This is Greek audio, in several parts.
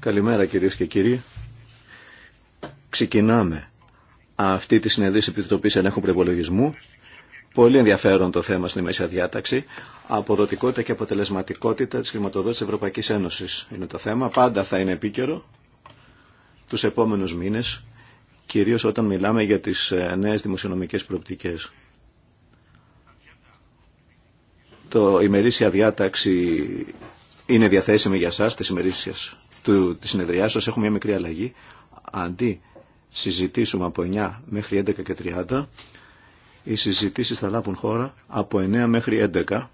Καλημέρα κυρίες και κύριοι. Ξεκινάμε αυτή τη συνεδρίαση Επιτροπής Ελέγχου Προπολογισμού. Πολύ ενδιαφέρον το θέμα στην ημερήσια διάταξη. Αποδοτικότητα και αποτελεσματικότητα της χρηματοδότησης της Ευρωπαϊκής Ένωσης είναι το θέμα. Πάντα θα είναι επίκαιρο τους επόμενους μήνες, κυρίως όταν μιλάμε για τις ε, νέες δημοσιονομικές προοπτικές. Το ημερήσια διάταξη είναι διαθέσιμη για εσά τη ημερήσια τη συνεδρία σα Έχουμε μια μικρή αλλαγή. Αντί συζητήσουμε από 9 μέχρι 11 και 30, οι συζητήσει θα λάβουν χώρα από 9 μέχρι 11,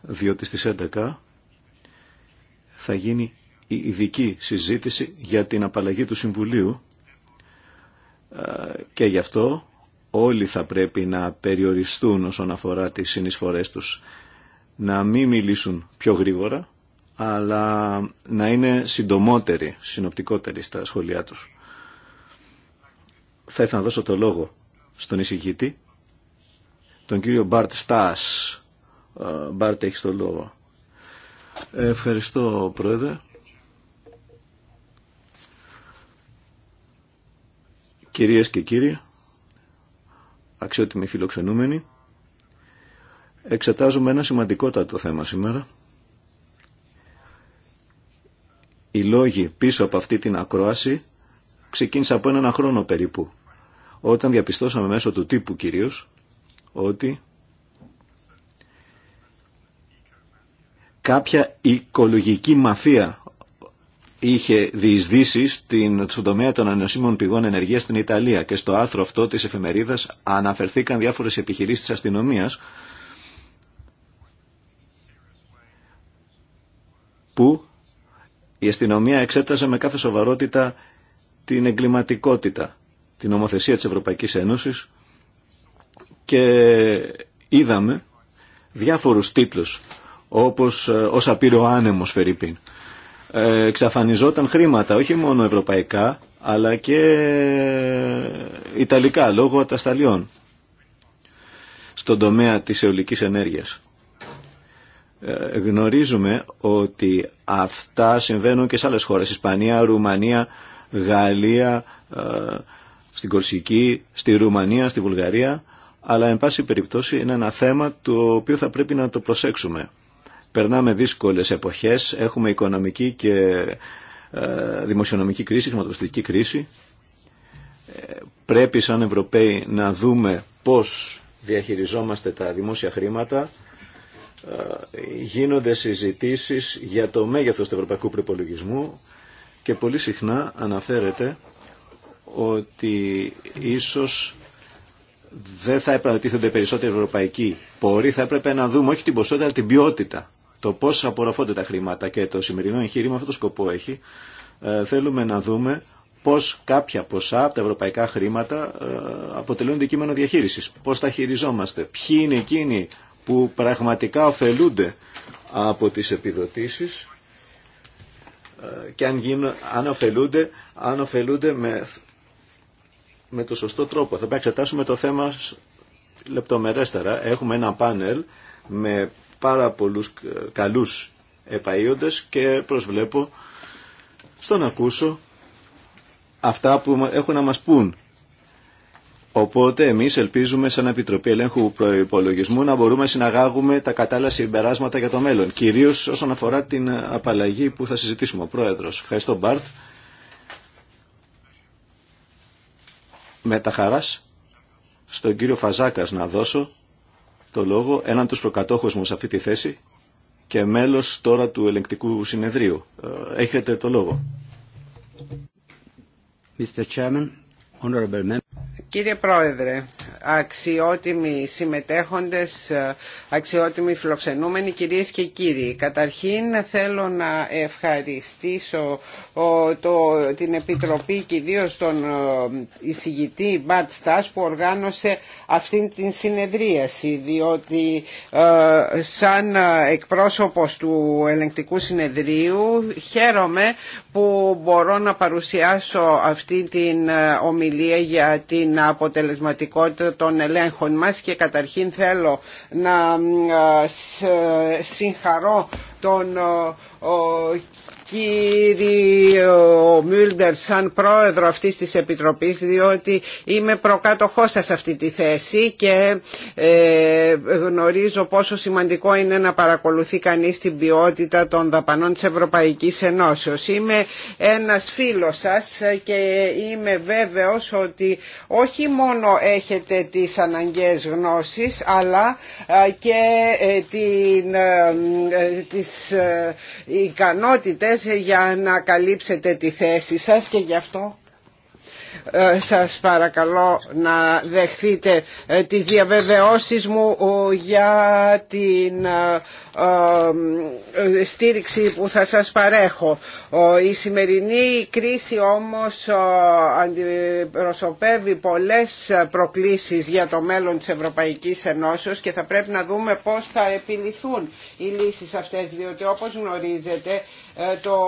διότι στι 11 θα γίνει η ειδική συζήτηση για την απαλλαγή του Συμβουλίου ε, και γι' αυτό όλοι θα πρέπει να περιοριστούν όσον αφορά τις συνεισφορές τους. Να μην μιλήσουν πιο γρήγορα, αλλά να είναι συντομότεροι, συνοπτικότεροι στα σχόλιά τους. Θα ήθελα να δώσω το λόγο στον εισηγητή, τον κύριο Μπάρτ Στάς. Ε, Μπάρτ, έχει το λόγο. Ε, ευχαριστώ, Πρόεδρε. Κυρίες και κύριοι, αξιότιμοι φιλοξενούμενοι, εξετάζουμε ένα σημαντικότατο θέμα σήμερα – Οι λόγοι πίσω από αυτή την ακρόαση ξεκίνησαν από έναν χρόνο περίπου, όταν διαπιστώσαμε μέσω του τύπου κυρίως ότι κάποια οικολογική μαφία είχε διεισδύσει στην, στον τομέα των ανεωσίμων πηγών ενεργείας στην Ιταλία και στο άρθρο αυτό της εφημερίδας αναφερθήκαν διάφορες επιχειρήσεις της αστυνομίας που η αστυνομία εξέταζε με κάθε σοβαρότητα την εγκληματικότητα, την ομοθεσία της Ευρωπαϊκής Ένωσης και είδαμε διάφορους τίτλους όπως ε, πήρε ο άνεμος» Φερρυπίν. Ε, εξαφανιζόταν χρήματα, όχι μόνο ευρωπαϊκά, αλλά και ε, ιταλικά, λόγω ατασταλιών, στον τομέα της αιωλικής ενέργειας. Ε, γνωρίζουμε ότι αυτά συμβαίνουν και σε άλλες χώρες. Ισπανία, Ρουμανία, Γαλλία, ε, στην Κορσική, στη Ρουμανία, στη Βουλγαρία. Αλλά, εν πάση περιπτώσει, είναι ένα θέμα το οποίο θα πρέπει να το προσέξουμε. Περνάμε δύσκολες εποχές, έχουμε οικονομική και ε, δημοσιονομική κρίση, χρηματοπιστική κρίση. Πρέπει σαν Ευρωπαίοι να δούμε πώς διαχειριζόμαστε τα δημόσια χρήματα γίνονται συζητήσεις για το μέγεθος του ευρωπαϊκού προπολογισμού και πολύ συχνά αναφέρεται ότι ίσως δεν θα έπρεπε να τίθενται περισσότεροι ευρωπαϊκοί πόροι, θα έπρεπε να δούμε όχι την ποσότητα αλλά την ποιότητα, το πώς απορροφώνται τα χρήματα και το σημερινό εγχείρημα αυτό το σκοπό έχει. Ε, θέλουμε να δούμε πώς κάποια ποσά από τα ευρωπαϊκά χρήματα ε, αποτελούν δικείμενο διαχείρισης, πώς τα χειριζόμαστε, ποιοι είναι εκείνοι που πραγματικά ωφελούνται από τις επιδοτήσεις ε, και αν, αν, ωφελούνται, αν με, με το σωστό τρόπο. Θα πρέπει να εξετάσουμε το θέμα λεπτομερέστερα. Έχουμε ένα πάνελ με πάρα πολλούς ε, καλούς επαΐοντες και προσβλέπω στο να ακούσω αυτά που έχουν να μας πούν Οπότε εμείς ελπίζουμε σαν Επιτροπή Ελέγχου Προϋπολογισμού να μπορούμε να συναγάγουμε τα κατάλληλα συμπεράσματα για το μέλλον, κυρίως όσον αφορά την απαλλαγή που θα συζητήσουμε. Ο Πρόεδρος, ευχαριστώ Μπάρτ. Με τα χαράς, στον κύριο Φαζάκας να δώσω το λόγο, έναν τους προκατόχους μου σε αυτή τη θέση και μέλος τώρα του ελεγκτικού συνεδρίου. Ε, έχετε το λόγο. Κύριε Πρόεδρε, αξιότιμοι συμμετέχοντες, αξιότιμοι φιλοξενούμενοι, κυρίες και κύριοι. Καταρχήν θέλω να ευχαριστήσω το, την Επιτροπή και ιδίω τον εισηγητή Μπάτ Στάς που οργάνωσε αυτήν την συνεδρίαση διότι ε, σαν εκπρόσωπος του ελεγκτικού συνεδρίου χαίρομαι που μπορώ να παρουσιάσω αυτή την ε, ομιλία για την αποτελεσματικότητα των ελέγχων μας και καταρχήν θέλω να συγχαρώ τον κύριο Μιλντερ σαν πρόεδρο αυτής της Επιτροπής διότι είμαι προκάτοχός σας αυτή τη θέση και ε, γνωρίζω πόσο σημαντικό είναι να παρακολουθεί κανείς την ποιότητα των δαπανών της Ευρωπαϊκής Ενώσεως. Είμαι ένας φίλος σας και είμαι βέβαιος ότι όχι μόνο έχετε τις αναγκαίες γνώσεις αλλά ε, και ε, την, τις ικανότητες για να καλύψετε τη θέση σας και γι' αυτό ε, σας παρακαλώ να δεχθείτε ε, τις διαβεβαιώσεις μου ε, για την στήριξη που θα σας παρέχω. Η σημερινή κρίση όμως αντιπροσωπεύει πολλές προκλήσεις για το μέλλον της Ευρωπαϊκής Ενώσεως και θα πρέπει να δούμε πώς θα επιληθούν οι λύσεις αυτές διότι όπως γνωρίζετε ε, το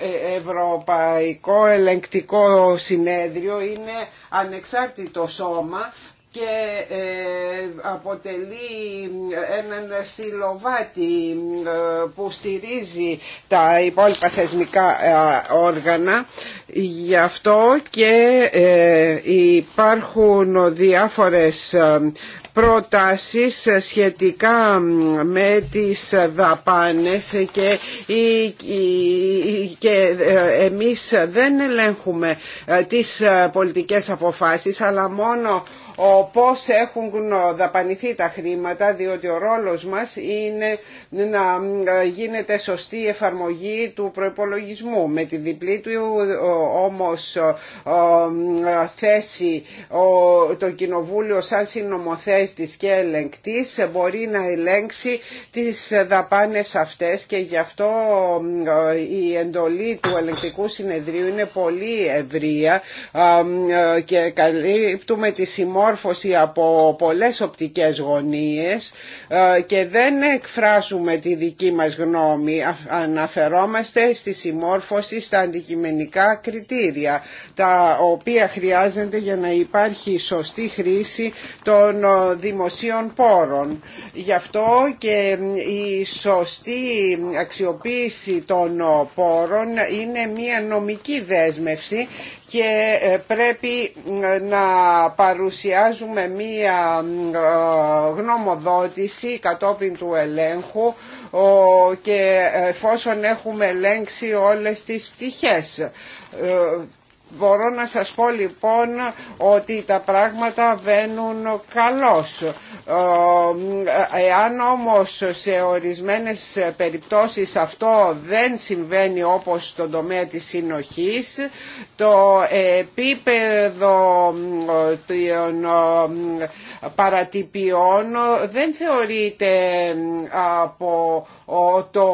ε, Ευρωπαϊκό Ελεγκτικό Συνέδριο είναι ανεξάρτητο σώμα και ε, αποτελεί έναν στυλοβάτη που στηρίζει τα υπόλοιπα θεσμικά όργανα γι' αυτό και υπάρχουν διάφορες προτάσεις σχετικά με τις δαπάνες και, και ε, εμείς δεν ελέγχουμε ε, τις ε, πολιτικές αποφάσεις αλλά μόνο ο πώς έχουν δαπανηθεί τα χρήματα διότι ο ρόλος μας είναι να γίνεται σωστή εφαρμογή του προϋπολογισμού με τη διπλή του όμως θέση το Κοινοβούλιο σαν συνομοθέτη της και ελεγκτής μπορεί να ελέγξει τις δαπάνες αυτές και γι' αυτό ε, η εντολή του ελεγκτικού συνεδρίου είναι πολύ ευρεία ε, ε, και καλύπτουμε τη συμμόρφωση από πολλές οπτικές γωνίες και δεν εκφράζουμε τη δική μας γνώμη αναφερόμαστε στη συμμόρφωση στα αντικειμενικά κριτήρια τα οποία χρειάζονται για να υπάρχει σωστή χρήση των δημοσίων πόρων. Γι' αυτό και η σωστή αξιοποίηση των πόρων είναι μια νομική δέσμευση και ε, πρέπει ε, να παρουσιάζουμε μία ε, γνωμοδότηση κατόπιν του ελέγχου και εφόσον έχουμε ελέγξει όλες τις πτυχές Μπορώ να σας πω λοιπόν ότι τα πράγματα βαίνουν καλώς. Ε, εάν όμως σε ορισμένες περιπτώσεις αυτό δεν συμβαίνει όπως στον τομέα της συνοχής, το επίπεδο ε, των ε, παρατυπιών δεν θεωρείται από το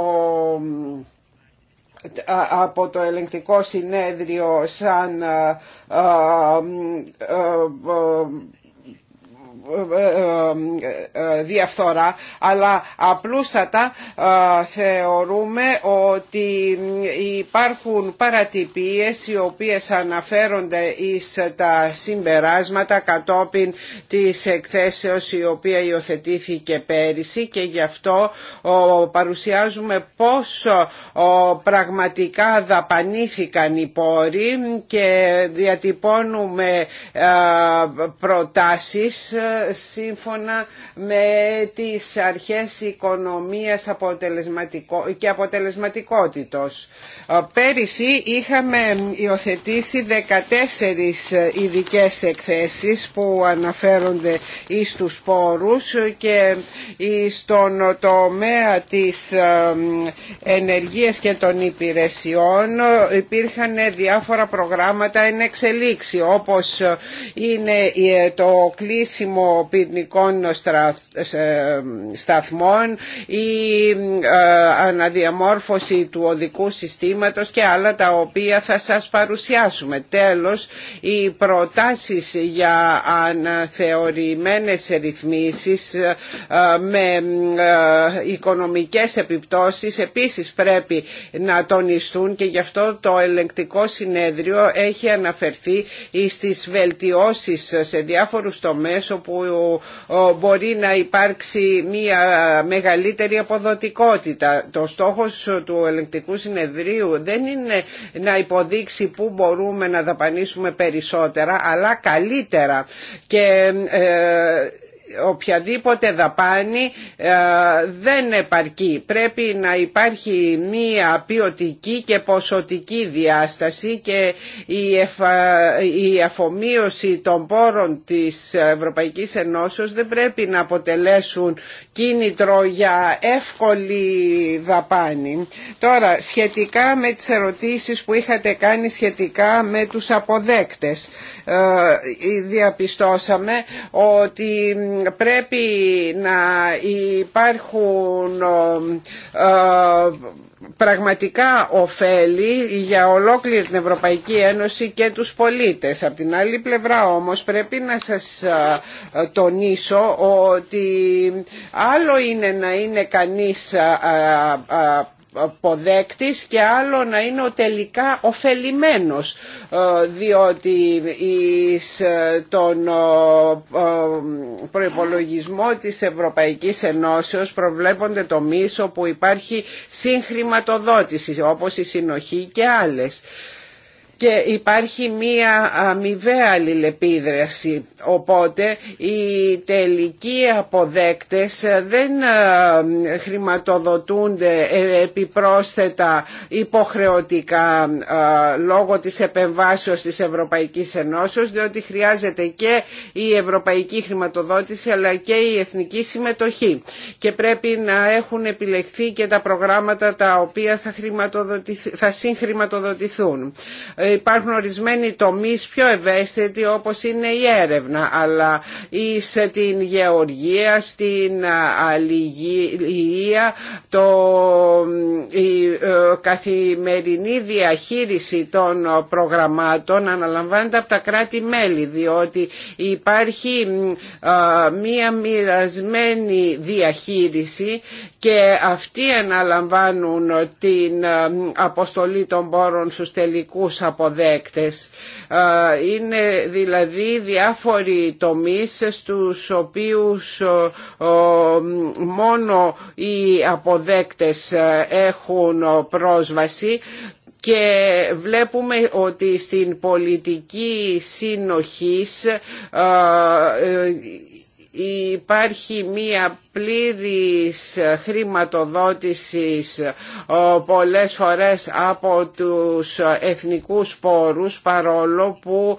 από το ελεγκτικό συνέδριο σαν ε, ε, ε, διαφθορά αλλά απλούστατα θεωρούμε ότι υπάρχουν παρατυπίες οι οποίες αναφέρονται εις τα συμπεράσματα κατόπιν της εκθέσεως η οποία υιοθετήθηκε πέρυσι και γι' αυτό παρουσιάζουμε πόσο πραγματικά δαπανήθηκαν οι πόροι και διατυπώνουμε προτάσεις σύμφωνα με τις αρχές οικονομίας αποτελεσματικό και αποτελεσματικότητος. Ε, πέρυσι είχαμε υιοθετήσει 14 ειδικέ εκθέσεις που αναφέρονται εις τους πόρους και στον τομέα της ενεργείας και των υπηρεσιών υπήρχαν διάφορα προγράμματα εν εξελίξη όπως είναι ε, το κλείσιμο πυρνικών σταθμών ή ε, αναδιαμόρφωση του οδικού συστήματος και άλλα τα οποία θα σας παρουσιάσουμε. Τέλος, οι προτάσεις για αναθεωρημένες ρυθμίσεις ε, με ε, οικονομικές επιπτώσεις επίσης πρέπει να τονιστούν και γι' αυτό το ελεγκτικό συνέδριο έχει αναφερθεί στις βελτιώσεις σε διάφορους τομείς όπου που ε, μπορεί να υπάρξει μια μεγαλύτερη αποδοτικότητα. Το στόχος του ελεγκτικού συνεδρίου δεν είναι να υποδείξει πού μπορούμε να δαπανίσουμε περισσότερα αλλά καλύτερα και ε, οποιαδήποτε δαπάνη ε, δεν επαρκεί. Πρέπει να υπάρχει μία ποιοτική και ποσοτική διάσταση και η αφομοίωση των πόρων της Ευρωπαϊκής Ενώσεως δεν πρέπει να αποτελέσουν κίνητρο για εύκολη δαπάνη. Τώρα, σχετικά με τις ερωτήσεις που είχατε κάνει σχετικά με τους αποδέκτες, ε, διαπιστώσαμε ότι πρέπει να υπάρχουν πραγματικά ωφέλη για ολόκληρη την Ευρωπαϊκή Ένωση και τους πολίτες. Από την άλλη πλευρά όμως πρέπει να σας τονίσω ότι άλλο είναι να είναι κανείς αποδέκτης και άλλο να είναι ο τελικά ωφελημένος ε, διότι στον ε, τον ε, προϋπολογισμό της Ευρωπαϊκής Ενώσεως προβλέπονται το μίσο που υπάρχει συγχρηματοδότηση όπως η συνοχή και άλλες και υπάρχει μία αμοιβαία αλληλεπίδραση. Οπότε οι τελικοί αποδέκτες δεν ε, χρηματοδοτούνται ε, επιπρόσθετα υποχρεωτικά ε, λόγω της επεμβάσεως της Ευρωπαϊκής Ενώσεως διότι χρειάζεται και η ευρωπαϊκή χρηματοδότηση αλλά και η εθνική συμμετοχή και πρέπει να έχουν επιλεχθεί και τα προγράμματα τα οποία θα, θα συγχρηματοδοτηθούν υπάρχουν ορισμένοι τομείς πιο ευαίσθητοι όπως είναι η έρευνα αλλά ή σε την γεωργία, στην αλληλεία, το, η ε, καθημερινή διαχείριση των προγραμμάτων αναλαμβάνεται από τα κράτη-μέλη διότι υπάρχει μία μοιρασμένη διαχείριση και αυτοί αναλαμβάνουν την ε, αποστολή των πόρων στους τελικούς αποδέκτες. Είναι δηλαδή διάφοροι τομείς στους οποίους μόνο οι αποδέκτες έχουν πρόσβαση και βλέπουμε ότι στην πολιτική συνοχής ε, υπάρχει μία πλήρης χρηματοδότησης πολλές φορές από τους εθνικούς πόρους παρόλο που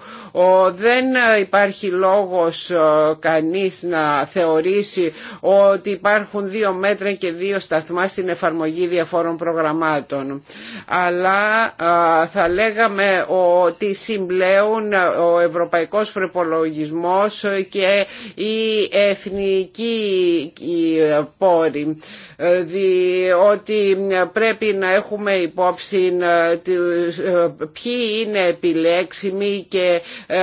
δεν υπάρχει λόγος κανείς να θεωρήσει ότι υπάρχουν δύο μέτρα και δύο σταθμά στην εφαρμογή διαφόρων προγραμμάτων. Αλλά θα λέγαμε ότι συμπλέουν ο ευρωπαϊκός προπολογισμός και η εθνική οι πόροι διότι πρέπει να έχουμε υπόψη ε, ε, ποιοι είναι επιλέξιμοι και ε,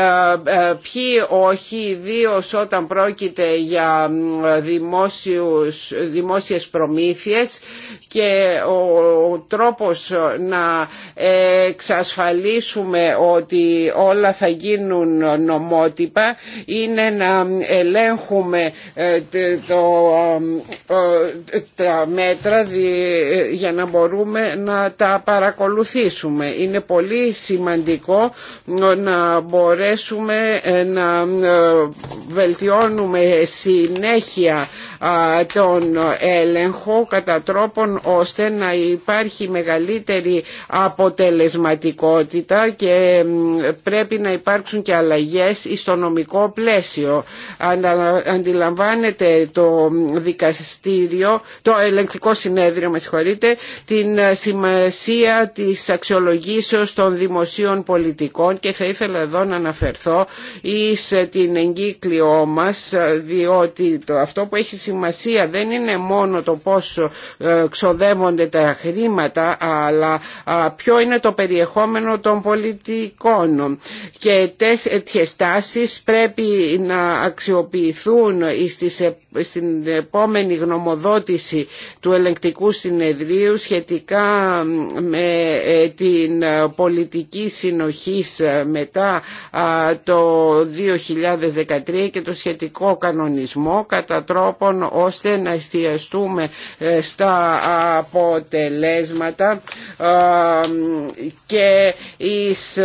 ποιοι όχι ιδίω όταν πρόκειται για δημόσιους, δημόσιες προμήθειες και ο τρόπος να εξασφαλίσουμε ότι όλα θα γίνουν νομότυπα είναι να ελέγχουμε το τα μέτρα για να μπορούμε να τα παρακολουθήσουμε. Είναι πολύ σημαντικό να μπορέσουμε ε, να ε, βελτιώνουμε συνέχεια τον έλεγχο κατά τρόπον ώστε να υπάρχει μεγαλύτερη αποτελεσματικότητα και πρέπει να υπάρξουν και αλλαγές στο νομικό πλαίσιο. Αντιλαμβάνεται το δικαστήριο, το ελεγκτικό συνέδριο με συγχωρείτε, την ε, σημασία της αξιολογήσεως των δημοσίων πολιτικών και θα ήθελα εδώ να αναφερθώ εις ε, την εγκύκλειό μας ε, διότι το, αυτό που έχει σημασία δεν είναι μόνο το πόσο ξοδεύονται τα χρήματα αλλά ποιο είναι το περιεχόμενο των πολιτικών και τέτοιες τάσεις πρέπει να αξιοποιηθούν στις επόμενες στην επόμενη γνωμοδότηση του ελεγκτικού συνεδρίου σχετικά με ε, την πολιτική συνοχής ε, μετά το 2013 και το σχετικό κανονισμό κατά τρόπον ώστε να εστιαστούμε ε, στα αποτελέσματα και εις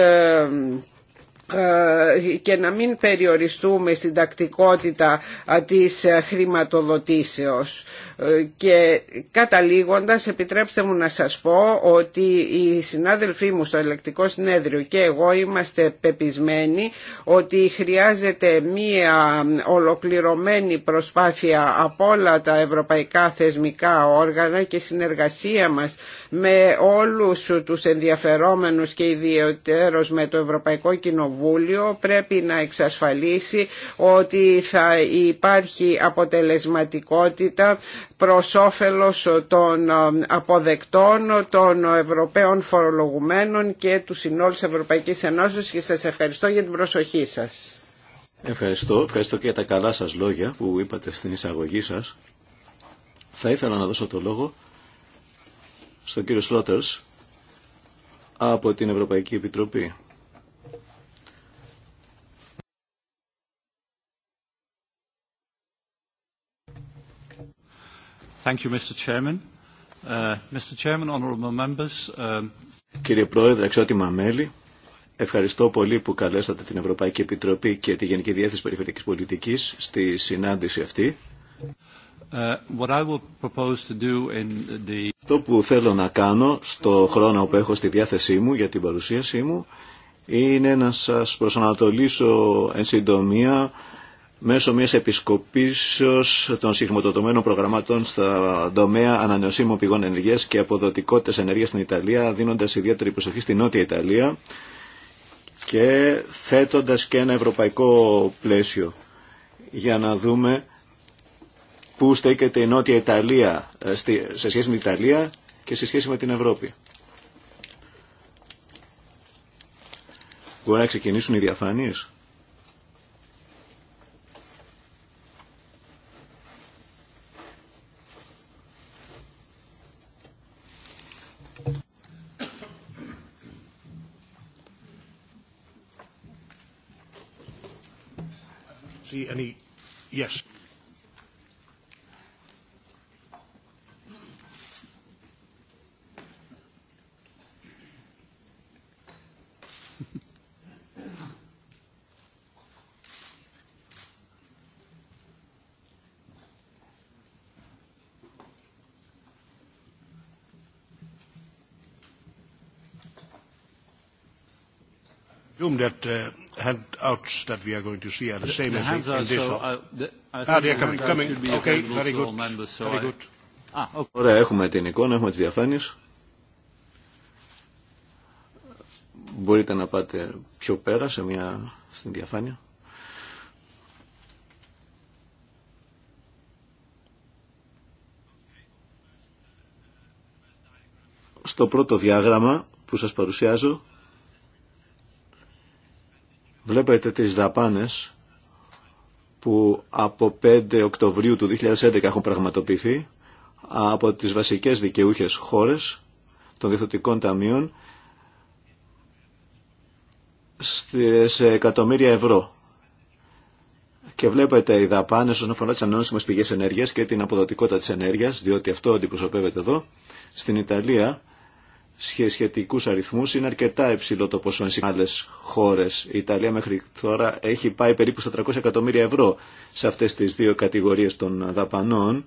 ε, και να μην περιοριστούμε στην τακτικότητα ε, της ε, χρηματοδοτήσεως. Ε, και καταλήγοντας επιτρέψτε μου να σας πω ότι οι συνάδελφοί μου στο ελεκτικό συνέδριο και εγώ είμαστε πεπισμένοι ότι χρειάζεται μία ολοκληρωμένη προσπάθεια από όλα τα ευρωπαϊκά θεσμικά όργανα και συνεργασία μας με όλους τους ενδιαφερόμενους και ιδιαιτέρως με το Ευρωπαϊκό Κοινοβούλιο πρέπει να εξασφαλίσει ότι θα υπάρχει αποτελεσματικότητα προς όφελος των ε, αποδεκτών, των Ευρωπαίων φορολογουμένων και του συνόλου Ευρωπαϊκής Ενώσεως και σας ευχαριστώ για την προσοχή σας. Ευχαριστώ. Ευχαριστώ και για τα καλά σας λόγια που είπατε στην εισαγωγή σας. Θα ήθελα να δώσω το λόγο στον κύριο Σλότερς από την Ευρωπαϊκή Επιτροπή. Uh, um, Κύριε Πρόεδρε, εξότιμα μέλη, ευχαριστώ πολύ που καλέσατε την Ευρωπαϊκή Επιτροπή και τη Γενική Διεύθυνση Περιφερειακής Πολιτικής στη συνάντηση αυτή. Uh, Αυτό που θέλω να κάνω στο χρόνο που έχω στη διάθεσή μου για την παρουσίασή μου είναι να σας προσανατολίσω εν συντομία μέσω μιας επισκοπήσεως των συγχρηματοδοτωμένων προγραμμάτων στα δομέα ανανεωσίμων πηγών ενεργείας και αποδοτικότητας ενέργειας στην Ιταλία, δίνοντας ιδιαίτερη προσοχή στην Νότια Ιταλία και θέτοντας και ένα ευρωπαϊκό πλαίσιο για να δούμε πού στέκεται η Νότια Ιταλία ε, σε σχέση με την Ιταλία και σε σχέση με την Ευρώπη. Μπορεί να ξεκινήσουν οι διαφάνειες. see any. Yes. Doomed that Ωραία, έχουμε την εικόνα, έχουμε τις διαφάνειες. Μπορείτε να πάτε πιο πέρα σε μια, στην διαφάνεια. Στο πρώτο διάγραμμα που σας παρουσιάζω Βλέπετε τις δαπάνες που από 5 Οκτωβρίου του 2011 έχουν πραγματοποιηθεί από τις βασικές δικαιούχες χώρες των διεθνωτικών ταμείων σε εκατομμύρια ευρώ. Και βλέπετε οι δαπάνε όσον αφορά τι ανώνυμε πηγέ ενέργεια και την αποδοτικότητα τη ενέργεια, διότι αυτό αντιπροσωπεύεται εδώ. Στην Ιταλία σχετικούς αριθμούς είναι αρκετά υψηλό το ποσό σε άλλες χώρες. Η Ιταλία μέχρι τώρα έχει πάει περίπου στα 300 εκατομμύρια ευρώ σε αυτές τις δύο κατηγορίες των δαπανών.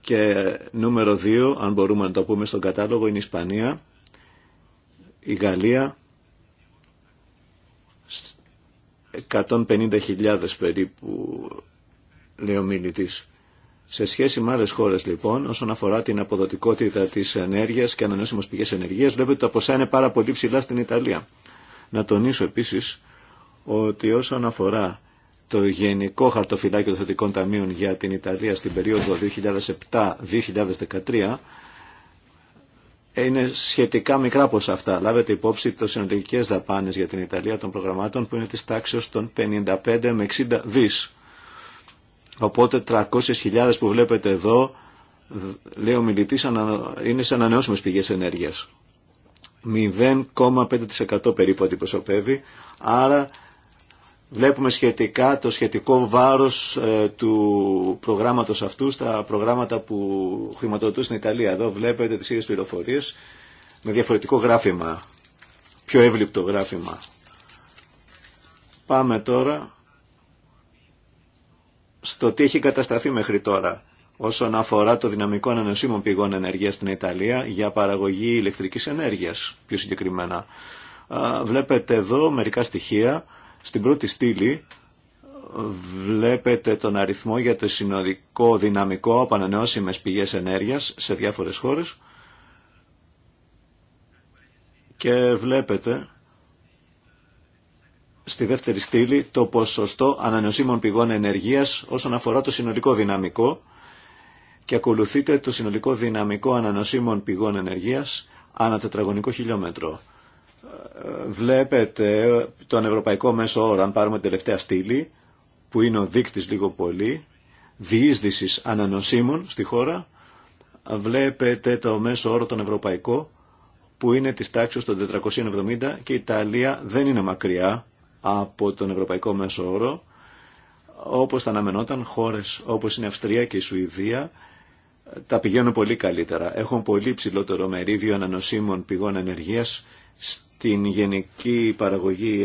Και νούμερο δύο, αν μπορούμε να το πούμε στον κατάλογο, είναι η Ισπανία, η Γαλλία, 150.000 περίπου λέει ο σε σχέση με άλλε χώρε, λοιπόν, όσον αφορά την αποδοτικότητα τη ενέργεια και ανανεώσιμε πηγέ ενεργεία, βλέπετε ότι τα ποσά είναι πάρα πολύ ψηλά στην Ιταλία. Να τονίσω επίση ότι όσον αφορά το Γενικό Χαρτοφυλάκιο των Θετικών Ταμείων για την Ιταλία στην περίοδο 2007-2013, είναι σχετικά μικρά ποσά αυτά. Λάβετε υπόψη το συνολικέ δαπάνε για την Ιταλία των προγραμμάτων που είναι τη τάξη των 55 με 60 δι. Οπότε 300.000 που βλέπετε εδώ, λέει ο είναι σε ανανεώσιμε πηγέ ενέργειας. 0,5% περίπου αντιπροσωπεύει, άρα βλέπουμε σχετικά το σχετικό βάρος ε, του προγράμματος αυτού στα προγράμματα που χρηματοδοτούν στην Ιταλία. Εδώ βλέπετε τις ίδιες πληροφορίες με διαφορετικό γράφημα, πιο εύληπτο γράφημα. Πάμε τώρα στο τι έχει κατασταθεί μέχρι τώρα όσον αφορά το δυναμικό ανανεωσίμων πηγών ενέργειας στην Ιταλία για παραγωγή ηλεκτρικής ενέργειας πιο συγκεκριμένα. Βλέπετε εδώ μερικά στοιχεία. Στην πρώτη στήλη βλέπετε τον αριθμό για το συνολικό δυναμικό από ανανεώσιμες πηγές ενέργειας σε διάφορες χώρες και βλέπετε στη δεύτερη στήλη το ποσοστό ανανεωσίμων πηγών ενεργείας όσον αφορά το συνολικό δυναμικό και ακολουθείτε το συνολικό δυναμικό ανανεωσίμων πηγών ενεργείας ανά τετραγωνικό χιλιόμετρο. Ε, βλέπετε τον ευρωπαϊκό μέσο όρο, αν πάρουμε την τελευταία στήλη, που είναι ο δείκτης λίγο πολύ, διείσδυσης ανανοσίμων στη χώρα, βλέπετε το μέσο όρο τον ευρωπαϊκό, που είναι της τάξης των 470 και η Ιταλία δεν είναι μακριά, από τον Ευρωπαϊκό Μέσο Όρο, όπως θα αναμενόταν χώρες όπως είναι η Αυστρία και η Σουηδία, τα πηγαίνουν πολύ καλύτερα. Έχουν πολύ ψηλότερο μερίδιο ανανοσίμων πηγών ενεργείας στην γενική παραγωγή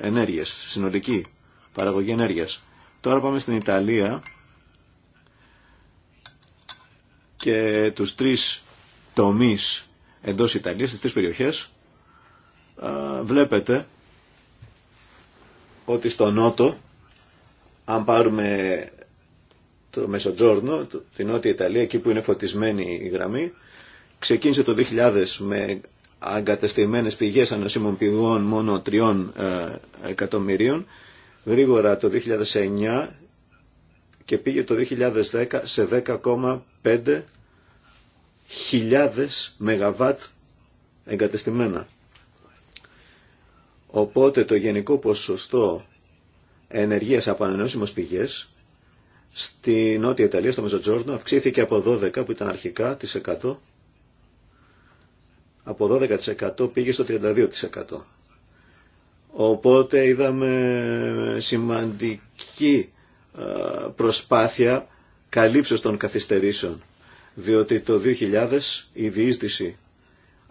ενέργειας, συνολική παραγωγή ενέργειας. Τώρα πάμε στην Ιταλία και τους τρεις τομείς εντός Ιταλίας, τις τρεις περιοχές. Βλέπετε ότι στο Νότο, αν πάρουμε το Μεσοτζόρνο, την Νότια Ιταλία, εκεί που είναι φωτισμένη η γραμμή, ξεκίνησε το 2000 με αγκατεστημένες πηγές ανοσίμων πηγών μόνο τριών ε, εκατομμυρίων, γρήγορα το 2009 και πήγε το 2010 σε 10,5 χιλιάδες μεγαβάτ εγκατεστημένα. Οπότε το γενικό ποσοστό ενεργείας από ανανεώσιμες πηγές στη Νότια Ιταλία, στο Μεζοτζόρνο, αυξήθηκε από 12 που ήταν αρχικά της 100, από 12% πήγε στο 32%. Οπότε είδαμε σημαντική προσπάθεια καλύψεως των καθυστερήσεων, διότι το 2000 η διείσδυση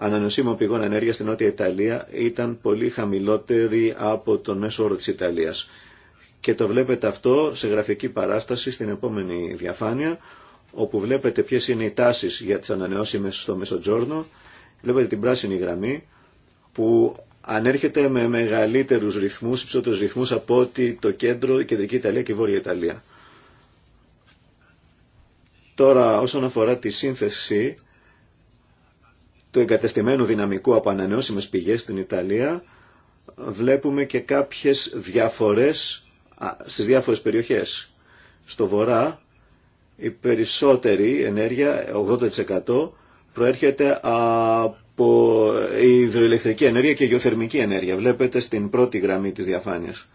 ανανεωσίμων πηγών ενέργειας στην Νότια Ιταλία ήταν πολύ χαμηλότερη από τον μέσο όρο της Ιταλίας. Και το βλέπετε αυτό σε γραφική παράσταση στην επόμενη διαφάνεια, όπου βλέπετε ποιες είναι οι τάσεις για τις ανανεώσιμες στο Μεσοτζόρνο. Βλέπετε την πράσινη γραμμή που ανέρχεται με μεγαλύτερους ρυθμούς, υψηλότερους ρυθμούς από ότι το κέντρο, η κεντρική Ιταλία και η βόρεια Ιταλία. Τώρα όσον αφορά τη σύνθεση του εγκατεστημένου δυναμικού από ανανεώσιμες πηγές στην Ιταλία βλέπουμε και κάποιες διαφορές στις διάφορες περιοχές. Στο βορρά η περισσότερη ενέργεια, 80%, προέρχεται από υδροηλεκτρική ενέργεια και γεωθερμική ενέργεια. Βλέπετε στην πρώτη γραμμή της διαφάνειας.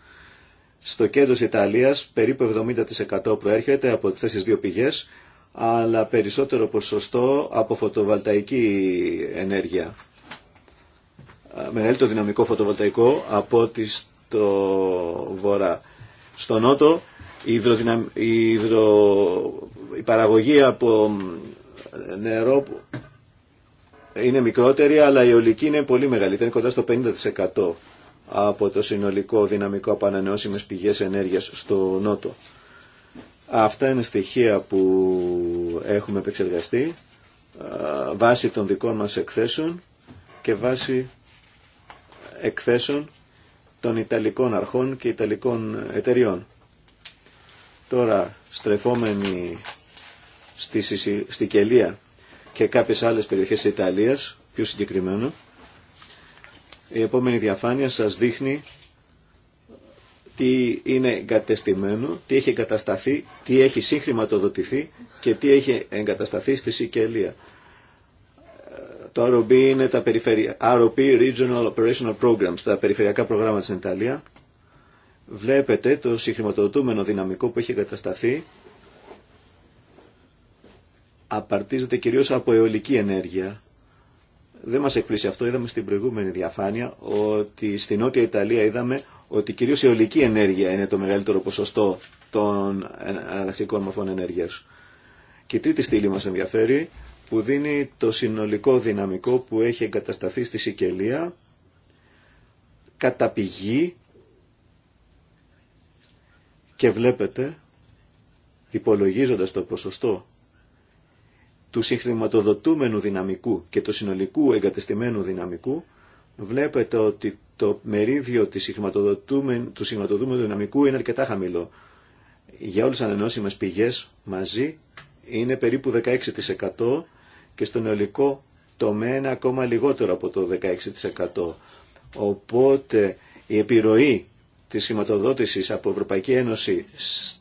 Στο κέντρο της Ιταλίας περίπου 70% προέρχεται από αυτές τις δύο πηγές αλλά περισσότερο ποσοστό από φωτοβολταϊκή ενέργεια. Μεγαλύτερο δυναμικό φωτοβολταϊκό από ότι στο βορρά. Στο νότο η, υδροδυναμ... υδρο... η παραγωγή από νερό είναι μικρότερη, αλλά η ολική είναι πολύ μεγαλύτερη, είναι κοντά στο 50% από το συνολικό δυναμικό από ανανεώσιμες πηγές ενέργειας στο νότο. Αυτά είναι στοιχεία που έχουμε επεξεργαστεί βάσει των δικών μας εκθέσεων και βάσει εκθέσεων των Ιταλικών αρχών και Ιταλικών εταιριών. Τώρα, στρεφόμενοι στη, στη Κελία και κάποιες άλλες περιοχές της Ιταλίας, πιο συγκεκριμένα, η επόμενη διαφάνεια σας δείχνει τι είναι εγκατεστημένο, τι έχει εγκατασταθεί, τι έχει συγχρηματοδοτηθεί και τι έχει εγκατασταθεί στη Σικελία. Ε, το ROP είναι τα περιφερεια... ROP, Regional Operational Programs, τα περιφερειακά προγράμματα στην Ιταλία. Βλέπετε το συγχρηματοδοτούμενο δυναμικό που έχει εγκατασταθεί απαρτίζεται κυρίως από αιωλική ενέργεια. Δεν μας εκπλήσει αυτό, είδαμε στην προηγούμενη διαφάνεια ότι στην Νότια Ιταλία είδαμε ότι κυρίως η ολική ενέργεια είναι το μεγαλύτερο ποσοστό των αναλλακτικών μορφών ενέργειας. Και η τρίτη στήλη μας ενδιαφέρει που δίνει το συνολικό δυναμικό που έχει εγκατασταθεί στη Σικελία κατά πηγή και βλέπετε υπολογίζοντας το ποσοστό του συγχρηματοδοτούμενου δυναμικού και του συνολικού εγκατεστημένου δυναμικού βλέπετε ότι το μερίδιο της του συγχρηματοδούμενου δυναμικού είναι αρκετά χαμηλό. Για όλες τις ανανεώσιμες πηγές μαζί είναι περίπου 16% και στο νεολικό τομέα είναι ακόμα λιγότερο από το 16%. Οπότε η επιρροή της χρηματοδότησης από Ευρωπαϊκή Ένωση στις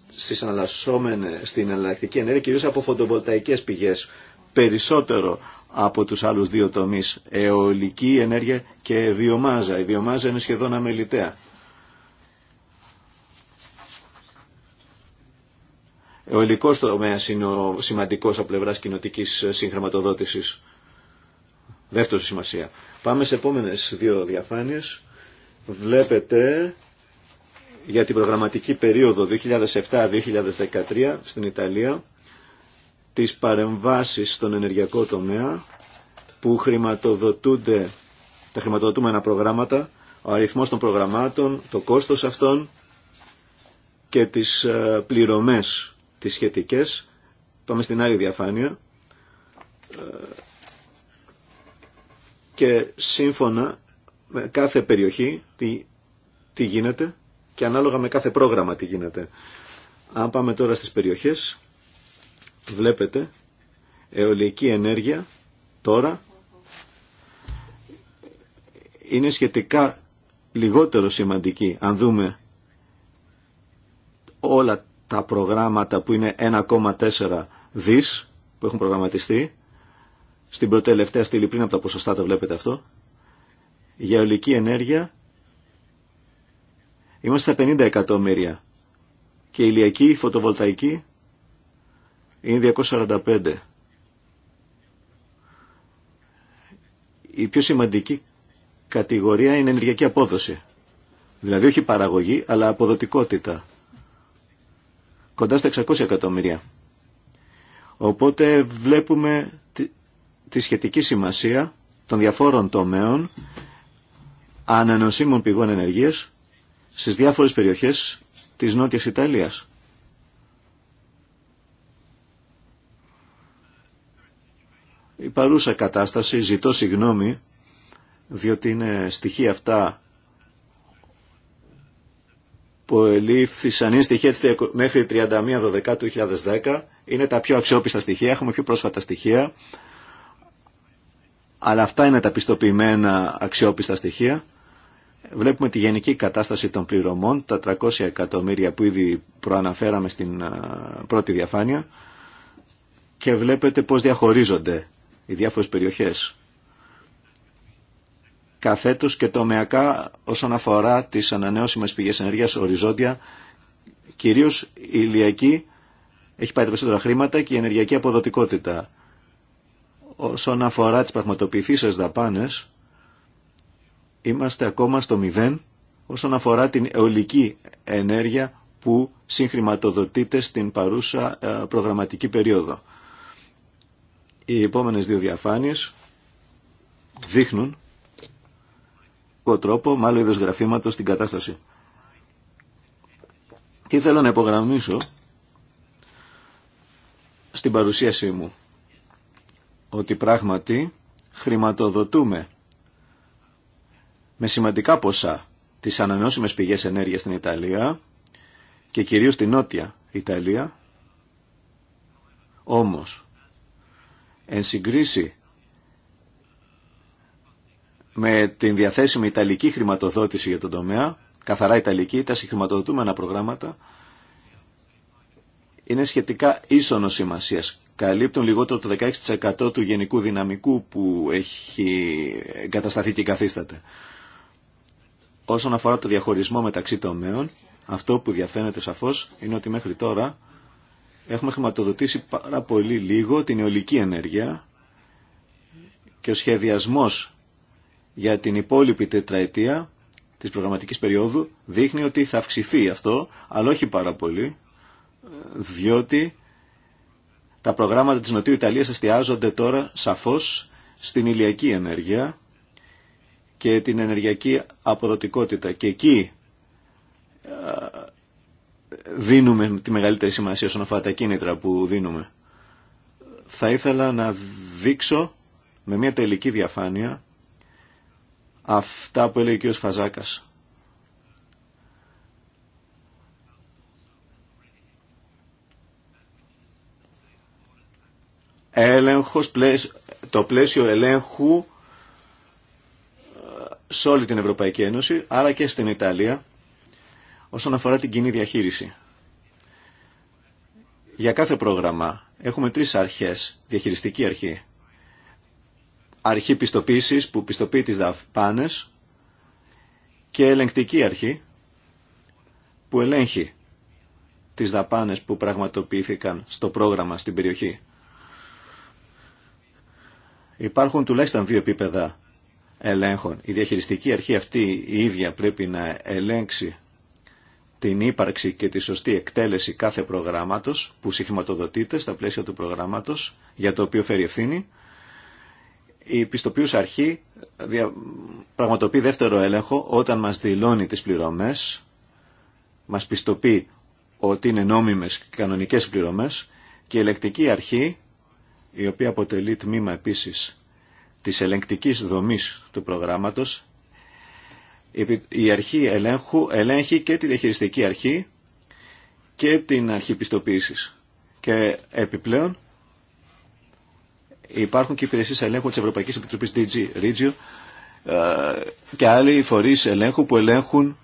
στην εναλλακτική ενέργεια, κυρίως από φωτοβολταϊκές πηγές περισσότερο από τους άλλους δύο τομείς, αιωλική ενέργεια και βιομάζα. Η βιομάζα είναι σχεδόν αμεληταία. Ο υλικό τομέα είναι ο σημαντικό από πλευρά κοινοτική συγχρηματοδότηση. Δεύτερη σημασία. Πάμε σε επόμενε δύο διαφάνειε. Βλέπετε για την προγραμματική περίοδο 2007-2013 στην Ιταλία τις παρεμβάσεις στον ενεργειακό τομέα που χρηματοδοτούνται τα χρηματοδοτούμενα προγράμματα, ο αριθμός των προγραμμάτων, το κόστος αυτών και τις ε, πληρωμές τις σχετικές. Πάμε στην άλλη διαφάνεια. Ε, και σύμφωνα με κάθε περιοχή τι, γίνεται και ανάλογα με κάθε πρόγραμμα τι γίνεται. Αν πάμε τώρα στις περιοχές, Βλέπετε, αιωλική ενέργεια τώρα είναι σχετικά λιγότερο σημαντική αν δούμε όλα τα προγράμματα που είναι 1,4 δις που έχουν προγραμματιστεί στην προτελευταία στήλη πριν από τα ποσοστά το βλέπετε αυτό για ολική ενέργεια είμαστε στα 50 εκατομμύρια και ηλιακή, φωτοβολταϊκή είναι 245. Η πιο σημαντική κατηγορία είναι ενεργειακή απόδοση. Δηλαδή όχι παραγωγή, αλλά αποδοτικότητα. Κοντά στα 600 εκατομμύρια. Οπότε βλέπουμε τη σχετική σημασία των διαφόρων τομέων ανανοσίμων πηγών ενεργείας στις διάφορες περιοχές της Νότιας Ιταλίας. η παρούσα κατάσταση, ζητώ συγγνώμη, διότι είναι στοιχεία αυτά που ελήφθησαν, είναι στοιχεία μέχρι 31 2010, είναι τα πιο αξιόπιστα στοιχεία, έχουμε πιο πρόσφατα στοιχεία, αλλά αυτά είναι τα πιστοποιημένα αξιόπιστα στοιχεία. Βλέπουμε τη γενική κατάσταση των πληρωμών, τα 300 εκατομμύρια που ήδη προαναφέραμε στην ε, πρώτη διαφάνεια και βλέπετε πώς διαχωρίζονται οι διάφορες περιοχές καθέτως και τομεακά όσον αφορά τις ανανεώσιμες πηγές ενέργειας οριζόντια, κυρίως η ηλιακή έχει πάει τα περισσότερα χρήματα και η ενεργειακή αποδοτικότητα. Όσον αφορά τις πραγματοποιηθήσεις δαπάνες, είμαστε ακόμα στο μηδέν όσον αφορά την αιωλική ενέργεια που συγχρηματοδοτείται στην παρούσα ε, προγραμματική περίοδο. Οι επόμενες δύο διαφάνειες δείχνουν τρόπο, μάλλον είδος γραφήματος, την κατάσταση. Ήθελα να υπογραμμίσω στην παρουσίασή μου ότι πράγματι χρηματοδοτούμε με σημαντικά ποσά τις ανανεώσιμες πηγές ενέργειας στην Ιταλία και κυρίως στην Νότια Ιταλία. Όμως, εν συγκρίση με την διαθέσιμη ιταλική χρηματοδότηση για τον τομέα, καθαρά ιταλική, τα συγχρηματοδοτούμενα προγράμματα είναι σχετικά ίσονο σημασία. Καλύπτουν λιγότερο το 16% του γενικού δυναμικού που έχει εγκατασταθεί και καθίσταται. Όσον αφορά το διαχωρισμό μεταξύ τομέων, αυτό που διαφαίνεται σαφώς είναι ότι μέχρι τώρα έχουμε χρηματοδοτήσει πάρα πολύ λίγο την αιωλική ενέργεια και ο σχεδιασμός για την υπόλοιπη τετραετία της προγραμματικής περίοδου δείχνει ότι θα αυξηθεί αυτό, αλλά όχι πάρα πολύ, διότι τα προγράμματα της Νοτιού Ιταλίας εστιάζονται τώρα σαφώς στην ηλιακή ενέργεια και την ενεργειακή αποδοτικότητα. Και εκεί δίνουμε τη μεγαλύτερη σημασία στον αφορά τα κίνητρα που δίνουμε. Θα ήθελα να δείξω με μια τελική διαφάνεια αυτά που έλεγε ο κ. Φαζάκας. Έλεγχος, το πλαίσιο ελέγχου ε, σε όλη την Ευρωπαϊκή Ένωση, άρα και στην Ιταλία, όσον αφορά την κοινή διαχείριση. Για κάθε πρόγραμμα έχουμε τρεις αρχές, διαχειριστική αρχή. Αρχή πιστοποίησης που πιστοποιεί τις δαπάνες και ελεγκτική αρχή που ελέγχει τις δαπάνες που πραγματοποιήθηκαν στο πρόγραμμα στην περιοχή. Υπάρχουν τουλάχιστον δύο επίπεδα ελέγχων. Η διαχειριστική αρχή αυτή η ίδια πρέπει να ελέγξει την ύπαρξη και τη σωστή εκτέλεση κάθε προγράμματος που συγχρηματοδοτείται στα πλαίσια του προγράμματος για το οποίο φέρει ευθύνη. Η πιστοποιού αρχή πραγματοποιεί δεύτερο έλεγχο όταν μας δηλώνει τις πληρωμές, μας πιστοποιεί ότι είναι νόμιμες και κανονικές πληρωμές και η ελεκτική αρχή, η οποία αποτελεί τμήμα επίσης της ελεγκτικής δομής του προγράμματος, η αρχή ελέγχου ελέγχει και τη διαχειριστική αρχή και την αρχή πιστοποίησης. Και επιπλέον υπάρχουν και υπηρεσίες ελέγχου της Ευρωπαϊκής Επιτροπής DG Regio ε, και άλλοι φορείς ελέγχου που ελέγχουν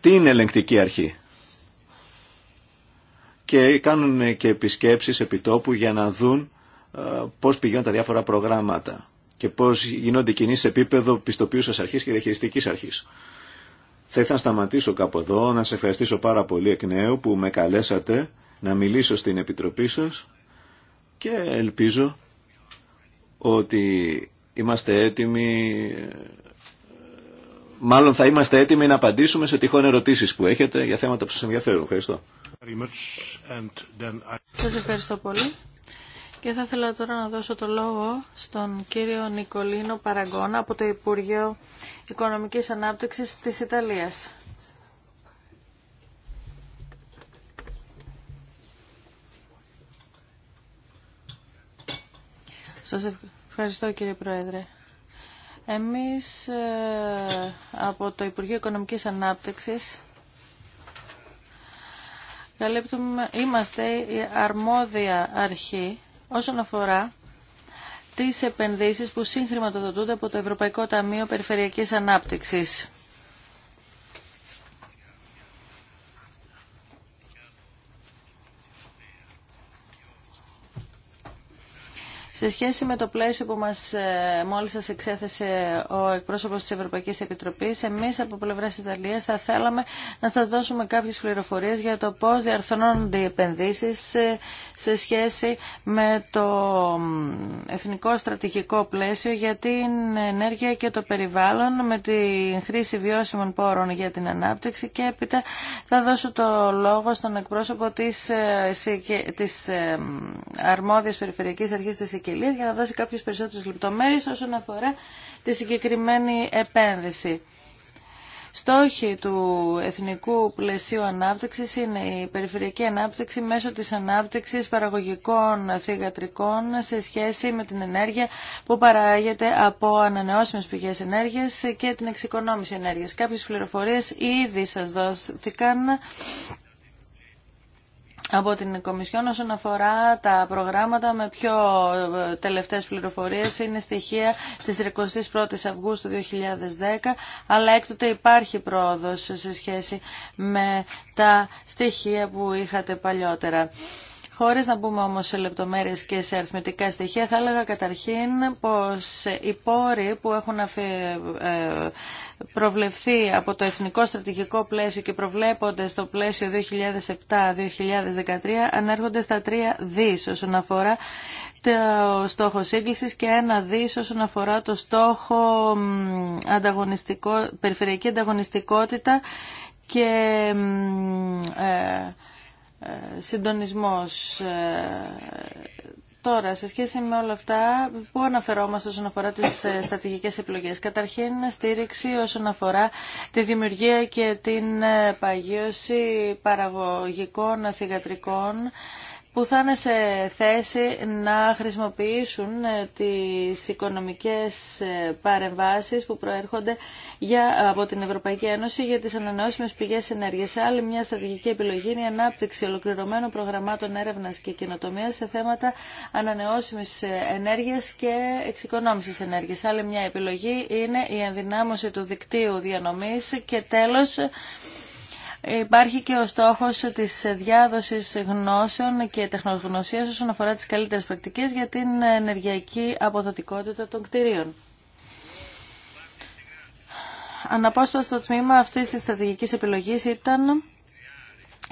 την ελεγκτική αρχή. Και κάνουν και επισκέψεις επιτόπου για να δουν ε, πώς πηγαίνουν τα διάφορα προγράμματα και πώς γίνονται κινήσει σε επίπεδο πιστοποιούσας αρχής και διαχειριστική αρχής. Θα ήθελα να σταματήσω κάπου εδώ, να σε ευχαριστήσω πάρα πολύ εκ νέου που με καλέσατε να μιλήσω στην Επιτροπή σας και ελπίζω ότι είμαστε έτοιμοι μάλλον θα είμαστε έτοιμοι να απαντήσουμε σε τυχόν ερωτήσεις που έχετε για θέματα που σας ενδιαφέρουν. Ευχαριστώ. Σας ευχαριστώ πολύ. Και θα ήθελα τώρα να δώσω το λόγο στον κύριο Νικολίνο Παραγκόνα από το Υπουργείο Οικονομικής Ανάπτυξης της Ιταλίας. Σας ευχαριστώ κύριε Πρόεδρε. Εμείς ε, από το Υπουργείο Οικονομικής Ανάπτυξης είμαστε η αρμόδια αρχή όσον αφορά τις επενδύσεις που συγχρηματοδοτούνται από το Ευρωπαϊκό Ταμείο Περιφερειακής Ανάπτυξης. Σε σχέση με το πλαίσιο που μας, ε, μόλις σας εξέθεσε ο εκπρόσωπος της Ευρωπαϊκής Επιτροπής, εμείς από πλευρά Ιταλίας θα θέλαμε να σας δώσουμε κάποιες πληροφορίες για το πώς διαρθρώνονται οι επενδύσεις ε, σε σχέση με το εθνικό στρατηγικό πλαίσιο για την ενέργεια και το περιβάλλον με τη χρήση βιώσιμων πόρων για την ανάπτυξη και έπειτα θα δώσω το λόγο στον εκπρόσωπο της, ε, της αρμόδιας περιφερειακής αρχής της ΕΚΕ για να δώσει κάποιε περισσότερε λεπτομέρειε όσον αφορά τη συγκεκριμένη επένδυση. Στόχοι του Εθνικού Πλαισίου ανάπτυξη είναι η περιφερειακή ανάπτυξη μέσω τη ανάπτυξη παραγωγικών θηγατρικών σε σχέση με την ενέργεια που παράγεται από ανανεώσιμε πηγέ ενέργεια και την εξοικονόμηση ενέργεια Κάποιε πληροφορίε ήδη σα δόθηκαν από την Κομισιόν όσον αφορά τα προγράμματα με πιο ε, τελευταίες πληροφορίες είναι στοιχεία της 31ης Αυγούστου 2010 αλλά έκτοτε υπάρχει πρόοδος σε σχέση με τα στοιχεία που είχατε παλιότερα. Χωρίς να μπούμε όμως σε λεπτομέρειες και σε αριθμητικά στοιχεία, θα έλεγα καταρχήν πως οι πόροι που έχουν ε, προβλεφθεί από το Εθνικό Στρατηγικό Πλαίσιο και προβλέπονται στο πλαίσιο 2007-2013 ανέρχονται στα 3 δις όσον αφορά το στόχο σύγκλησης και ένα δις όσον αφορά το στόχο ανταγωνιστικό, περιφερειακή ανταγωνιστικότητα και ε, συντονισμός. Ε, τώρα, σε σχέση με όλα αυτά, πού αναφερόμαστε όσον αφορά τις ε, στρατηγικές επιλογές. Καταρχήν, στήριξη όσον αφορά τη δημιουργία και την ε, παγίωση παραγωγικών θηγατρικών που θα είναι σε θέση να χρησιμοποιήσουν ε, τις οικονομικές ε, παρεμβάσεις που προέρχονται για, από την Ευρωπαϊκή Ένωση για τις ανανεώσιμες πηγές ενέργειας. Άλλη μια στρατηγική επιλογή είναι η ανάπτυξη ολοκληρωμένων προγραμμάτων έρευνας και καινοτομίας σε θέματα ανανεώσιμης ε, ενέργειας και εξοικονόμησης ενέργειας. Άλλη μια επιλογή είναι η ενδυνάμωση του δικτύου διανομής και τέλος Υπάρχει και ο στόχο τη διάδοση γνώσεων και τεχνογνωσία όσον αφορά τι καλύτερε πρακτικέ για την ενεργειακή αποδοτικότητα των κτηρίων. Αναπόσπαστο τμήμα αυτής της στρατηγικής επιλογής ήταν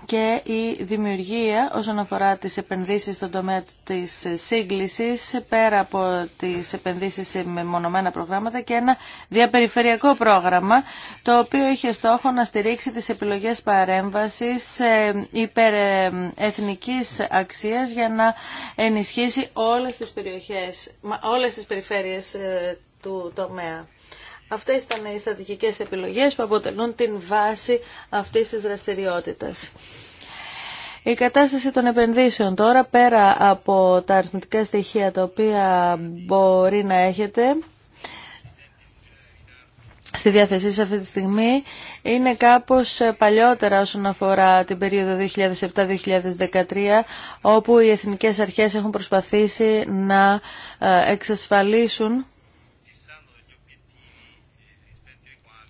και η δημιουργία όσον αφορά τις επενδύσεις στον τομέα της σύγκλησης πέρα από τις επενδύσεις σε μεμονωμένα προγράμματα και ένα διαπεριφερειακό πρόγραμμα το οποίο είχε στόχο να στηρίξει τις επιλογές παρέμβασης ε, υπερεθνικής ε, αξίας για να ενισχύσει όλες τις περιοχές, όλες τις περιφέρειες ε, του τομέα. Αυτές ήταν οι στρατηγικές επιλογές που αποτελούν την βάση αυτής της δραστηριότητας. Η κατάσταση των επενδύσεων τώρα, πέρα από τα αριθμητικά στοιχεία τα οποία μπορεί να έχετε, στη διάθεσή σας αυτή τη στιγμή είναι κάπως παλιότερα όσον αφορά την περίοδο 2007-2013 όπου οι εθνικές αρχές έχουν προσπαθήσει να ε, εξασφαλίσουν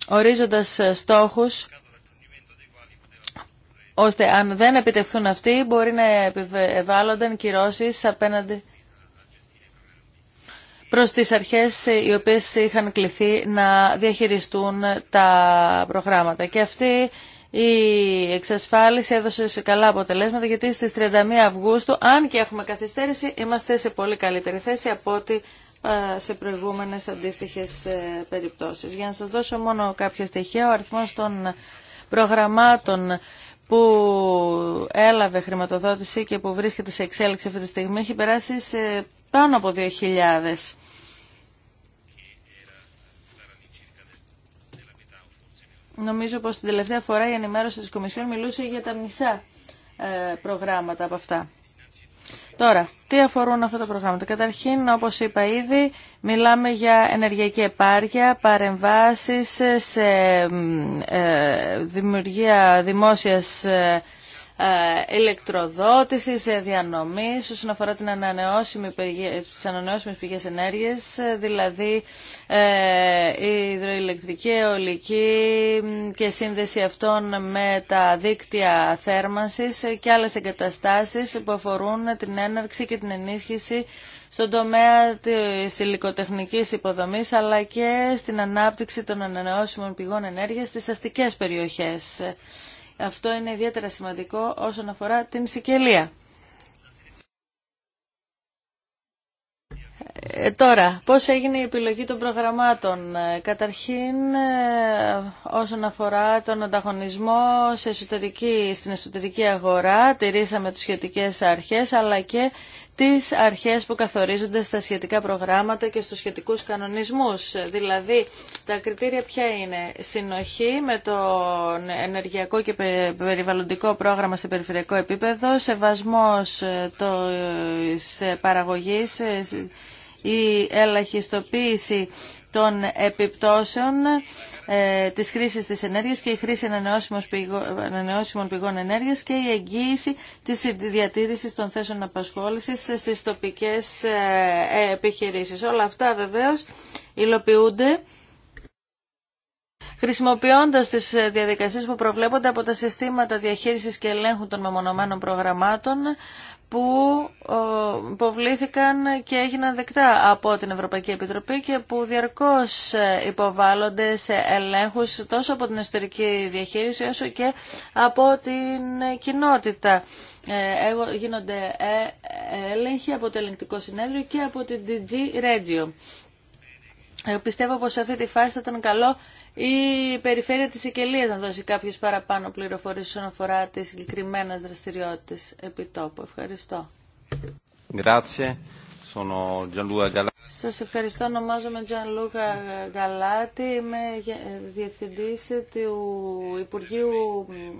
ορίζοντας ε, στόχους ώστε αν δεν επιτευχθούν αυτοί μπορεί να επιβάλλονται κυρώσεις απέναντι προς τις αρχές οι οποίες είχαν κληθεί να διαχειριστούν τα προγράμματα. Και αυτή η εξασφάλιση έδωσε σε καλά αποτελέσματα γιατί στις 31 Αυγούστου, αν και έχουμε καθυστέρηση, είμαστε σε πολύ καλύτερη θέση από ό,τι ε, σε προηγούμενες αντίστοιχες ε, περιπτώσεις. Για να σας δώσω μόνο κάποια στοιχεία, ο αριθμός των προγραμμάτων που έλαβε χρηματοδότηση και που βρίσκεται σε εξέλιξη αυτή τη στιγμή έχει περάσει σε πάνω από 2.000. Νομίζω πως την τελευταία φορά η ενημέρωση της Κομισιόν μιλούσε για τα μισά ε, προγράμματα από αυτά. Τώρα, τι αφορούν αυτά τα προγράμματα. Καταρχήν, όπως είπα ήδη, μιλάμε για ενεργειακή επάρκεια, παρεμβάσεις ε, σε ε, δημιουργία δημόσιας ε, ε, ηλεκτροδότησης, ε, διανομής όσον αφορά την ανανεώσιμη, ε, τις ανανεώσιμες πηγές ενέργειας, δηλαδή η υδροηλεκτρική, αιωλική και σύνδεση αυτών με τα δίκτυα θέρμανσης και άλλες εγκαταστάσεις που αφορούν την έναρξη και την ενίσχυση στον τομέα της υλικοτεχνικής υποδομής αλλά και στην ανάπτυξη των ανανεώσιμων πηγών ενέργειας στις αστικές περιοχές. Αυτό είναι ιδιαίτερα σημαντικό όσον αφορά την Σικελία. Ε, τώρα, πώς έγινε η επιλογή των προγραμμάτων. Ε, καταρχήν, ε, όσον αφορά τον ανταγωνισμό σε εσωτερική, στην εσωτερική αγορά, τηρήσαμε τις σχετικές αρχές, αλλά και τις αρχές που καθορίζονται στα σχετικά προγράμματα και στους σχετικούς κανονισμούς. Δηλαδή, τα κριτήρια ποια είναι. Συνοχή με το ενεργειακό και περιβαλλοντικό πρόγραμμα σε περιφερειακό επίπεδο, σεβασμός ε, της ε, παραγωγής η ελαχιστοποίηση των επιπτώσεων ε, της χρήσης της ενέργειας και η χρήση ανανεώσιμων πηγών ενέργειας και η εγγύηση της διατήρησης των θέσεων απασχόλησης στις τοπικές ε, επιχειρήσεις. Όλα αυτά βεβαίως υλοποιούνται χρησιμοποιώντας τις ε, διαδικασίες που προβλέπονται από τα συστήματα διαχείρισης και ελέγχου των μεμονωμένων προγραμμάτων που ε, υποβλήθηκαν και έγιναν δεκτά από την Ευρωπαϊκή Επιτροπή και που διαρκώς ε, υποβάλλονται σε ελέγχους τόσο από την εσωτερική διαχείριση όσο και από την κοινότητα. γίνονται έλεγχοι από το ελεγκτικό συνέδριο και από την DG Radio. Πιστεύω πως σε αυτή τη φάση θα ήταν καλό η περιφέρεια της Σικελίας να δώσει κάποιες παραπάνω πληροφορίες όσον αφορά τις συγκεκριμένες δραστηριότητες επιτόπου. Ευχαριστώ. Grazie. Σας ευχαριστώ. Ονομάζομαι Τζανλούκα Γαλάτη. Είμαι διευθυντής του Υπουργείου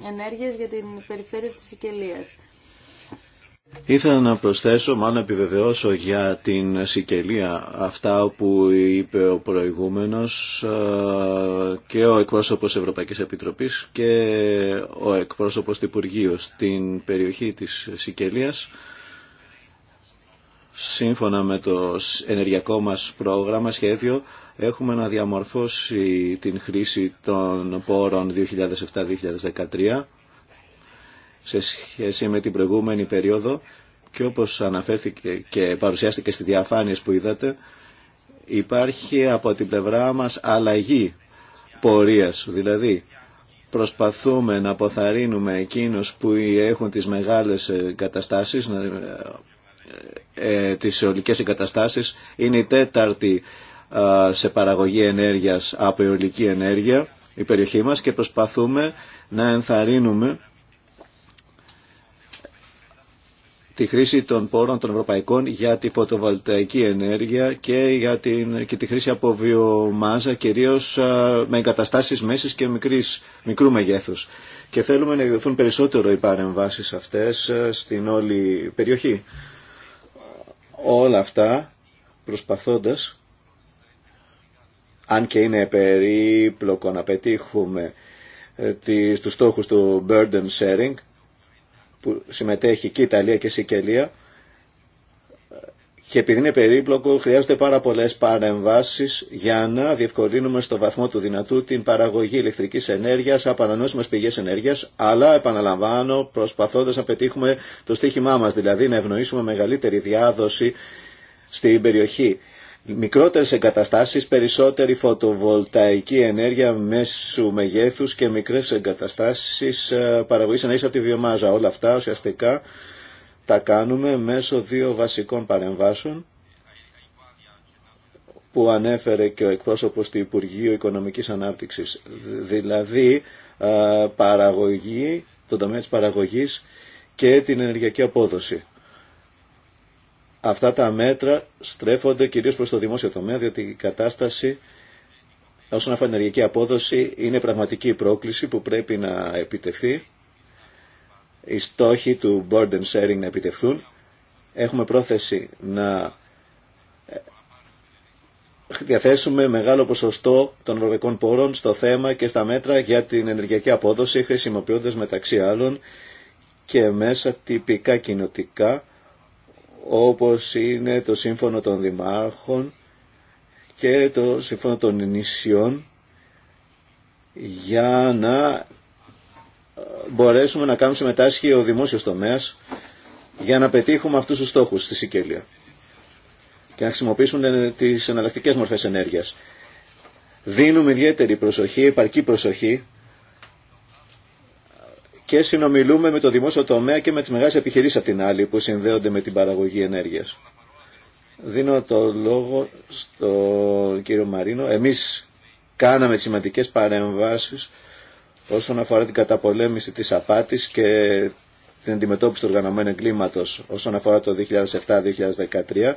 Ενέργειας για την περιφέρεια της Σικελίας. Ήθελα να προσθέσω, μάλλον επιβεβαιώσω για την Σικελία αυτά που είπε ο προηγούμενος ε, και ο εκπρόσωπος Ευρωπαϊκής Επιτροπής και ο εκπρόσωπος του Υπουργείου στην περιοχή της Σικελίας. Σύμφωνα με το ενεργειακό μας πρόγραμμα σχέδιο έχουμε να διαμορφώσει την χρήση των πόρων 2007-2013 σε σχέση με την προηγούμενη περίοδο και όπως αναφέρθηκε και παρουσιάστηκε στις διαφάνειες που είδατε, υπάρχει από την πλευρά μας αλλαγή πορείας. Δηλαδή, προσπαθούμε να αποθαρρύνουμε εκείνους που έχουν τις μεγάλες καταστάσεις, ε, ε, τις ολικές εγκαταστάσεις, είναι η τέταρτη σε παραγωγή ενέργειας από ολική ενέργεια, η περιοχή μας, και προσπαθούμε να ενθαρρύνουμε τη χρήση των πόρων των ευρωπαϊκών για τη φωτοβολταϊκή ενέργεια και, για την, και τη χρήση από βιομάζα, κυρίως με εγκαταστάσεις μέσης και μικρής, μικρού μεγέθους. Και θέλουμε να εκδοθούν περισσότερο οι παρεμβάσεις αυτές στην όλη περιοχή. Όλα αυτά προσπαθώντας, αν και είναι περίπλοκο να πετύχουμε ε, τους στόχους του burden sharing, που συμμετέχει και η Ιταλία και η Σικελία και επειδή είναι περίπλοκο χρειάζονται πάρα πολλές παρεμβάσεις για να διευκολύνουμε στο βαθμό του δυνατού την παραγωγή ηλεκτρικής ενέργειας από πηγές ενέργειας αλλά επαναλαμβάνω προσπαθώντας να πετύχουμε το στίχημά μας δηλαδή να ευνοήσουμε μεγαλύτερη διάδοση στην περιοχή Μικρότερες εγκαταστάσεις, περισσότερη φωτοβολταϊκή ενέργεια μέσου μεγέθους και μικρές εγκαταστάσεις ε, παραγωγής ενέργειας από τη βιομάζα. Όλα αυτά ουσιαστικά τα κάνουμε μέσω δύο βασικών παρεμβάσεων που ανέφερε και ο εκπρόσωπος του Υπουργείου Οικονομικής Ανάπτυξης. Δηλαδή ε, παραγωγή, τον τομέα της παραγωγής και την ενεργειακή απόδοση. Αυτά τα μέτρα στρέφονται κυρίως προς το δημόσιο τομέα, διότι η κατάσταση όσον αφορά ενεργειακή απόδοση είναι πραγματική πρόκληση που πρέπει να επιτευχθεί. Οι στόχοι του burden sharing να επιτευχθούν. Έχουμε πρόθεση να διαθέσουμε μεγάλο ποσοστό των ευρωπαϊκών πόρων στο θέμα και στα μέτρα για την ενεργειακή απόδοση, χρησιμοποιώντας μεταξύ άλλων και μέσα τυπικά κοινοτικά όπως είναι το Σύμφωνο των Δημάρχων και το Σύμφωνο των Νησιών για να ε, μπορέσουμε να κάνουμε συμμετάσχη ο δημόσιος τομέας για να πετύχουμε αυτούς τους στόχους στη Σικέλια και να χρησιμοποιήσουμε τις εναλλακτικές μορφές ενέργειας. Δίνουμε ιδιαίτερη προσοχή, επαρκή προσοχή και συνομιλούμε με το δημόσιο τομέα και με τις μεγάλες επιχειρήσεις από την άλλη που συνδέονται με την παραγωγή ενέργειας. Δίνω το λόγο στον κύριο Μαρίνο. Εμείς κάναμε σημαντικές παρεμβάσεις όσον αφορά την καταπολέμηση της απάτης και την αντιμετώπιση του οργανωμένου εγκλήματος όσον αφορά το 2007-2013.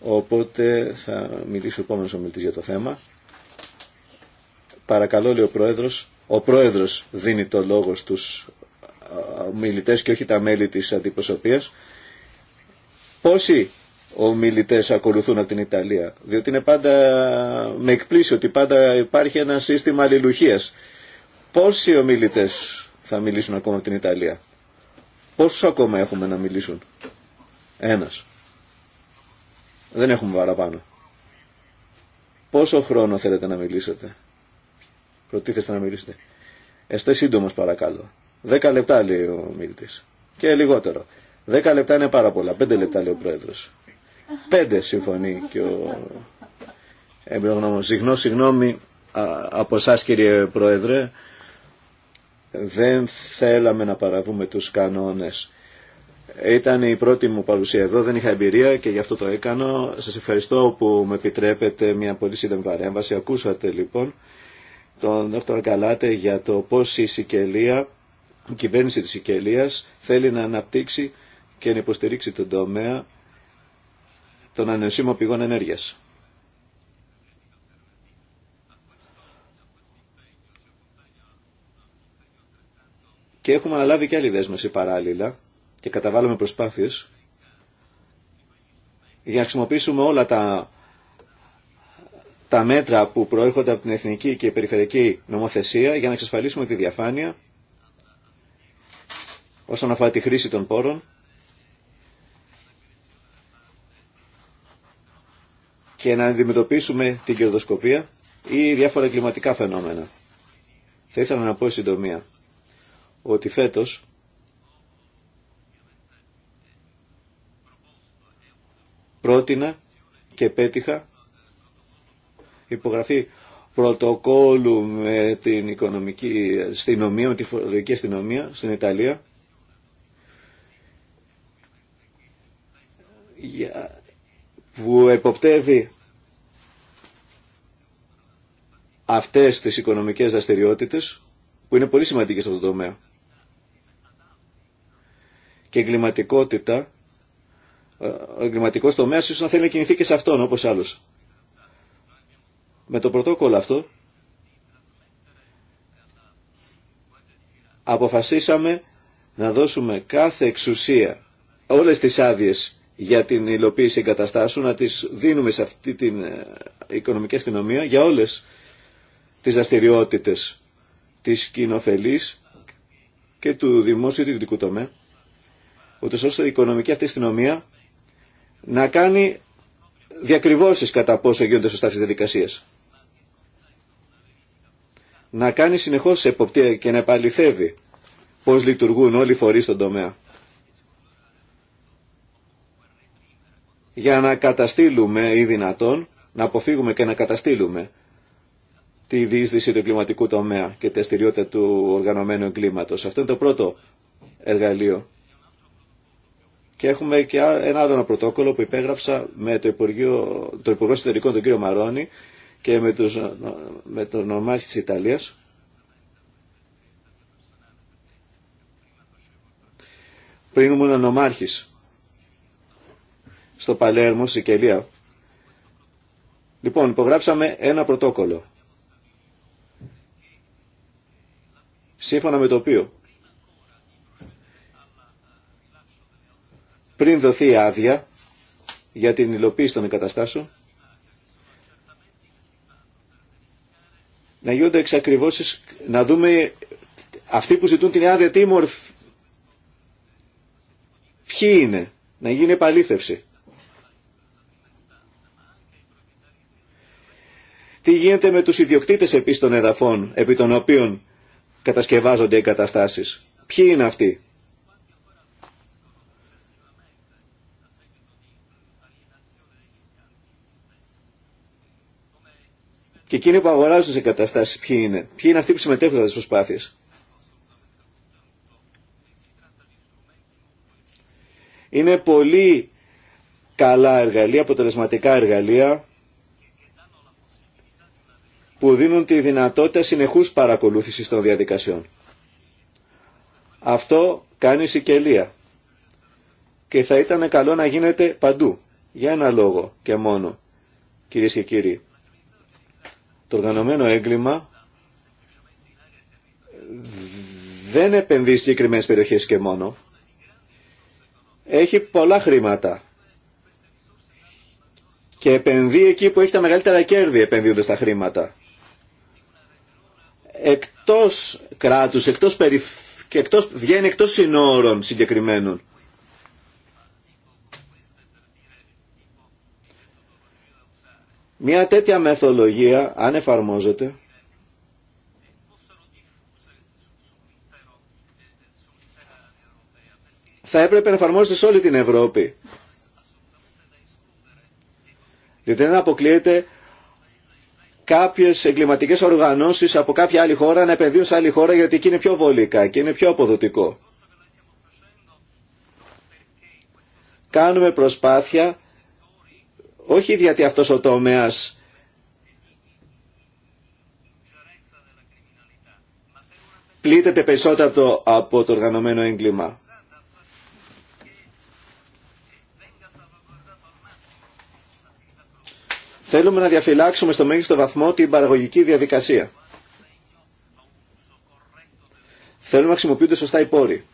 Οπότε θα μιλήσει ο επόμενος ομιλητής για το θέμα. Παρακαλώ, λέει ο Πρόεδρος, ο πρόεδρος δίνει το λόγο στους ομιλητές και όχι τα μέλη της αντιπροσωπείας. Πόσοι ομιλητές ακολουθούν από την Ιταλία, διότι είναι πάντα, με εκπλήσει ότι πάντα υπάρχει ένα σύστημα αλληλουχίας. Πόσοι ομιλητές θα μιλήσουν ακόμα από την Ιταλία. Πόσους ακόμα έχουμε να μιλήσουν. Ένας. Δεν έχουμε παραπάνω. Πόσο χρόνο θέλετε να μιλήσετε προτίθεστε να μιλήσετε. Εστέ σύντομο παρακαλώ. Δέκα λεπτά λέει ο μιλητή. Και λιγότερο. Δέκα λεπτά είναι πάρα πολλά. Πέντε λεπτά λέει ο πρόεδρο. Πέντε συμφωνεί και ο εμπειρογνώμο. συγγνώμη από εσά κύριε πρόεδρε. Δεν θέλαμε να παραβούμε τους κανόνες. Ήταν η πρώτη μου παρουσία εδώ, δεν είχα εμπειρία και γι' αυτό το έκανα. Σας ευχαριστώ που με επιτρέπετε μια πολύ σύντομη παρέμβαση. Ακούσατε λοιπόν τον Δ. Καλάτε για το πώς η Σικελία, η κυβέρνηση της Σικελίας θέλει να αναπτύξει και να υποστηρίξει τον τομέα των ανεσίμων πηγών ενέργειας. Και έχουμε αναλάβει και άλλη δέσμευση παράλληλα και καταβάλουμε προσπάθειες για να χρησιμοποιήσουμε όλα τα τα μέτρα που προέρχονται από την εθνική και περιφερειακή νομοθεσία για να εξασφαλίσουμε τη διαφάνεια όσον αφορά τη χρήση των πόρων και να αντιμετωπίσουμε την κερδοσκοπία ή διάφορα κλιματικά φαινόμενα. Θα ήθελα να πω συντομία ότι φέτος πρότεινα και πέτυχα υπογραφή πρωτοκόλλου με την οικονομική αστυνομία, με τη φορολογική αστυνομία στην Ιταλία. που εποπτεύει αυτές τις οικονομικές δραστηριότητες που είναι πολύ σημαντικές σε αυτό το τομέα. Και εγκληματικότητα, ε, ο εγκληματικός τομέας ίσως να θέλει να κινηθεί και σε αυτόν όπως άλλους. Με το πρωτόκολλο αυτό αποφασίσαμε να δώσουμε κάθε εξουσία, όλες τις άδειες για την υλοποίηση εγκαταστάσεων, να τις δίνουμε σε αυτή την ε, οικονομική αστυνομία για όλες τις δραστηριότητε της κοινοφελής και του δημόσιου ιδιωτικού τομέα, ούτως ώστε η οικονομική αυτή αστυνομία να κάνει διακριβώσεις κατά πόσο γίνονται σωστά τις διαδικασίες να κάνει συνεχώς εποπτεία και να επαληθεύει πώς λειτουργούν όλοι οι φορείς στον τομέα. Για να καταστήλουμε ή δυνατόν, να αποφύγουμε και να καταστήλουμε τη διείσδυση του κλιματικού τομέα και τη αστηριότητα του οργανωμένου εγκλήματος. Αυτό είναι το πρώτο εργαλείο. Και έχουμε και ένα άλλο πρωτόκολλο που υπέγραψα με το Υπουργείο, το Υπουργό Συντερικών, τον κύριο Μαρόνι, και με, τους, με τον νομάρχη της Ιταλίας πριν ήμουν νομάρχης στο Παλέρμο, Σικελία. Λοιπόν, υπογράψαμε ένα πρωτόκολλο. Σύμφωνα με το οποίο πριν δοθεί άδεια για την υλοποίηση των εγκαταστάσεων να γίνονται εξακριβώσεις, να δούμε αυτοί που ζητούν την άδεια τι ποιοι είναι, να γίνει επαλήθευση. Τι γίνεται με τους ιδιοκτήτες επίσης των εδαφών επί των οποίων κατασκευάζονται οι καταστάσεις. Ποιοι είναι αυτοί. και εκείνοι που αγοράζουν τι εγκαταστάσει ποιοι είναι. Ποιοι είναι αυτοί που συμμετέχουν στι προσπάθειε. Είναι πολύ καλά εργαλεία, αποτελεσματικά εργαλεία που δίνουν τη δυνατότητα συνεχούς παρακολούθησης των διαδικασιών. Αυτό κάνει συγκελία. και θα ήταν καλό να γίνεται παντού, για ένα λόγο και μόνο, κυρίες και κύριοι. Το οργανωμένο έγκλημα δεν επενδύει σε συγκεκριμένε περιοχές και μόνο. Έχει πολλά χρήματα. Και επενδύει εκεί που έχει τα μεγαλύτερα κέρδη επενδύοντας τα χρήματα. Εκτός κράτους, εκτός περιφ... και εκτός... βγαίνει εκτός συνόρων συγκεκριμένων. Μια τέτοια μεθολογία, αν εφαρμόζεται, θα έπρεπε να εφαρμόζεται σε όλη την Ευρώπη. Διότι δεν αποκλείεται κάποιες εγκληματικές οργανώσεις από κάποια άλλη χώρα να επενδύουν σε άλλη χώρα γιατί εκεί είναι πιο βολικά και είναι πιο αποδοτικό. Κάνουμε προσπάθεια όχι γιατί αυτός ο τομέας πλήττεται περισσότερο από το, από το οργανωμένο έγκλημα. Θέλουμε να διαφυλάξουμε στο μέγιστο βαθμό την παραγωγική διαδικασία. Θέλουμε να χρησιμοποιούνται σωστά οι πόροι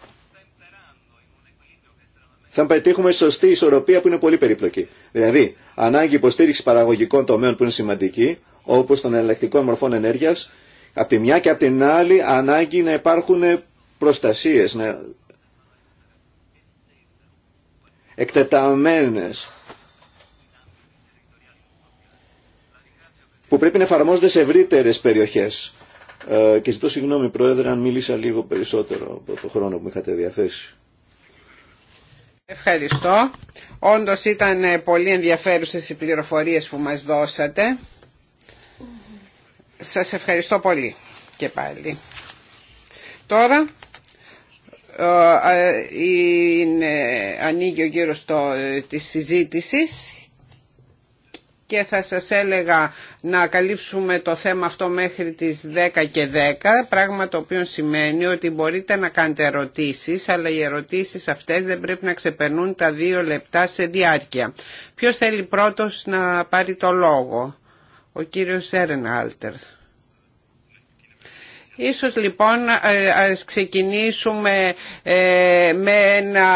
θα πετύχουμε σωστή ισορροπία που είναι πολύ περίπλοκη. Δηλαδή, ανάγκη υποστήριξη παραγωγικών τομέων που είναι σημαντική, όπω των ελεκτικών μορφών ενέργεια, από τη μια και από την άλλη ανάγκη να υπάρχουν προστασίε, να... εκτεταμένε, που πρέπει να εφαρμόζονται σε ευρύτερε περιοχέ. Ε, και ζητώ συγγνώμη, Πρόεδρε, αν μίλησα λίγο περισσότερο από το χρόνο που είχατε διαθέσει. Ευχαριστώ. Όντως ήταν ε, πολύ ενδιαφέρουσες οι πληροφορίες που μας δώσατε. Σας ευχαριστώ πολύ και πάλι. Τώρα ε, ε, είναι, ανοίγει ο γύρος της συζήτησης και θα σας έλεγα να καλύψουμε το θέμα αυτό μέχρι τις 10 και 10, πράγμα το οποίο σημαίνει ότι μπορείτε να κάνετε ερωτήσεις, αλλά οι ερωτήσεις αυτές δεν πρέπει να ξεπερνούν τα δύο λεπτά σε διάρκεια. Ποιος θέλει πρώτος να πάρει το λόγο, ο κύριος Σέρεν Άλτερ. Ίσως λοιπόν ε, ας ξεκινήσουμε ε, με ένα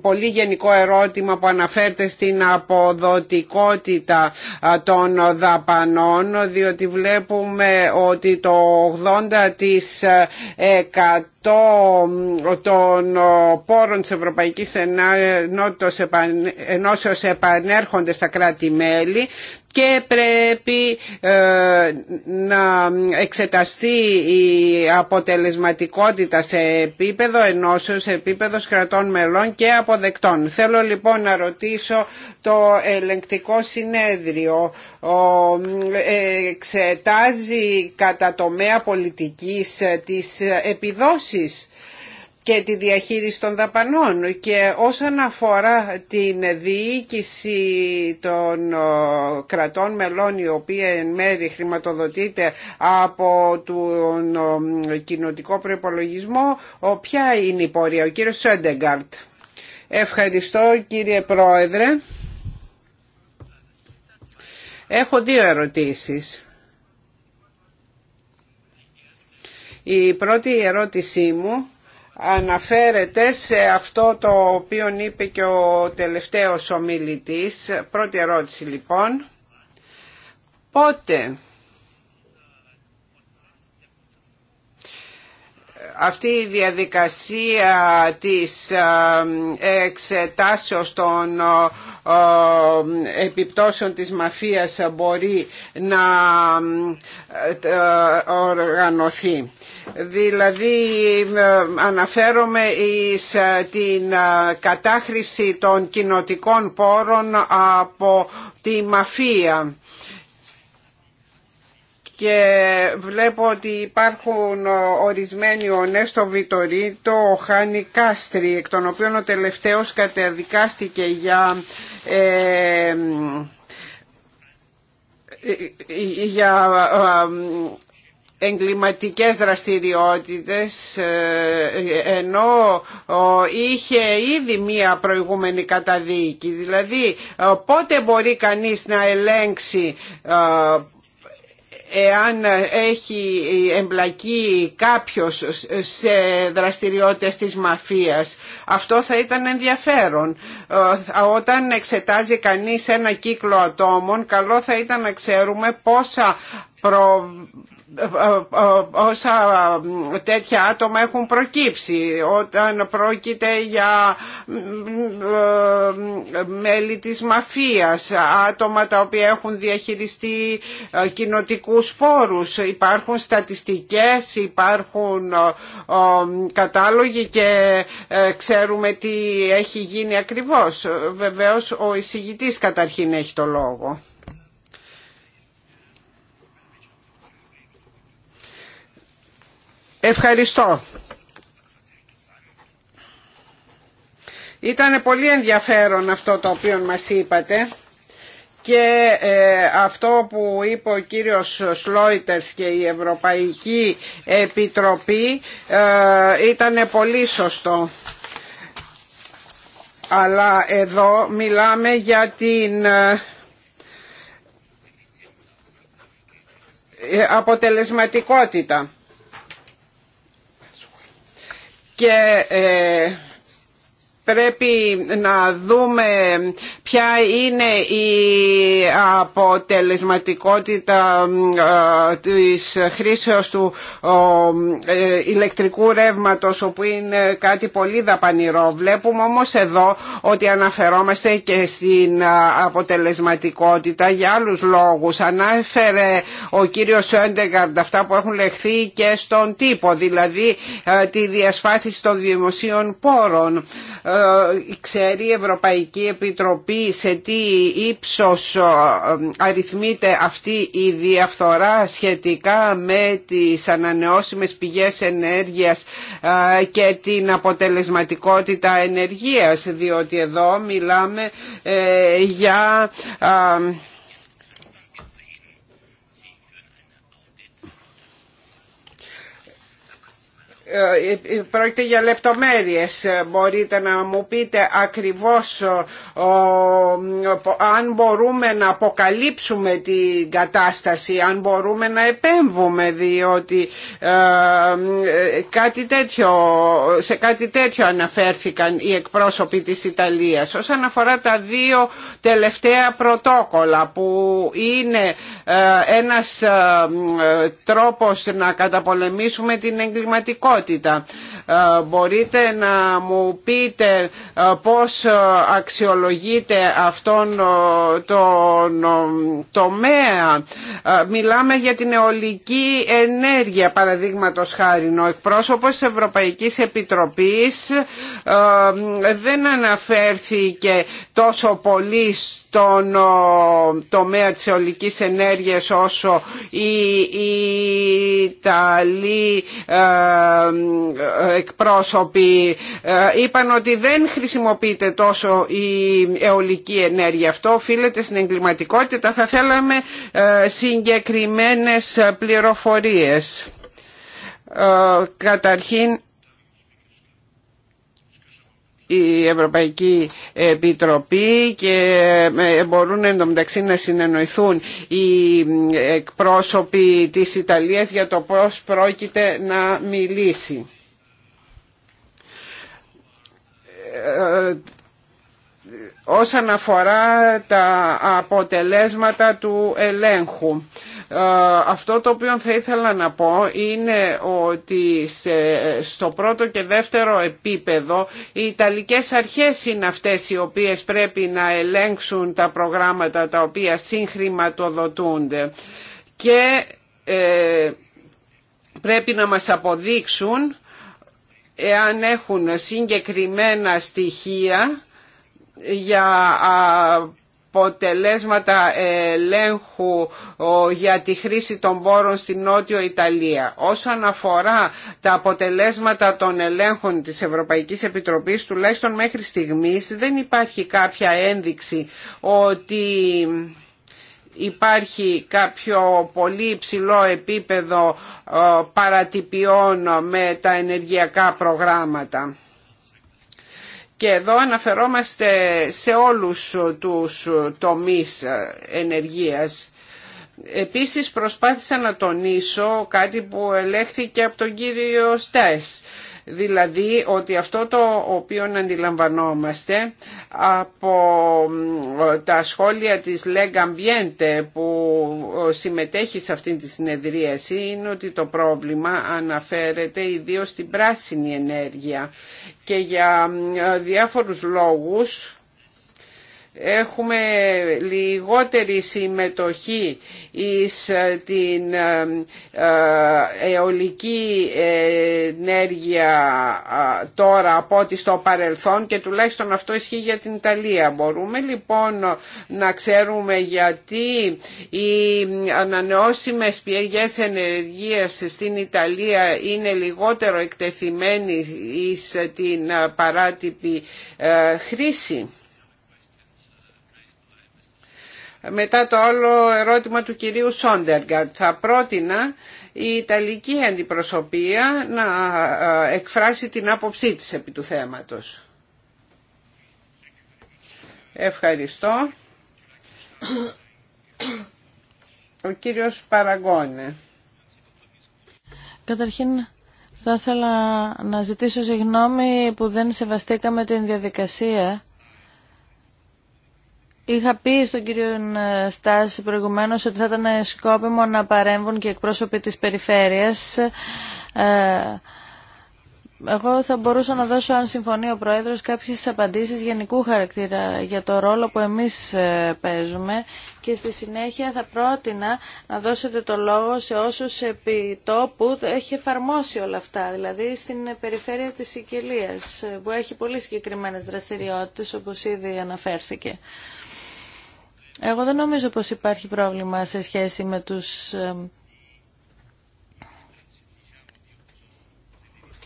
πολύ γενικό ερώτημα που αναφέρεται στην αποδοτικότητα των δαπανών διότι βλέπουμε ότι το 80% των πόρων της Ευρωπαϊκής Ενώσεως επανέρχονται στα κράτη-μέλη και πρέπει ε, να εξεταστεί η αποτελεσματικότητα σε επίπεδο ενώσεως, σε επίπεδο κρατών μελών και αποδεκτών. Θέλω λοιπόν να ρωτήσω το ελεγκτικό συνέδριο. Ε, εξετάζει κατά τομέα πολιτικής ε, τις επιδόσεις και τη διαχείριση των δαπανών και όσον αφορά την διοίκηση των ε, κρατών μελών η οποία εν μέρη χρηματοδοτείται από τον ε, κοινοτικό προϋπολογισμό ποια είναι η πορεία, ο κύριος Σέντεγκαρτ. Ευχαριστώ κύριε Πρόεδρε. Έχω δύο ερωτήσεις. Η πρώτη ερώτησή μου αναφέρεται σε αυτό το οποίο είπε και ο τελευταίος ομιλητής. Πρώτη ερώτηση λοιπόν. Πότε αυτή η διαδικασία της ε, εξετάσεως των ε, ε, επιπτώσεων της μαφίας μπορεί να οργανωθεί. Δηλαδή αναφέρομαι εις την κατάχρηση των κοινοτικών πόρων από τη μαφία και βλέπω ότι υπάρχουν ορισμένοι ο Νέστο Βιτορίτο, ο Χάνι Κάστρι, εκ των οποίων ο τελευταίος καταδικάστηκε για... Ε, ε για ε, εγκληματικές δραστηριότητες ε, ενώ είχε ήδη μία προηγούμενη καταδίκη δηλαδή πότε μπορεί κανείς να ελέγξει εάν έχει εμπλακεί κάποιος σε δραστηριότητες της μαφίας. Αυτό θα ήταν ενδιαφέρον. Ε, όταν εξετάζει κανείς ένα κύκλο ατόμων, καλό θα ήταν να ξέρουμε πόσα προ όσα τέτοια άτομα έχουν προκύψει όταν πρόκειται για μέλη της μαφίας άτομα τα οποία έχουν διαχειριστεί ε, κοινοτικούς πόρους υπάρχουν στατιστικές υπάρχουν ε, κατάλογοι και ε, ξέρουμε τι έχει γίνει ακριβώς βεβαίως ο εισηγητής καταρχήν έχει το λόγο Ευχαριστώ. Ήταν πολύ ενδιαφέρον αυτό το οποίο μας είπατε και ε, αυτό που είπε ο κύριος Σλόιτερς και η Ευρωπαϊκή Επιτροπή ε, ήταν πολύ σωστό. Αλλά εδώ μιλάμε για την... Ε, αποτελεσματικότητα και ε, πρέπει να δούμε ποια είναι η αποτελεσματικότητα ε, της χρήσεως του ε, ηλεκτρικού ρεύματος όπου είναι κάτι πολύ δαπανηρό. Βλέπουμε όμως εδώ ότι αναφερόμαστε και στην αποτελεσματικότητα για άλλους λόγους. Ανάφερε ο κύριος Σέντεγκαρντ αυτά που έχουν λεχθεί και στον τύπο, δηλαδή ε, τη διασπάθηση των δημοσίων πόρων ε, ξέρει η Ευρωπαϊκή Επιτροπή σε τι ύψος ε, αριθμείται αυτή η διαφθορά σχετικά με τις ανανεώσιμες πηγές ενέργειας ε, και την αποτελεσματικότητα ενεργείας διότι εδώ μιλάμε για Ε, ε, πρόκειται για λεπτομέρειες μπορείτε να μου πείτε ακριβώς αν μπορούμε να αποκαλύψουμε την κατάσταση αν μπορούμε να επέμβουμε διότι ε, κάτι σε κάτι τέτοιο αναφέρθηκαν οι εκπρόσωποι της Ιταλίας όσον αφορά τα δύο τελευταία πρωτόκολλα που είναι ένας τρόπος να καταπολεμήσουμε την εγκληματικότητα ήταν ε, μπορείτε να μου πείτε ε, πώς ε, αξιολογείτε αυτόν τον τομέα. Μιλάμε για την αιωλική ενέργεια παραδείγματος χάρη. Ο εκπρόσωπος της Ευρωπαϊκής Επιτροπής δεν αναφέρθηκε τόσο πολύ στον τομέα της αιωλικής ενέργειας όσο η Ιταλή εκπρόσωποι ε, είπαν ότι δεν χρησιμοποιείται τόσο η αιωλική ενέργεια. Αυτό οφείλεται στην εγκληματικότητα. Θα θέλαμε ε, συγκεκριμένες πληροφορίες. Ε, καταρχήν, η Ευρωπαϊκή Επιτροπή και μπορούν εντωμεταξύ να συνεννοηθούν οι εκπρόσωποι της Ιταλίας για το πώς πρόκειται να μιλήσει. Ε, όσον αφορά τα αποτελέσματα του ελέγχου. Ε, αυτό το οποίο θα ήθελα να πω είναι ότι στο πρώτο και δεύτερο επίπεδο οι Ιταλικές αρχές είναι αυτές οι οποίες πρέπει να ελέγξουν τα προγράμματα τα οποία συγχρηματοδοτούνται και ε, πρέπει να μας αποδείξουν εάν έχουν συγκεκριμένα στοιχεία για αποτελέσματα ελέγχου για τη χρήση των πόρων στην Νότιο Ιταλία. Όσον αφορά τα αποτελέσματα των ελέγχων της Ευρωπαϊκής Επιτροπής, τουλάχιστον μέχρι στιγμής δεν υπάρχει κάποια ένδειξη ότι υπάρχει κάποιο πολύ υψηλό επίπεδο ε, παρατυπιών με τα ενεργειακά προγράμματα. Και εδώ αναφερόμαστε σε όλους τους τομείς ε, ενεργείας. Επίσης προσπάθησα να τονίσω κάτι που ελέγχθηκε από τον κύριο Στές δηλαδή ότι αυτό το οποίο αντιλαμβανόμαστε από τα σχόλια της Λέγκα που συμμετέχει σε αυτή τη συνεδρίαση είναι ότι το πρόβλημα αναφέρεται ιδίως στην πράσινη ενέργεια και για διάφορους λόγους έχουμε λιγότερη συμμετοχή εις ε, την ε, ε, αιωλική ενέργεια τώρα από ό,τι στο παρελθόν και τουλάχιστον αυτό ισχύει για την Ιταλία. Μπορούμε λοιπόν να ξέρουμε γιατί οι ανανεώσιμες πηγές ενεργείας στην Ιταλία είναι λιγότερο εκτεθειμένοι εις την παράτυπη χρήση μετά το όλο ερώτημα του κυρίου Σόντεργαρτ. Θα πρότεινα η Ιταλική αντιπροσωπεία να εκφράσει την άποψή της επί του θέματος. Ευχαριστώ. Ο κύριος Παραγκόνε. Καταρχήν θα ήθελα να ζητήσω συγγνώμη που δεν σεβαστήκαμε την διαδικασία Είχα πει στον κύριο ε, Στάση προηγουμένως ότι θα ήταν σκόπιμο να παρέμβουν και εκπρόσωποι της περιφέρειας. Ε, εγώ θα μπορούσα να δώσω, αν συμφωνεί ο Πρόεδρος, κάποιες απαντήσεις γενικού χαρακτήρα για το ρόλο που εμείς ε, παίζουμε και στη συνέχεια θα πρότεινα να δώσετε το λόγο σε όσους επί τόπου έχει εφαρμόσει όλα αυτά, δηλαδή στην περιφέρεια της Σικελίας, που έχει πολύ συγκεκριμένες δραστηριότητες, όπως ήδη αναφέρθηκε. Εγώ δεν νομίζω πως υπάρχει πρόβλημα σε σχέση με τους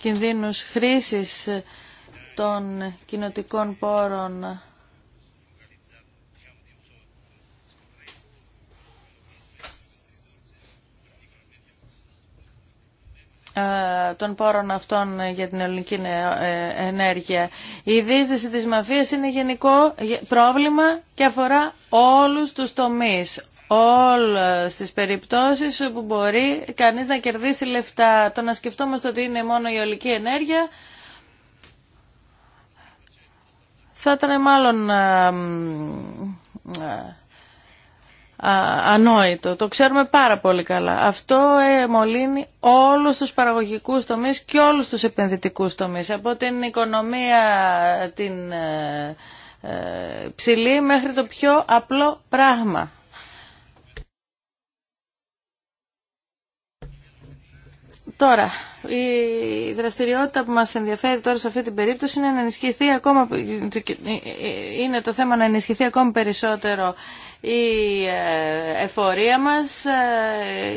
κινδύνους χρήσης των κοινοτικών πόρων Ε, των πόρων αυτών για την ελληνική ε, ε, ενέργεια. Η δίσδυση της μαφίας είναι γενικό πρόβλημα και αφορά όλους τους τομείς όλες τις περιπτώσεις όπου μπορεί κανείς να κερδίσει λεφτά. Το να σκεφτόμαστε ότι είναι μόνο η ολική ενέργεια θα ήταν μάλλον ανόητο. Το ξέρουμε πάρα πολύ καλά. Αυτό ε, μολύνει όλους τους παραγωγικούς τομείς και όλους τους επενδυτικούς τομείς. Από την οικονομία την ε, ε, ψηλή μέχρι το πιο απλό πράγμα. Τώρα, η δραστηριότητα που μας ενδιαφέρει τώρα σε αυτή την περίπτωση είναι, να ενισχυθεί ακόμα, είναι το θέμα να ενισχυθεί ακόμη περισσότερο η ε, εφορία μας ε,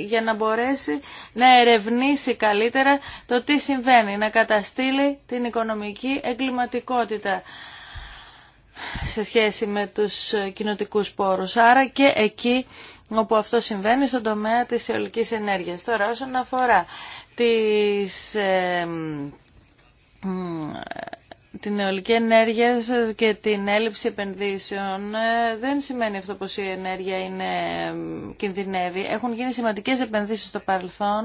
για να μπορέσει να ερευνήσει καλύτερα το τι συμβαίνει, να καταστήλει την οικονομική εγκληματικότητα σε σχέση με τους ε, κοινοτικούς πόρους. Άρα και εκεί όπου αυτό συμβαίνει στον τομέα της αιωλικής ενέργειας. Τώρα όσον αφορά τις, ε, την αιωλική ενέργεια και την έλλειψη επενδύσεων ε, δεν σημαίνει αυτό πως η ενέργεια είναι, κινδυνεύει. Έχουν γίνει σημαντικές επενδύσεις στο παρελθόν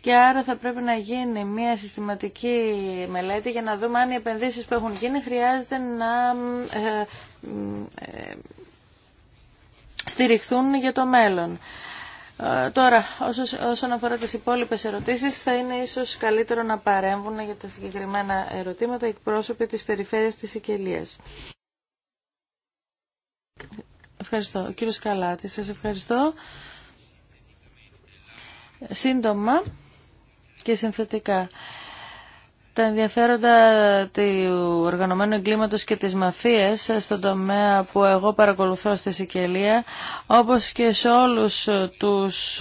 και άρα θα πρέπει να γίνει μια συστηματική μελέτη για να δούμε αν οι επενδύσεις που έχουν γίνει χρειάζεται να ε, ε, στηριχθούν για το μέλλον. Ε, τώρα, όσον αφορά τις υπόλοιπες ερωτήσεις, θα είναι ίσως καλύτερο να παρέμβουν για τα συγκεκριμένα ερωτήματα εκπρόσωποι της περιφέρειας της Σικελίας. Ευχαριστώ. Ο κύριος Καλάτη, σας ευχαριστώ. Σύντομα και συνθετικά τα ενδιαφέροντα του οργανωμένου εγκλήματος και της μαφίας στον τομέα που εγώ παρακολουθώ στη Σικελία, όπως και σε όλους τους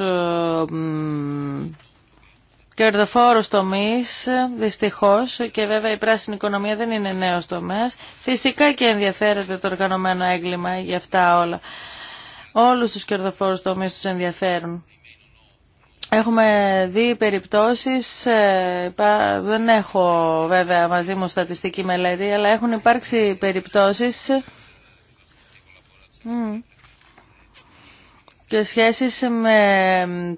κερδοφόρους τομείς, δυστυχώς, και βέβαια η πράσινη οικονομία δεν είναι νέος τομέας. Φυσικά και ενδιαφέρεται το οργανωμένο έγκλημα για αυτά όλα. Όλους τους κερδοφόρους τομείς τους ενδιαφέρουν. Έχουμε δει περιπτώσεις, ε, δεν έχω βέβαια μαζί μου στατιστική μελέτη, αλλά έχουν υπάρξει περιπτώσεις και σχέσεις με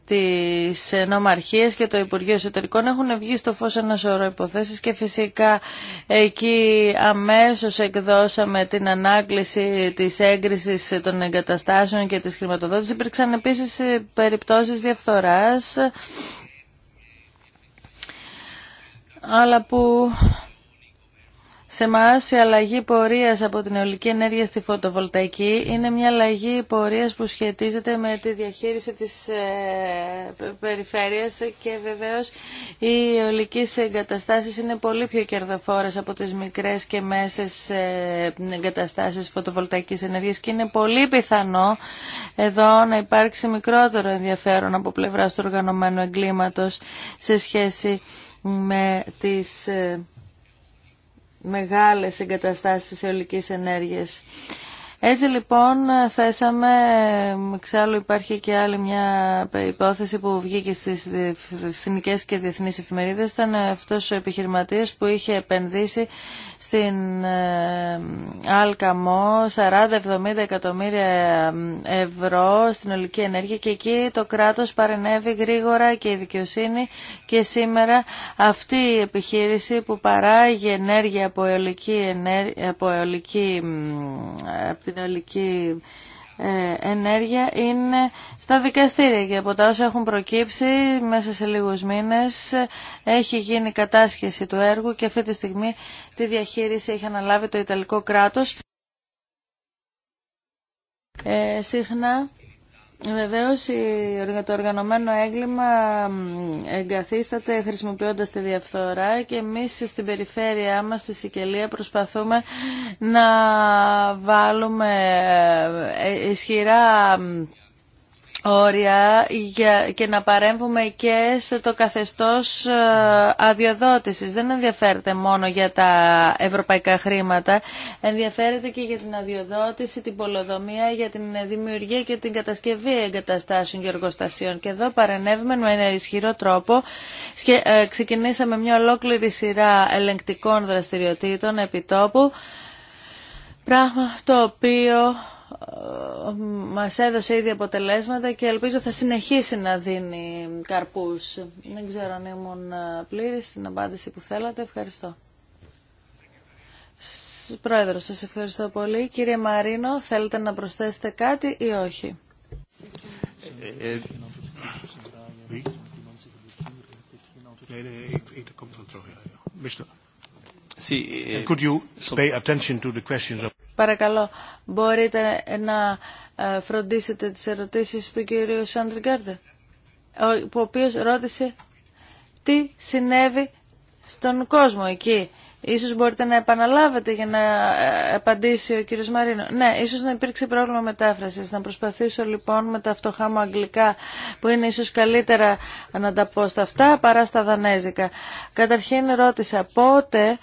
τις νομαρχίες και το Υπουργείο Εσωτερικών έχουν βγει στο φως ένα σωρό υποθέσεις και φυσικά εκεί αμέσως εκδώσαμε την ανάκληση της έγκρισης των εγκαταστάσεων και της χρηματοδότησης. Υπήρξαν επίσης ε, περιπτώσεις διαφθοράς αλλά που σε εμά η αλλαγή πορεία από την αιωλική ενέργεια στη φωτοβολταϊκή είναι μια αλλαγή πορεία που σχετίζεται με τη διαχείριση τη ε, περιφέρεια και βεβαίω οι αιωλικέ εγκαταστάσει είναι πολύ πιο κερδοφόρε από τι μικρέ και μέσε εγκαταστάσει φωτοβολταϊκή ενέργεια και είναι πολύ πιθανό εδώ να υπάρξει μικρότερο ενδιαφέρον από πλευρά του οργανωμένου εγκλήματο σε σχέση με τις ε, μεγάλες εγκαταστάσεις αιωλικής ενέργειας. Έτσι λοιπόν θέσαμε, εξάλλου υπάρχει και άλλη μια υπόθεση που βγήκε στις εθνικέ και διεθνείς εφημερίδες, ήταν αυτός ο επιχειρηματίας που είχε επενδύσει στην ε, Αλκαμό 40-70 εκατομμύρια ευρώ στην ολική ενέργεια και εκεί το κράτος παρενέβη γρήγορα και η δικαιοσύνη και σήμερα αυτή η επιχείρηση που παράγει ενέργεια από αιωλική, από, την ολική ε, ενέργεια είναι στα δικαστήρια και από τα όσα έχουν προκύψει μέσα σε λίγους μήνες ε, έχει γίνει κατάσχεση του έργου και αυτή τη στιγμή τη διαχείριση έχει αναλάβει το Ιταλικό κράτος. Ε, συχνά Βεβαίω, το οργανωμένο έγκλημα εγκαθίσταται χρησιμοποιώντα τη διαφθορά και εμεί στην περιφέρειά μα, στη Σικελία προσπαθούμε να βάλουμε ε, ισχυρά όρια και να παρέμβουμε και σε το καθεστώς ε, αδειοδότησης. Δεν ενδιαφέρεται μόνο για τα ευρωπαϊκά χρήματα, ενδιαφέρεται και για την αδειοδότηση, την πολοδομία, για την δημιουργία και την κατασκευή εγκαταστάσεων και εργοστασίων. Και εδώ παρενέβημε με ένα ισχυρό τρόπο. Ε, ξεκινήσαμε μια ολόκληρη σειρά ελεγκτικών δραστηριοτήτων επιτόπου, πράγμα το οποίο μας έδωσε ήδη αποτελέσματα και ελπίζω θα συνεχίσει να δίνει καρπούς. Δεν ξέρω αν ήμουν ε, πλήρη στην απάντηση που θέλατε. Ευχαριστώ. Πρόεδρο, σας ευχαριστώ πολύ. Κύριε Μαρίνο, θέλετε να προσθέσετε κάτι ή όχι. Ε, ε, could you pay attention to Παρακαλώ, μπορείτε να ε, φροντίσετε τις ερωτήσεις του κύριου Σάντριγκάρντερ, ο οποίος ρώτησε τι συνέβη στον κόσμο εκεί. Ίσως μπορείτε να επαναλάβετε για να ε, απαντήσει ο κύριος Μαρίνο. Ναι, ίσως να υπήρξε πρόβλημα μετάφρασης. Να προσπαθήσω λοιπόν με τα φτωχά αγγλικά που είναι ίσως καλύτερα να τα πω στα αυτά παρά στα δανέζικα. Καταρχήν ρώτησα πότε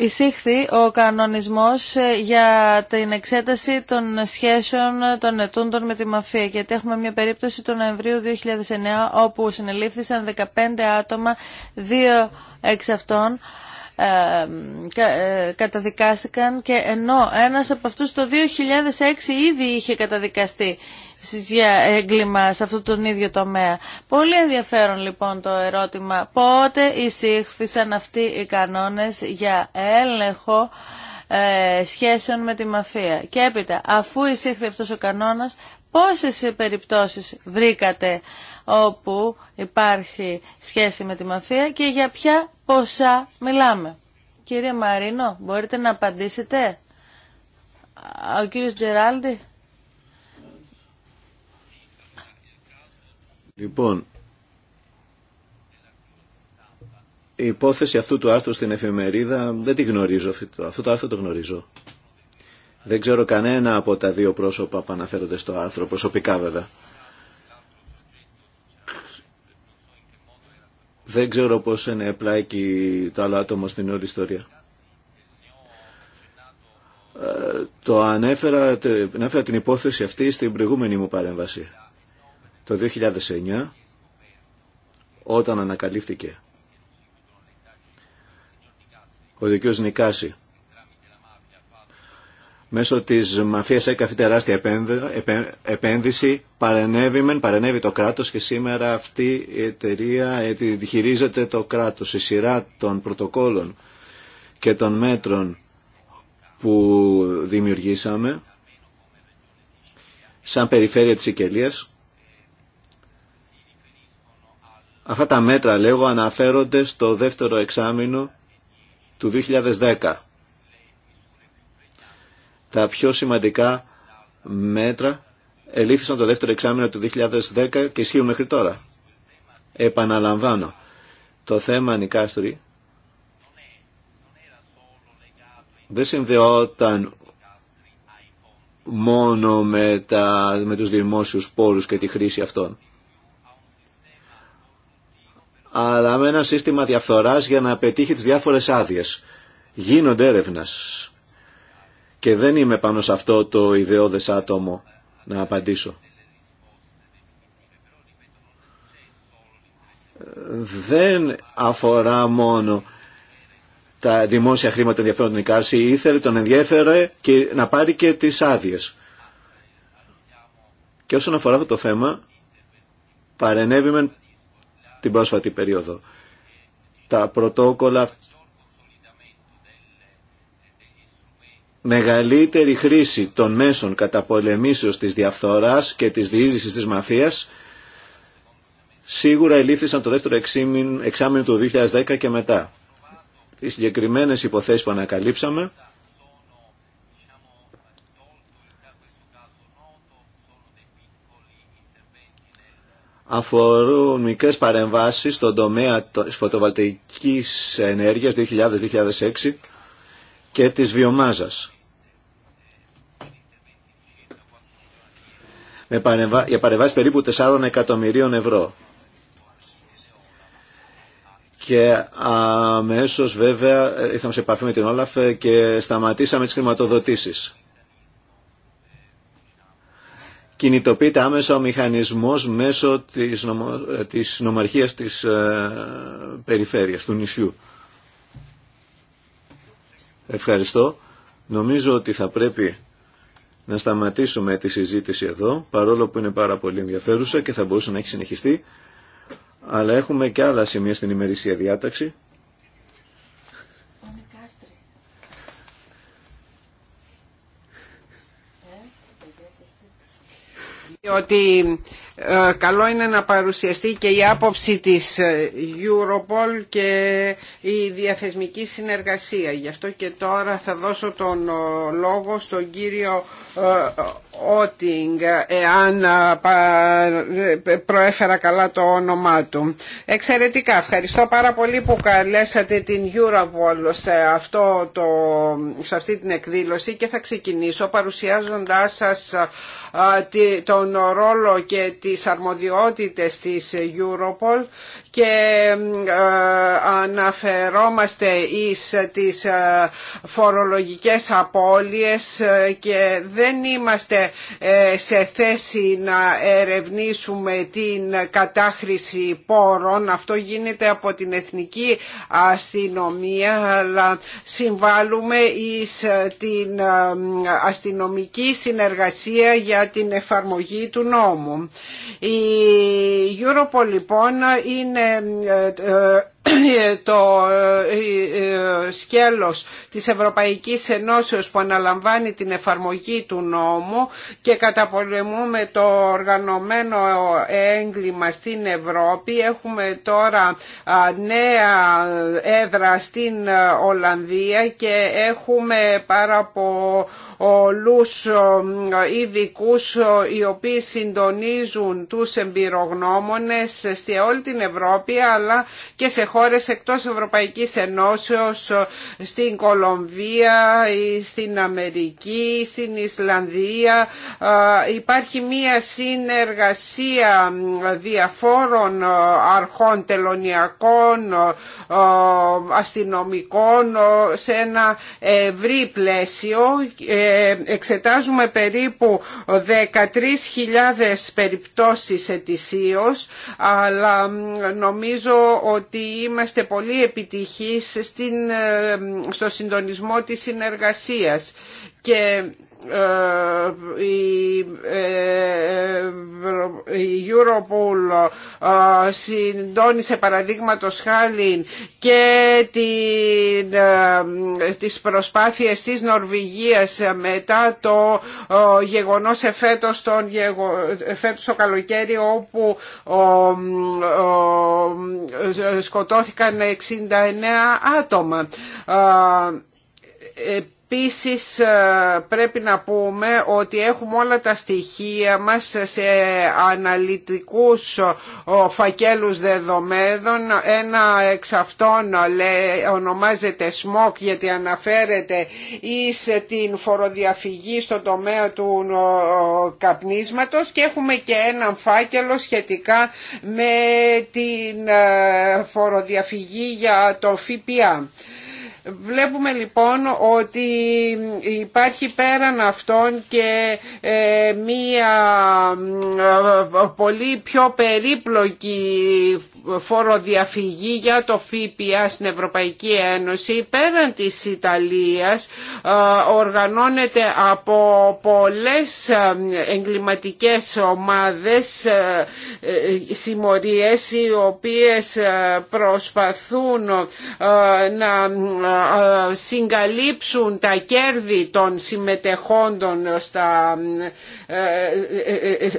εισήχθη ο κανονισμός ε, για την εξέταση των σχέσεων των ετούντων με τη μαφία γιατί έχουμε μια περίπτωση του Νοεμβρίου 2009 όπου συνελήφθησαν 15 άτομα, δύο εξ αυτών ε, καταδικάστηκαν και ενώ ένας από αυτούς το 2006 ήδη είχε καταδικαστεί για έγκλημα σε αυτόν τον ίδιο τομέα. Πολύ ενδιαφέρον λοιπόν το ερώτημα πότε εισήχθησαν αυτοί οι κανόνες για έλεγχο ε, σχέσεων με τη μαφία. Και έπειτα, αφού εισήχθη αυτός ο κανόνας, πόσες περιπτώσεις βρήκατε όπου υπάρχει σχέση με τη μαφία και για ποια πόσα μιλάμε. Κύριε Μαρίνο, μπορείτε να απαντήσετε. Ο κύριος Τζεράλντι. Λοιπόν, η υπόθεση αυτού του άρθρου στην εφημερίδα δεν τη γνωρίζω. Αυτό το άρθρο το γνωρίζω. Δεν ξέρω κανένα από τα δύο πρόσωπα που αναφέρονται στο άρθρο, προσωπικά βέβαια. Δεν ξέρω πώς είναι πλάκι το άλλο άτομο στην όλη ιστορία. Ε, το ανέφερα, ανέφερα την υπόθεση αυτή στην προηγούμενη μου παρέμβαση. Το 2009, όταν ανακαλύφθηκε ο δικαιός Νικάση μέσω της μαφίας έκαφη τεράστια επένδυση, παρενέβη, μεν, παρενέβη το κράτος και σήμερα αυτή η εταιρεία ε, διχειρίζεται το κράτος. Η σειρά των πρωτοκόλων και των μέτρων που δημιουργήσαμε σαν περιφέρεια της Σικελίας. Αυτά τα μέτρα λέγω αναφέρονται στο δεύτερο εξάμεινο του 2010 τα πιο σημαντικά μέτρα ελήφθησαν το δεύτερο εξάμεινο του 2010 και ισχύουν μέχρι τώρα. Επαναλαμβάνω, το θέμα Νικάστρη δεν συνδεόταν μόνο με, τα, με τους δημόσιους πόρους και τη χρήση αυτών αλλά με ένα σύστημα διαφθοράς για να πετύχει τις διάφορες άδειες. Γίνονται έρευνας και δεν είμαι πάνω σε αυτό το ιδεώδες άτομο να απαντήσω. Δεν αφορά μόνο τα δημόσια χρήματα ενδιαφέρον την Ικάρση, ήθελε, τον ενδιέφερε και να πάρει και τις άδειε. Και όσον αφορά αυτό το θέμα, παρενέβημε την πρόσφατη περίοδο. Τα πρωτόκολλα μεγαλύτερη χρήση των μέσων κατά καταπολεμήσεως της διαφθοράς και της διείδησης της μαφίας σίγουρα ελήφθησαν το δεύτερο εξάμεινο του 2010 και μετά. Τις συγκεκριμένε υποθέσεις που ανακαλύψαμε αφορούν μικρές παρεμβάσεις στον τομέα της φωτοβολταϊκής ενέργειας 2000-2006 και της βιομάζας. για παρεμβάσεις περίπου 4 εκατομμυρίων ευρώ. Και αμέσως βέβαια ήρθαμε σε επαφή με την Όλαφ και σταματήσαμε τις χρηματοδοτήσεις. Κινητοποιείται άμεσα ο μηχανισμός μέσω της, νομο, της νομαρχίας της ε, περιφέρειας, του νησιού. Ευχαριστώ. Νομίζω ότι θα πρέπει να σταματήσουμε τη συζήτηση εδώ, παρόλο που είναι πάρα πολύ ενδιαφέρουσα και θα μπορούσε να έχει συνεχιστεί, αλλά έχουμε και άλλα σημεία στην ημερήσια διάταξη. Ότι ε, καλό είναι να παρουσιαστεί και η άποψη της ε, Europol και η διαθεσμική συνεργασία. Γι' αυτό και τώρα θα δώσω τον ε, λόγο στον κύριο Ότινγκ, εάν προέφερα καλά το όνομά του. Εξαιρετικά, ευχαριστώ πάρα πολύ που καλέσατε την Europol σε, αυτό το, σε αυτή την εκδήλωση και θα ξεκινήσω παρουσιάζοντάς σας τον ρόλο και τις αρμοδιότητες της Europol και αναφερόμαστε εις ε, τις ε, φορολογικές απώλειες ε, και δεν είμαστε σε θέση να ερευνήσουμε την κατάχρηση πόρων. Αυτό γίνεται από την Εθνική Αστυνομία αλλά συμβάλλουμε εις την αστυνομική συνεργασία για την εφαρμογή του νόμου. Η Europol λοιπόν είναι είναι ε, ε, ε ε, το ε, ε, σκέλος της Ευρωπαϊκής Ενώσεως που αναλαμβάνει την εφαρμογή του νόμου και καταπολεμούμε το οργανωμένο έγκλημα στην Ευρώπη. Έχουμε τώρα νέα έδρα στην Ολλανδία και έχουμε πάρα πολλούς ειδικού οι οποίοι συντονίζουν τους εμπειρογνώμονες σε όλη την Ευρώπη αλλά και σε χώρες χώρες εκτός Ευρωπαϊκής Ενώσεως, στην Κολομβία, στην Αμερική, στην Ισλανδία. Υπάρχει μία συνεργασία διαφόρων αρχών τελωνιακών, αστυνομικών σε ένα ευρύ πλαίσιο. Ε, εξετάζουμε περίπου 13.000 περιπτώσεις ετησίως, αλλά νομίζω ότι είμαστε πολύ επιτυχείς στην, ε, στο συντονισμό της συνεργασίας και ε, ε, ε, η Europol συντώνησε παραδείγματος χάλιν και την, τις προσπάθειες της Νορβηγίας μετά το γεγονός εφέτος, τον, εφέτος το καλοκαίρι όπου σκοτώθηκαν 69 άτομα Επίσης ε, πρέπει να πούμε ότι έχουμε όλα τα στοιχεία μας σε αναλυτικούς φακέλους δεδομένων. Ένα εξ αυτών ονομάζεται SMOC γιατί αναφέρεται σε την φοροδιαφυγή στο τομέα του καπνίσματος και έχουμε και ένα φάκελο σχετικά με την ε, φοροδιαφυγή για το ΦΠΑ. Βλέπουμε λοιπόν ότι υπάρχει πέραν αυτών και ε, μία ε, πολύ πιο περίπλοκη φοροδιαφυγή για το ΦΠΑ στην Ευρωπαϊκή Ένωση. Πέραν της Ιταλίας ε, οργανώνεται από πολλές εγκληματικές ομάδες συμμορίες οι οποίες προσπαθούν να ε, συγκαλύψουν τα κέρδη των συμμετεχόντων στα, ε,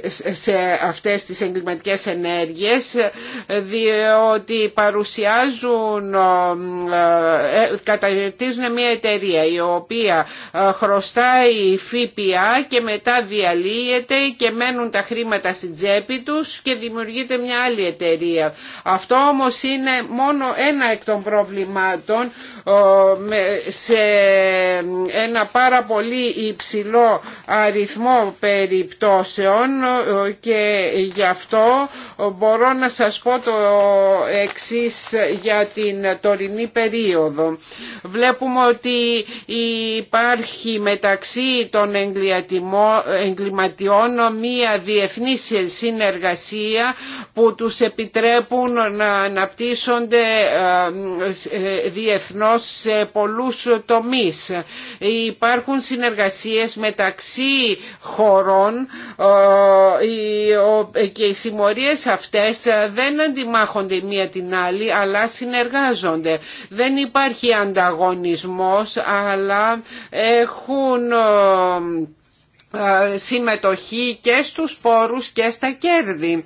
ε, σε αυτές τις εγκληματικές ενέργειες διότι παρουσιάζουν καταρτίζουν μια εταιρεία η οποία χρωστάει ΦΠΑ και μετά διαλύεται και μένουν τα χρήματα στην τσέπη τους και δημιουργείται μια άλλη εταιρεία. Αυτό όμως είναι μόνο ένα εκ των προβλημάτων σε ένα πάρα πολύ υψηλό αριθμό περιπτώσεων και γι' αυτό μπορώ να σας πω το εξής για την τωρινή περίοδο. Βλέπουμε ότι υπάρχει μεταξύ των εγκληματιών μία διεθνή συνεργασία που τους επιτρέπουν να αναπτύσσονται ε, ε, διεθνώς σε πολλούς τομείς. Υπάρχουν συνεργασίες μεταξύ χωρών ε, και οι συμμορίες αυτές δεν αντιμάχονται μία την άλλη αλλά συνεργάζονται. Δεν υπάρχει ανταγωνισμός αλλά έχουν ε, ε, συμμετοχή και στους πόρους και στα κέρδη.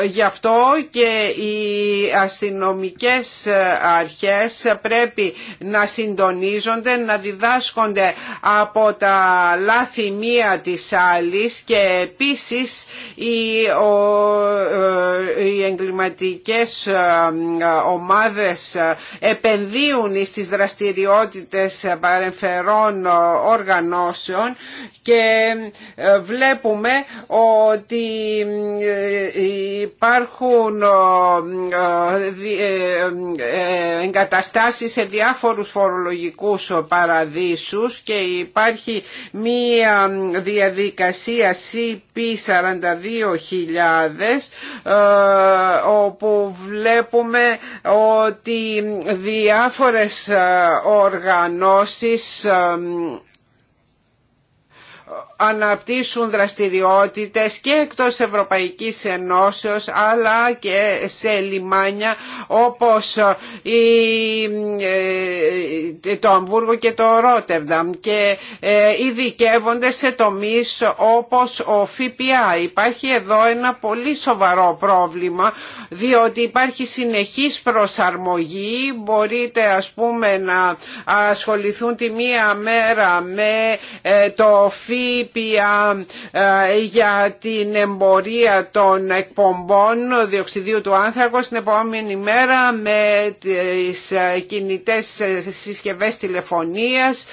Ε, γι' αυτό και οι αστυνομικές ε, αρχές πρέπει να συντονίζονται, να διδάσκονται από τα λάθη μία της άλλης και επίσης οι, ο, οι εγκληματικές ομάδες επενδύουν στις δραστηριότητες παρεμφερών οργανώσεων και βλέπουμε ότι ε, υπάρχουν ε, ε, εγκαταστάσεις σε διάφορους φορολογικούς παραδείσους και υπάρχει μία διαδικασία CP42.000 όπου βλέπουμε ότι διάφορες οργανώσεις αναπτύσσουν δραστηριότητες και εκτός Ευρωπαϊκής Ενώσεως αλλά και σε λιμάνια όπως η, ε, το Αμβούργο και το Ρότερνταμ και ε, ειδικεύονται σε τομείς όπως ο ΦΠΑ. Υπάρχει εδώ ένα πολύ σοβαρό πρόβλημα διότι υπάρχει συνεχής προσαρμογή μπορείτε ας πούμε να ασχοληθούν τη μία μέρα με ε, το ΦΠΑ ε, για την εμπορία των εκπομπών διοξιδίου του άνθρακο. την επόμενη μέρα με τις ε, κινητές ε, συσκευές τηλεφωνίας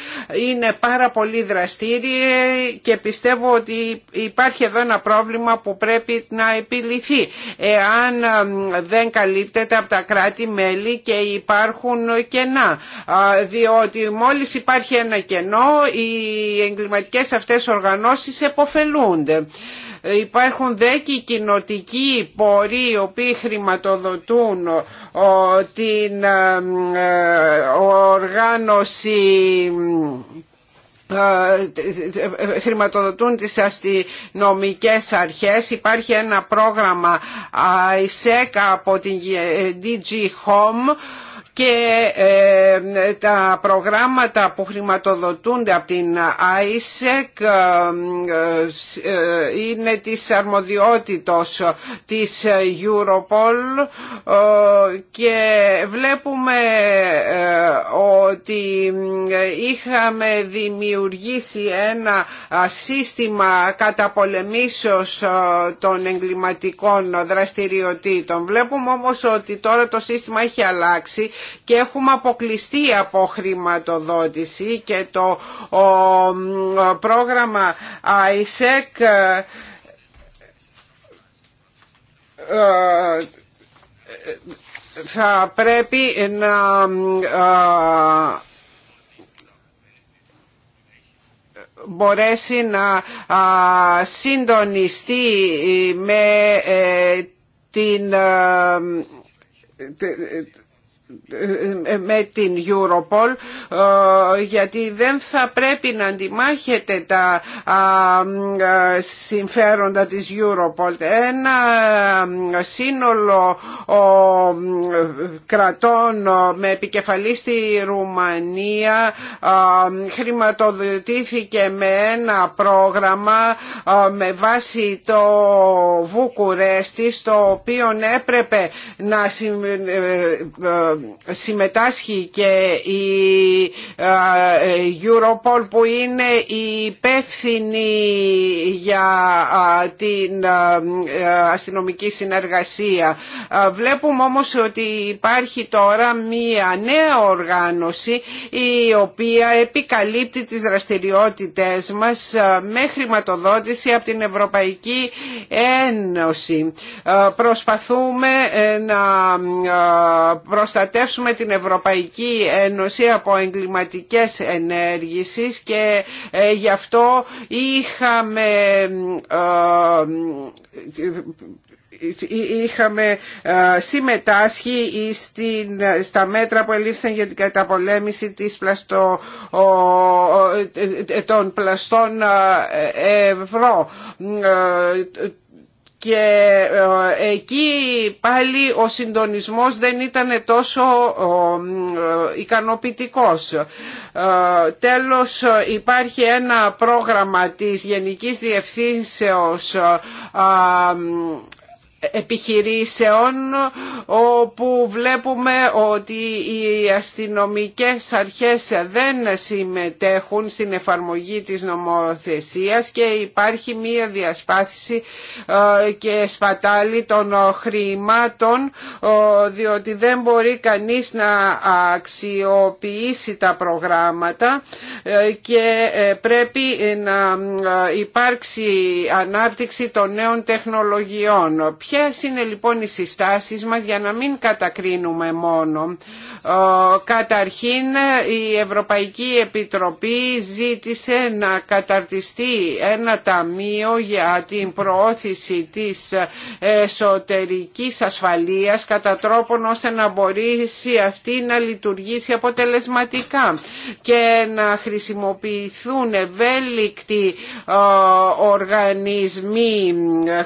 είναι πάρα πολύ δραστήριε και πιστεύω ότι υπάρχει εδώ ένα πρόβλημα που πρέπει να επιληθεί εάν δεν καλύπτεται από τα κράτη-μέλη και υπάρχουν κενά διότι μόλις υπάρχει ένα κενό οι εγκληματικές αυτές αυτές οργανώσεις εποφελούνται. Υπάρχουν δέκοι κοινοτικοί πορεί οι οποίοι χρηματοδοτούν την ε, ε, οργάνωση ε, χρηματοδοτούν τις αστυνομικές αρχές. Υπάρχει ένα πρόγραμμα ΙΣΕΚΑ από την DG Home και ε, τα προγράμματα που χρηματοδοτούνται από την ISEC ε, ε, είναι της αρμοδιότητος της Europol και βλέπουμε ότι είχαμε δημιουργήσει ένα σύστημα καταπολεμήσεως των εγκληματικών δραστηριοτήτων. Βλέπουμε όμως ότι τώρα το σύστημα έχει αλλάξει και έχουμε αποκλειστεί από χρηματοδότηση και το πρόγραμμα ISEC ε, ε, θα πρέπει να ε, μπορέσει να συντονιστεί με την ε, ε, με την Europol ε, γιατί δεν θα πρέπει να αντιμάχεται τα συμφέροντα της Europol. Ένα σύνολο κρατών με επικεφαλή στη Ρουμανία χρηματοδοτήθηκε με ένα πρόγραμμα με βάση το Βουκουρέστι στο οποίο έπρεπε να συμμετάσχει και η ε, Europol που είναι η υπεύθυνη για ε, την ε, αστυνομική συνεργασία. Βλέπουμε όμως ότι υπάρχει τώρα μία νέα οργάνωση η οποία επικαλύπτει τις δραστηριότητες μας με χρηματοδότηση από την Ευρωπαϊκή Ένωση. Προσπαθούμε να προστατεύουμε προστατεύσουμε την Ευρωπαϊκή Ένωση από εγκληματικέ ενεργησής και ε, γι' αυτό είχαμε ε, ε, είχαμε συμμετάσχει στην, στα μέτρα που ελήφθησαν για την καταπολέμηση της πλαστο, των πλαστών ευρώ και ε, εκεί πάλι ο συντονισμός δεν ήταν τόσο ε, ικανοποιητικός. Ε, τέλος υπάρχει ένα πρόγραμμα της Γενικής Διευθύνσεως επιχειρήσεων όπου βλέπουμε ότι οι αστυνομικές αρχές δεν συμμετέχουν στην εφαρμογή της νομοθεσίας και υπάρχει μία διασπάθηση ε, και σπατάλη των χρημάτων ε, διότι δεν μπορεί κανείς να αξιοποιήσει τα προγράμματα ε, και πρέπει να υπάρξει ανάπτυξη των νέων τεχνολογιών Ποιες είναι λοιπόν οι συστάσεις μας για να μην κατακρίνουμε μόνο. Καταρχήν η Ευρωπαϊκή Επιτροπή ζήτησε να καταρτιστεί ένα ταμείο για την προώθηση της εσωτερικής ασφαλείας κατά τρόπον ώστε να μπορέσει αυτή να λειτουργήσει αποτελεσματικά και να χρησιμοποιηθούν ευέλικτοι οργανισμοί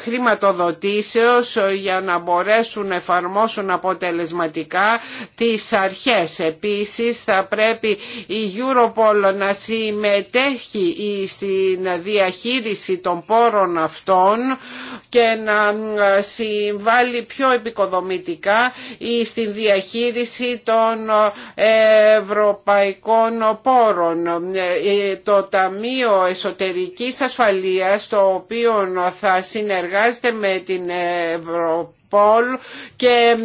χρηματοδοτήσεων ε, για να μπορέσουν να εφαρμόσουν αποτελεσματικά τις αρχές. Επίσης θα πρέπει η Europol να συμμετέχει στην διαχείριση των πόρων αυτών και να συμβάλλει πιο επικοδομητικά στην διαχείριση των ε, ευρωπαϊκών πόρων. Ε, το Ταμείο Εσωτερικής Ασφαλείας, το οποίο θα συνεργάζεται με την Ευρωπόλ και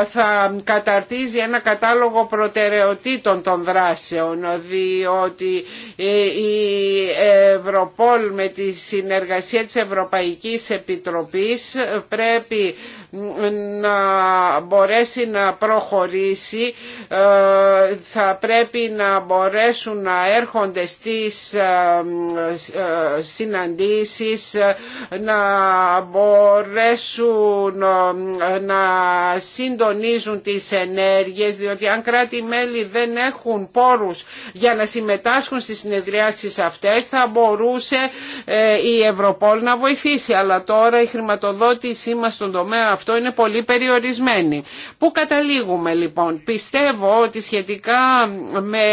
ε, θα καταρτίζει ένα κατάλογο προτεραιοτήτων των δράσεων διότι ε, η Ευρωπόλ με τη συνεργασία της Ευρωπαϊκής Επιτροπής πρέπει να μπορέσει να προχωρήσει ε, θα πρέπει να μπορέσουν να έρχονται στις ε, ε, συναντήσεις να μπορέσουν να συντονίζουν τις ενέργειες διότι αν κράτη-μέλη δεν έχουν πόρους για να συμμετάσχουν στις συνεδριάσεις αυτές θα μπορούσε η Ευρωπόλ να βοηθήσει αλλά τώρα η χρηματοδότησή μας στον τομέα αυτό είναι πολύ περιορισμένη. Πού καταλήγουμε λοιπόν. Πιστεύω ότι σχετικά με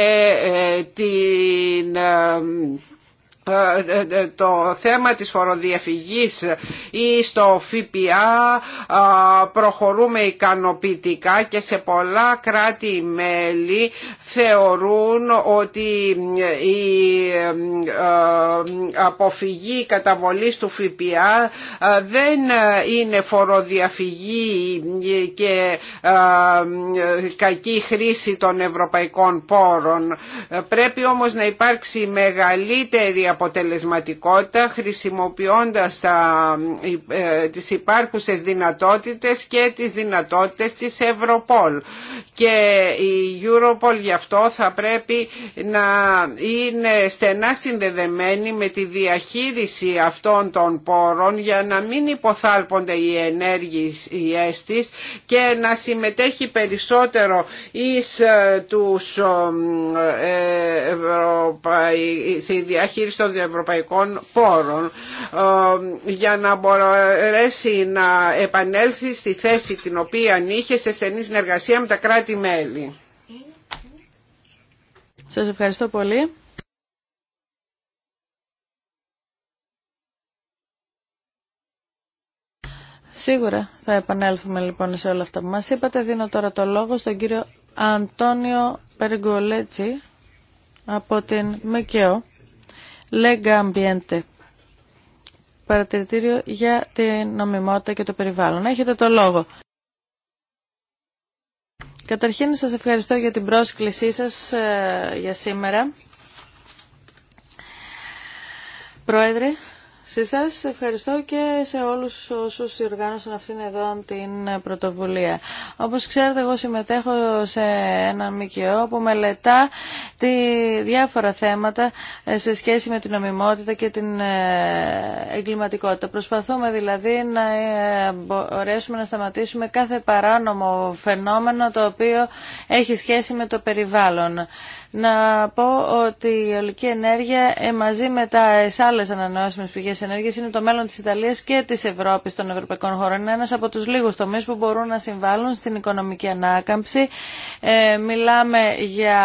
ε, την ε, ε, ε, ε, το θέμα της φοροδιαφυγής ή στο ΦΠΑ προχωρούμε ικανοποιητικά και σε πολλά κράτη-μέλη θεωρούν ότι η αποφυγή καταβολής του ΦΠΑ δεν είναι φοροδιαφυγή και κακή χρήση των ευρωπαϊκών πόρων. Πρέπει όμως να υπάρξει μεγαλύτερη αποτελεσματικότητα χρησιμοποιώντας τα, ε, τις υπάρχουσες δυνατότητες και τις δυνατότητες της Ευρωπόλ. Και η Europol γι' αυτό θα πρέπει να είναι στενά συνδεδεμένη με τη διαχείριση αυτών των πόρων για να μην υποθάλπονται οι ενέργειες της και να συμμετέχει περισσότερο εις ε, τους, ε, ε των ευρωπαϊκών πόρων ε, για να μπορέσει να επανέλθει στη θέση την οποία είχε σε στενή συνεργασία με τα κράτη-μέλη. Σας ευχαριστώ πολύ. Σίγουρα θα επανέλθουμε λοιπόν σε όλα αυτά που μας είπατε. Δίνω τώρα το λόγο στον κύριο Αντώνιο Περγκολέτσι από την ΜΚΕΟ. Λέγκα Αμπιέντε, Παρατηρητήριο για την νομιμότητα και το περιβάλλον. Έχετε το λόγο. Καταρχήν σας ευχαριστώ για την πρόσκλησή σας ε, για σήμερα. Πρόεδρε, σε εσά ευχαριστώ και σε όλους όσους οργάνωσαν αυτήν εδώ την πρωτοβουλία. Όπως ξέρετε εγώ συμμετέχω σε ένα ΜΚΟ που μελετά τη διάφορα θέματα ε, σε σχέση με την νομιμότητα και την ε, εγκληματικότητα. Προσπαθούμε δηλαδή να ε, μπορέσουμε να σταματήσουμε κάθε παράνομο φαινόμενο το οποίο έχει σχέση με το περιβάλλον να πω ότι η ολική ενέργεια ε, μαζί με τα άλλε ανανεώσιμε πηγέ ενέργεια είναι το μέλλον τη Ιταλία και τη Ευρώπη των ευρωπαϊκών χωρών. Είναι ένα από του λίγου τομεί που μπορούν να συμβάλλουν στην οικονομική ανάκαμψη. Ε, μιλάμε για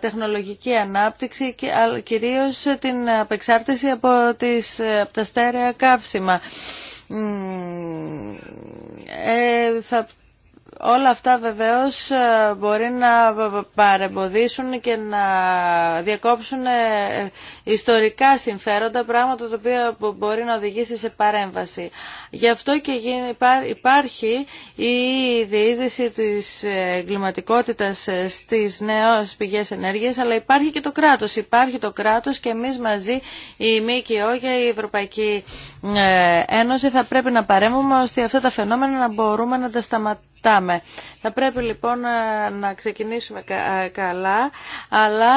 τεχνολογική ανάπτυξη και κυρίω την απεξάρτηση από, τις, από τα στέρεα καύσιμα. Ε, Όλα αυτά βεβαίως ε, μπορεί να παρεμποδίσουν και να διακόψουν ε, ε, ιστορικά συμφέροντα, πράγματα τα οποία μπορεί να οδηγήσει σε παρέμβαση. Γι' αυτό και υπάρχει η διείσδυση της εγκληματικότητας στις νέες πηγές ενέργειας, αλλά υπάρχει και το κράτος. Υπάρχει το κράτος και εμείς μαζί η ΜΚΟ και η Ευρωπαϊκή Ένωση θα πρέπει να παρέμβουμε ώστε αυτά τα φαινόμενα να μπορούμε να τα σταματήσουμε θα πρέπει λοιπόν ε, να ξεκινήσουμε ε, καλά, αλλά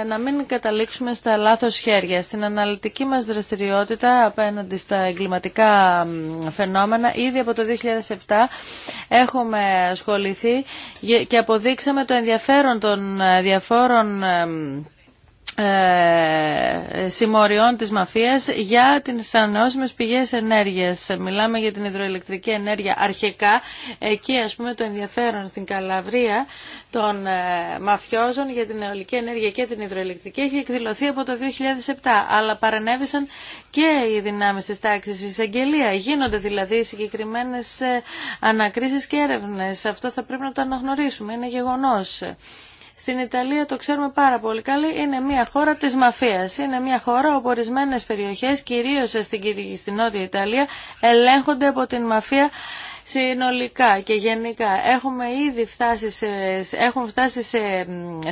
ε, να μην καταλήξουμε στα λάθος χέρια. Στην αναλυτική μας δραστηριότητα απέναντι στα εγκληματικά φαινόμενα, ήδη από το 2007 έχουμε ασχοληθεί και αποδείξαμε το ενδιαφέρον των διαφόρων ε, συμμοριών της μαφίας για τις ανανεώσιμες πηγές ενέργειας. Μιλάμε για την υδροελεκτρική ενέργεια αρχικά. Εκεί ας πούμε το ενδιαφέρον στην Καλαβρία των ε, μαφιόζων για την αιωλική ενέργεια και την υδροελεκτρική έχει εκδηλωθεί από το 2007. Αλλά παρενέβησαν και οι δυνάμεις της τάξης εισαγγελία. Γίνονται δηλαδή συγκεκριμένες ε, ανακρίσεις και έρευνες. Αυτό θα πρέπει να το αναγνωρίσουμε. Είναι γεγονός. Στην Ιταλία το ξέρουμε πάρα πολύ καλή, είναι μια χώρα της μαφίας. Είναι μια χώρα όπου ορισμένε περιοχές, κυρίως στην, στην Νότια Ιταλία, ελέγχονται από την μαφία συνολικά και γενικά. Έχουμε ήδη φτάσει σε, έχουν φτάσει σε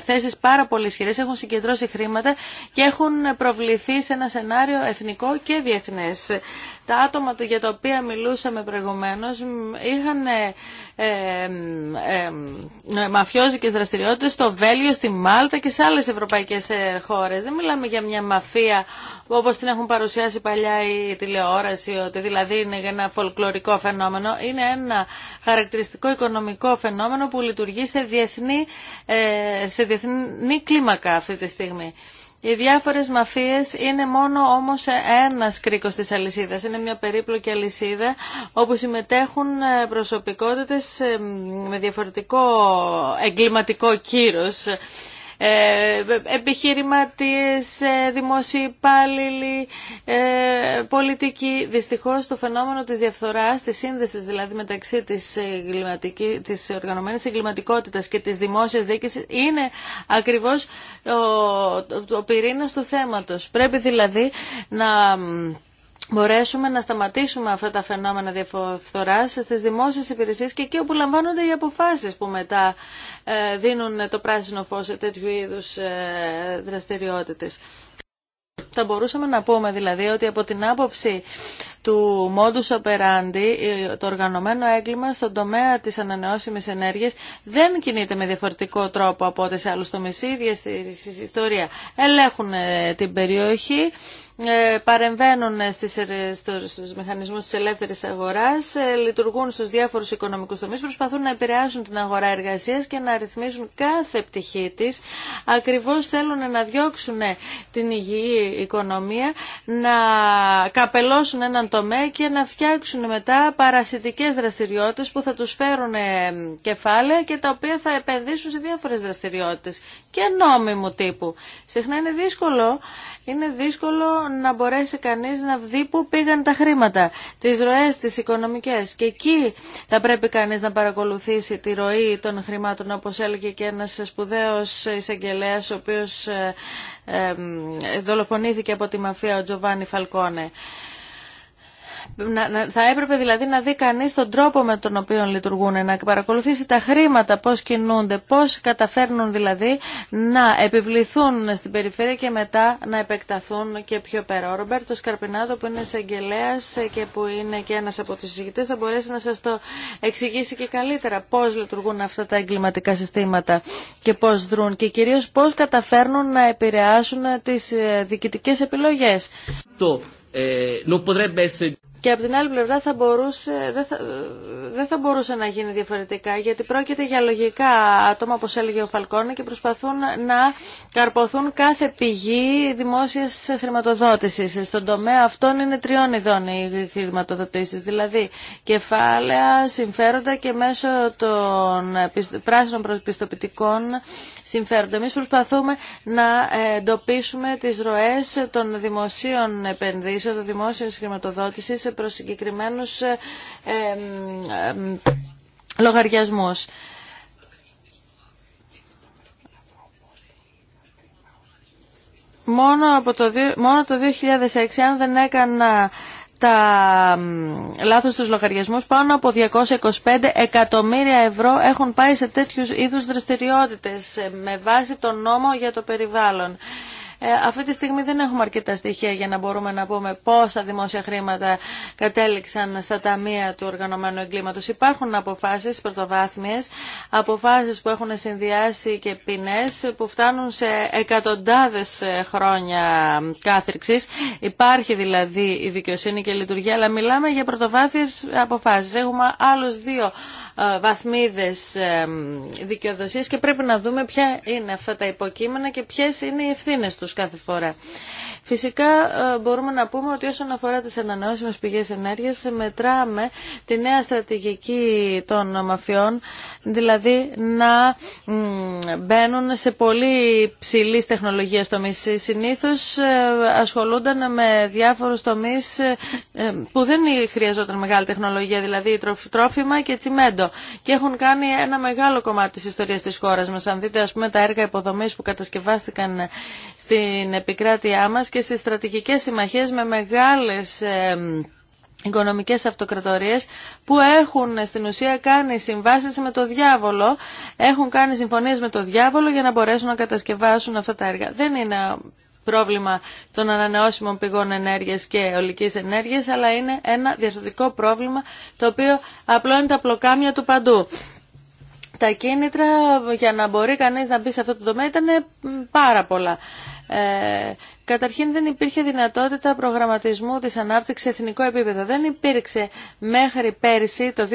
θέσεις πάρα πολύ ισχυρέ, έχουν συγκεντρώσει χρήματα και έχουν προβληθεί σε ένα σενάριο εθνικό και διεθνές τα άτομα για τα οποία μιλούσαμε προηγουμένως είχαν ε ε, ε, ε, μαφιόζικες δραστηριότητες στο Βέλγιο, στη Μάλτα και σε άλλες ευρωπαϊκές ε, χώρες. Δεν μιλάμε για μια μαφία όπως την έχουν παρουσιάσει παλιά η τηλεόραση, ότι δηλαδή είναι ένα φολκλωρικό φαινόμενο. Είναι ένα χαρακτηριστικό οικονομικό φαινόμενο που λειτουργεί σε διεθνή, σε διεθνή κλίμακα αυτή τη στιγμή. Οι διάφορες μαφίες είναι μόνο όμως ένας κρίκος της αλυσίδας. Είναι μια περίπλοκη αλυσίδα όπου συμμετέχουν ε, προσωπικότητες ε, με διαφορετικό εγκληματικό κύρος ε, επιχειρηματίες, ε, δημόσιοι υπάλληλοι, ε, πολιτικοί. Δυστυχώς το φαινόμενο της διαφθοράς, της σύνδεσης δηλαδή μεταξύ της, της οργανωμένης εγκληματικότητας και της δημόσιας διοίκησης είναι ακριβώς ο, ο, ο πυρήνας του θέματος. Πρέπει δηλαδή να μπορέσουμε να σταματήσουμε αυτά τα φαινόμενα διαφθοράς στις δημόσιες υπηρεσίες και εκεί όπου λαμβάνονται οι αποφάσεις που μετά δίνουν το πράσινο φως σε τέτοιου είδους δραστηριότητες. Θα μπορούσαμε να πούμε δηλαδή ότι από την άποψη του modus operandi το οργανωμένο έγκλημα στον τομέα της ανανεώσιμης ενέργειας δεν κινείται με διαφορετικό τρόπο από ό,τι σε άλλους τομείς. Η ιστορία ελέγχουν την περιοχή ε, παρεμβαίνουν ε, στις, στους μηχανισμούς της ελεύθερης αγοράς, ε, λειτουργούν στους διάφορους οικονομικούς τομείς, προσπαθούν να επηρεάσουν την αγορά εργασίας και να ρυθμίσουν κάθε πτυχή της. Ακριβώς θέλουν να διώξουν την υγιή οικονομία, να καπελώσουν έναν τομέα και να φτιάξουν μετά παρασιτικές δραστηριότητες που θα τους φέρουν κεφάλαια και τα οποία θα επενδύσουν σε διάφορες δραστηριότητες και νόμιμου τύπου. Συχνά είναι δύσκολο, είναι δύσκολο να μπορέσει κανείς να δει πού πήγαν τα χρήματα, τις ροές, τις οικονομικές. Και εκεί θα πρέπει κανείς να παρακολουθήσει τη ροή των χρημάτων, όπως έλεγε και ένας σπουδαίος εισαγγελέα, ο οποίος ε, ε, δολοφονήθηκε από τη μαφία, ο Τζοβάνι Φαλκόνε θα έπρεπε δηλαδή να δει κανείς τον τρόπο με τον οποίο λειτουργούν, να παρακολουθήσει τα χρήματα, πώς κινούνται, πώς καταφέρνουν δηλαδή να επιβληθούν στην περιφέρεια και μετά να επεκταθούν και πιο πέρα. Ο Ρομπέρτο Καρπινάτο που είναι εισαγγελέα και που είναι και ένας από τους συζητητές θα μπορέσει να σας το εξηγήσει και καλύτερα πώς λειτουργούν αυτά τα εγκληματικά συστήματα και πώς δρούν και κυρίως πώς καταφέρνουν να επηρεάσουν τις ε, διοικητικές επιλογές. Το, essere... Ε, και από την άλλη πλευρά θα μπορούσε, δεν, θα, δεν θα μπορούσε να γίνει διαφορετικά γιατί πρόκειται για λογικά άτομα όπως έλεγε ο Φαλκόνη και προσπαθούν να καρποθούν κάθε πηγή δημόσιας χρηματοδότησης. Στον τομέα αυτών είναι τριών ειδών οι χρηματοδοτήσεις, δηλαδή κεφάλαια, συμφέροντα και μέσω των πράσινων προσπιστοποιητικών συμφέροντα. Εμείς προσπαθούμε να εντοπίσουμε τις ροές των δημοσίων επενδύσεων, των δημόσιων χρηματοδότησης προς συγκεκριμένους ε, λογαριασμούς. Μόνο, από το, μόνο το 2006, αν δεν έκανα τα λάθος στους λογαριασμούς, πάνω από 225 εκατομμύρια ευρώ έχουν πάει σε τέτοιους είδους δραστηριότητες ε, με βάση τον νόμο για το περιβάλλον. Ε, αυτή τη στιγμή δεν έχουμε αρκετά στοιχεία για να μπορούμε να πούμε πόσα δημόσια χρήματα κατέληξαν στα ταμεία του οργανωμένου εγκλήματος. Υπάρχουν αποφάσεις πρωτοβάθμιες, αποφάσεις που έχουν συνδυάσει και ποινές που φτάνουν σε εκατοντάδες ε, χρόνια κάθριξης. Υπάρχει δηλαδή η δικαιοσύνη και η λειτουργία, αλλά μιλάμε για πρωτοβάθμιες αποφάσεις. Έχουμε άλλους δύο ε, βαθμίδες δικαιοδοσίας και πρέπει να δούμε ποια είναι αυτά τα υποκείμενα και ποιες είναι οι ευθύνες του κάθε φορά. Φυσικά ε, μπορούμε να πούμε ότι όσον αφορά τις ανανεώσιμες πηγές ενέργειας μετράμε τη νέα στρατηγική των μαφιών, δηλαδή να μπαίνουν σε πολύ ψηλής τεχνολογίας τομείς. Συνήθως ε, ασχολούνταν με διάφορους τομείς ε, που δεν χρειαζόταν μεγάλη τεχνολογία, δηλαδή τρόφιμα και τσιμέντο. Και έχουν κάνει ένα μεγάλο κομμάτι της ιστορίας της χώρας μας. Αν δείτε ας πούμε τα έργα υποδομής που κατασκευάστηκαν στην επικράτειά μας και στις στρατηγικές συμμαχίες με μεγάλες οικονομικές αυτοκρατορίες που έχουν ε, στην ουσία κάνει συμβάσεις με το διάβολο, έχουν κάνει συμφωνίες με το διάβολο για να μπορέσουν να κατασκευάσουν αυτά τα έργα. Δεν είναι πρόβλημα των ανανεώσιμων πηγών ενέργειας και ολικής ενέργειας, αλλά είναι ένα διαφορετικό πρόβλημα το οποίο απλώνει τα πλοκάμια του παντού. Τα κίνητρα για να μπορεί κανείς να μπει σε αυτό το τομέα ήταν ε, πάρα πολλά. Ε, Καταρχήν δεν υπήρχε δυνατότητα προγραμματισμού της ανάπτυξης σε εθνικό επίπεδο. Δεν υπήρξε μέχρι πέρσι το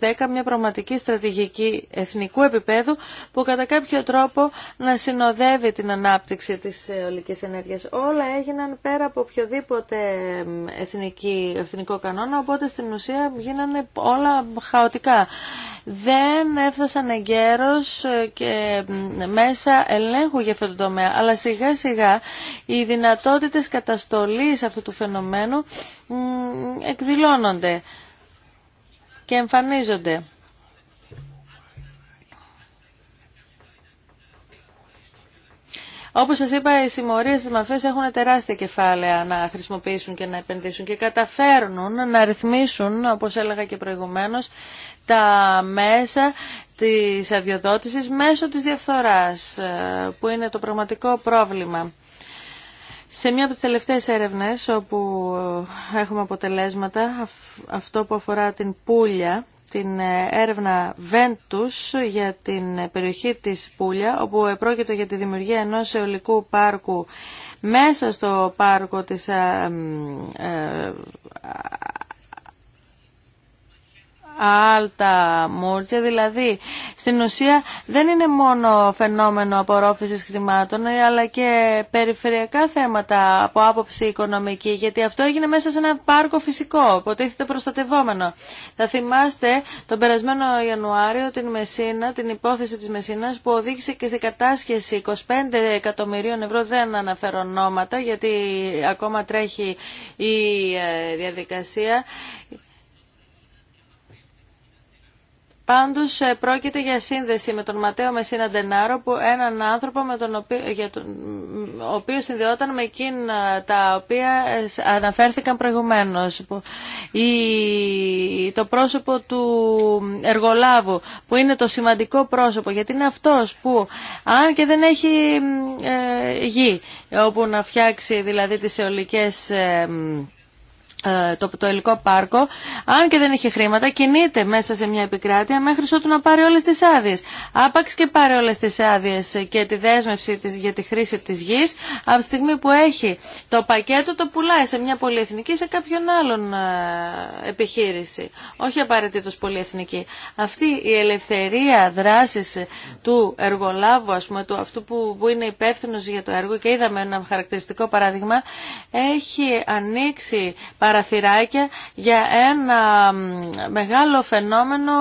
2010 μια πραγματική στρατηγική εθνικού επίπεδου που κατά κάποιο τρόπο να συνοδεύει την ανάπτυξη της ολικής ενέργειας. Όλα έγιναν πέρα από οποιοδήποτε εθνική, εθνικό κανόνα, οπότε στην ουσία γίνανε όλα χαοτικά. Δεν έφτασαν εγκαίρως ε, και μέσα ελέγχου για αυτό το τομέα, αλλά σιγά σιγά η δυνατότητες καταστολής αυτού του φαινομένου εκδηλώνονται και εμφανίζονται. Όπως σας είπα, οι συμμορίες της μαφίας έχουν τεράστια κεφάλαια να χρησιμοποιήσουν και να επενδύσουν και καταφέρνουν να ρυθμίσουν, όπως έλεγα και προηγουμένως, τα μέσα της αδειοδότησης μέσω της διαφθοράς, ε, που είναι το πραγματικό πρόβλημα. Σε μια από τις τελευταίες έρευνες όπου έχουμε αποτελέσματα, αυτό που αφορά την Πούλια, την ε, έρευνα Ventus για την περιοχή της Πούλια, όπου επρόκειτο για τη δημιουργία ενός αιωλικού πάρκου μέσα στο πάρκο της ε, ε, αλτα ΜΟΥΡΤΣΙΑ, δηλαδή στην ουσία δεν είναι μόνο φαινόμενο απορρόφησης χρημάτων ε, αλλά και περιφερειακά θέματα από άποψη οικονομική γιατί αυτό έγινε μέσα σε ένα πάρκο φυσικό, υποτίθεται προστατευόμενο. Θα θυμάστε τον περασμένο Ιανουάριο την Μεσίνα, την υπόθεση της Μεσίνας που οδήγησε και σε κατάσχεση 25 εκατομμυρίων ευρώ, δεν αναφέρω νόματα γιατί ακόμα τρέχει η ε, διαδικασία Πάντως ε, πρόκειται για σύνδεση με τον Ματέο Μεσίνα Ντενάρο, που έναν άνθρωπο με τον οποίο, για τον, ο συνδεόταν με εκείνα τα οποία ε, αναφέρθηκαν προηγουμένως. το πρόσωπο του εργολάβου, που είναι το σημαντικό πρόσωπο, γιατί είναι αυτός που, αν και δεν έχει ε, γη, όπου να φτιάξει δηλαδή τις αιωλικές... Ε, το, το υλικό πάρκο, αν και δεν είχε χρήματα, κινείται μέσα σε μια επικράτεια μέχρι ότου να πάρει όλες τις άδειες. Άπαξ και πάρει όλες τις άδειες και τη δέσμευση της, για τη χρήση της γης, από τη στιγμή που έχει το πακέτο το πουλάει σε μια πολυεθνική σε κάποιον άλλον ε, επιχείρηση. Όχι απαραίτητο πολυεθνική. Αυτή η ελευθερία δράσης του εργολάβου, ας πούμε, του αυτού που, που είναι υπεύθυνο για το έργο και είδαμε ένα χαρακτηριστικό παράδειγμα, έχει ανοίξει παραθυράκια για ένα μεγάλο φαινόμενο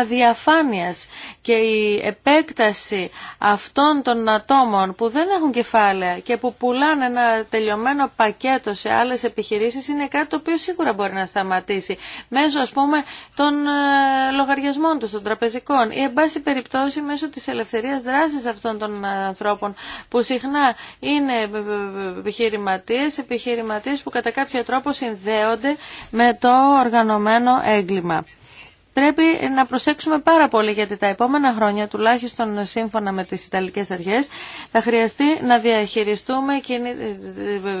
αδιαφάνειας και η επέκταση αυτών των ατόμων που δεν έχουν κεφάλαια και που πουλάνε ένα τελειωμένο πακέτο σε άλλες επιχειρήσεις είναι κάτι το οποίο σίγουρα μπορεί να σταματήσει μέσω ας πούμε των ε, λογαριασμών τους, των τραπεζικών ή εν πάση περιπτώσει μέσω της ελευθερίας δράσης αυτών των ανθρώπων που συχνά είναι ε, ε, επιχειρηματίες, επιχειρηματίες που κατά κάποιο τρόπο συνδέονται συνδέονται με το οργανωμένο έγκλημα. Πρέπει να προσέξουμε πάρα πολύ γιατί τα επόμενα χρόνια, τουλάχιστον σύμφωνα με τις Ιταλικές Αρχές, θα χρειαστεί να διαχειριστούμε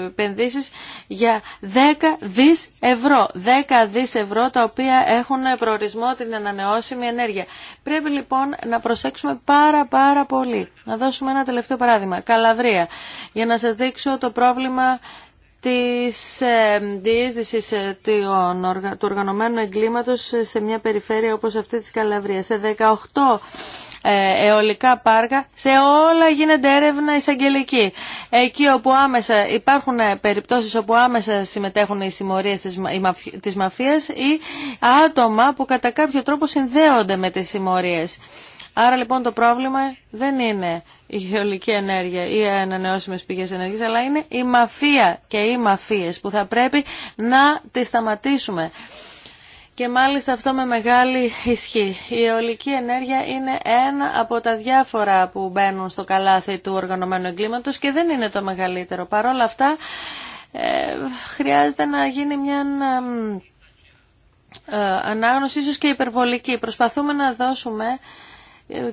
επενδύσεις για 10 δις ευρώ. 10 δις ευρώ τα οποία έχουν προορισμό την ανανεώσιμη ενέργεια. Πρέπει λοιπόν να προσέξουμε πάρα πάρα πολύ. Να δώσουμε ένα τελευταίο παράδειγμα. Καλαβρία. Για να σας δείξω το πρόβλημα της διείσδυσης ε, του οργανωμένου εγκλήματος σε μια περιφέρεια όπως αυτή της Καλαβρίας. Σε 18 ε, αιωλικά πάρκα, σε όλα γίνεται έρευνα εισαγγελική. Εκεί όπου άμεσα υπάρχουν ε, περιπτώσεις όπου άμεσα συμμετέχουν οι συμμορίες της, της μαφίας ή άτομα που κατά κάποιο τρόπο συνδέονται με τις συμμορίες. Άρα λοιπόν το πρόβλημα δεν είναι η γεωλική ενέργεια ή οι ανανεώσιμε πηγέ ενέργεια, αλλά είναι η μαφία και οι μαφίε που θα πρέπει να τι σταματήσουμε. Και μάλιστα αυτό με μεγάλη ισχύ. Η αιωλική ενέργεια είναι ένα από τα διάφορα που μπαίνουν στο καλάθι του οργανωμένου εγκλήματος και δεν είναι το μεγαλύτερο. Παρ' όλα αυτά ε, χρειάζεται να γίνει μια ε, ανάγνωση ίσως και υπερβολική. Προσπαθούμε να δώσουμε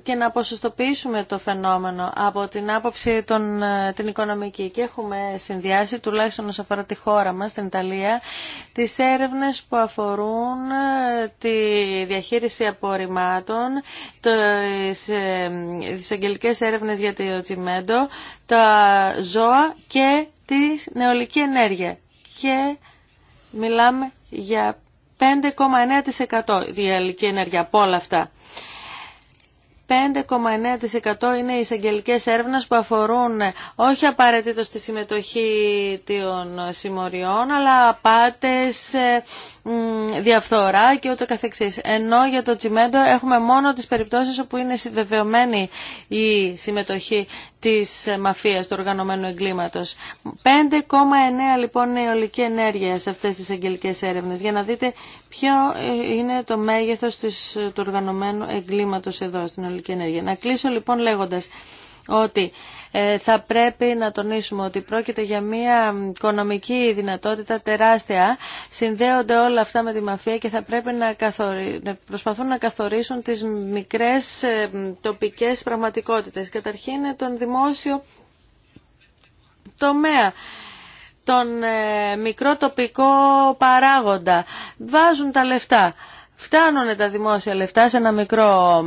και να ποσοστοποιήσουμε το φαινόμενο από την άποψη των, ε, την οικονομική. Και έχουμε συνδυάσει, τουλάχιστον όσον αφορά τη χώρα μας, την Ιταλία, τις έρευνες που αφορούν ε, τη διαχείριση απορριμμάτων, τις, ε, τις αγγελικές έρευνες για το τσιμέντο, τα ζώα και τη νεολική ενέργεια. Και μιλάμε για 5,9% διαλική ενέργεια από όλα αυτά. 5,9% είναι οι εισαγγελικέ έρευνε που αφορούν όχι απαραίτητο στη συμμετοχή των συμμοριών, αλλά απάτε ε, διαφθορά και ούτω καθεξής. Ενώ για το τσιμέντο έχουμε μόνο τις περιπτώσεις όπου είναι βεβαιωμένη η συμμετοχή της μαφίας, του οργανωμένου εγκλήματος. 5,9 λοιπόν είναι η ολική ενέργεια σε αυτές τις αγγελικές έρευνες για να δείτε ποιο ε, είναι το μέγεθος του οργανωμένου εγκλήματος εδώ στην να κλείσω λοιπόν λέγοντας ότι ε, θα πρέπει να τονίσουμε ότι πρόκειται για μια οικονομική δυνατότητα τεράστια. Συνδέονται όλα αυτά με τη μαφία και θα πρέπει να, προσπαθούν να καθορίσουν τις μικρές ε, τοπικές πραγματικότητες. Καταρχήν τον δημόσιο τομέα τον ε, μικρό τοπικό παράγοντα. Βάζουν τα λεφτά φτάνουν τα δημόσια λεφτά σε ένα μικρό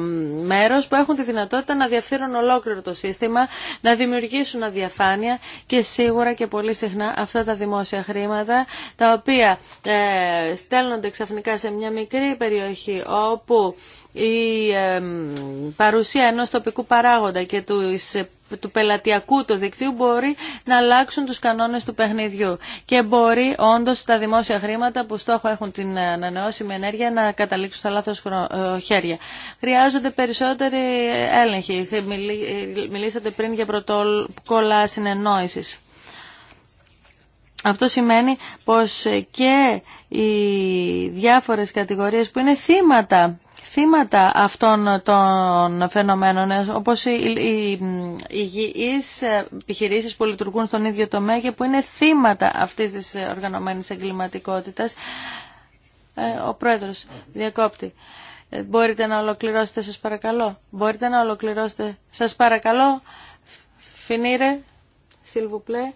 μέρος που έχουν τη δυνατότητα να διαφθείρουν ολόκληρο το σύστημα, να δημιουργήσουν αδιαφάνεια και σίγουρα και πολύ συχνά αυτά τα δημόσια χρήματα τα οποία ε, στέλνονται ξαφνικά σε μια μικρή περιοχή όπου η ε, παρουσία ενός τοπικού παράγοντα και του του πελατειακού του δικτύου μπορεί να αλλάξουν τους κανόνες του παιχνιδιού και μπορεί όντως τα δημόσια χρήματα που στόχο έχουν την ανανεώσιμη ενέργεια να καταλήξουν στα λάθος ε, χέρια. Χρειάζονται περισσότεροι έλεγχοι. Μιλήσατε πριν για πρωτόκολλα συνεννόησης. Αυτό σημαίνει πως και οι διάφορες κατηγορίες που είναι θύματα θύματα αυτών των φαινομένων, ε, όπως οι, οι, υγιείς ε, επιχειρήσεις που λειτουργούν στον ίδιο τομέα και που είναι θύματα αυτής της οργανωμένης εγκληματικότητας. Ε, ο Πρόεδρος διακόπτη. μπορείτε να ολοκληρώσετε, σας παρακαλώ. Μπορείτε να ολοκληρώσετε, σας παρακαλώ. Φινίρε, Σιλβουπλέ.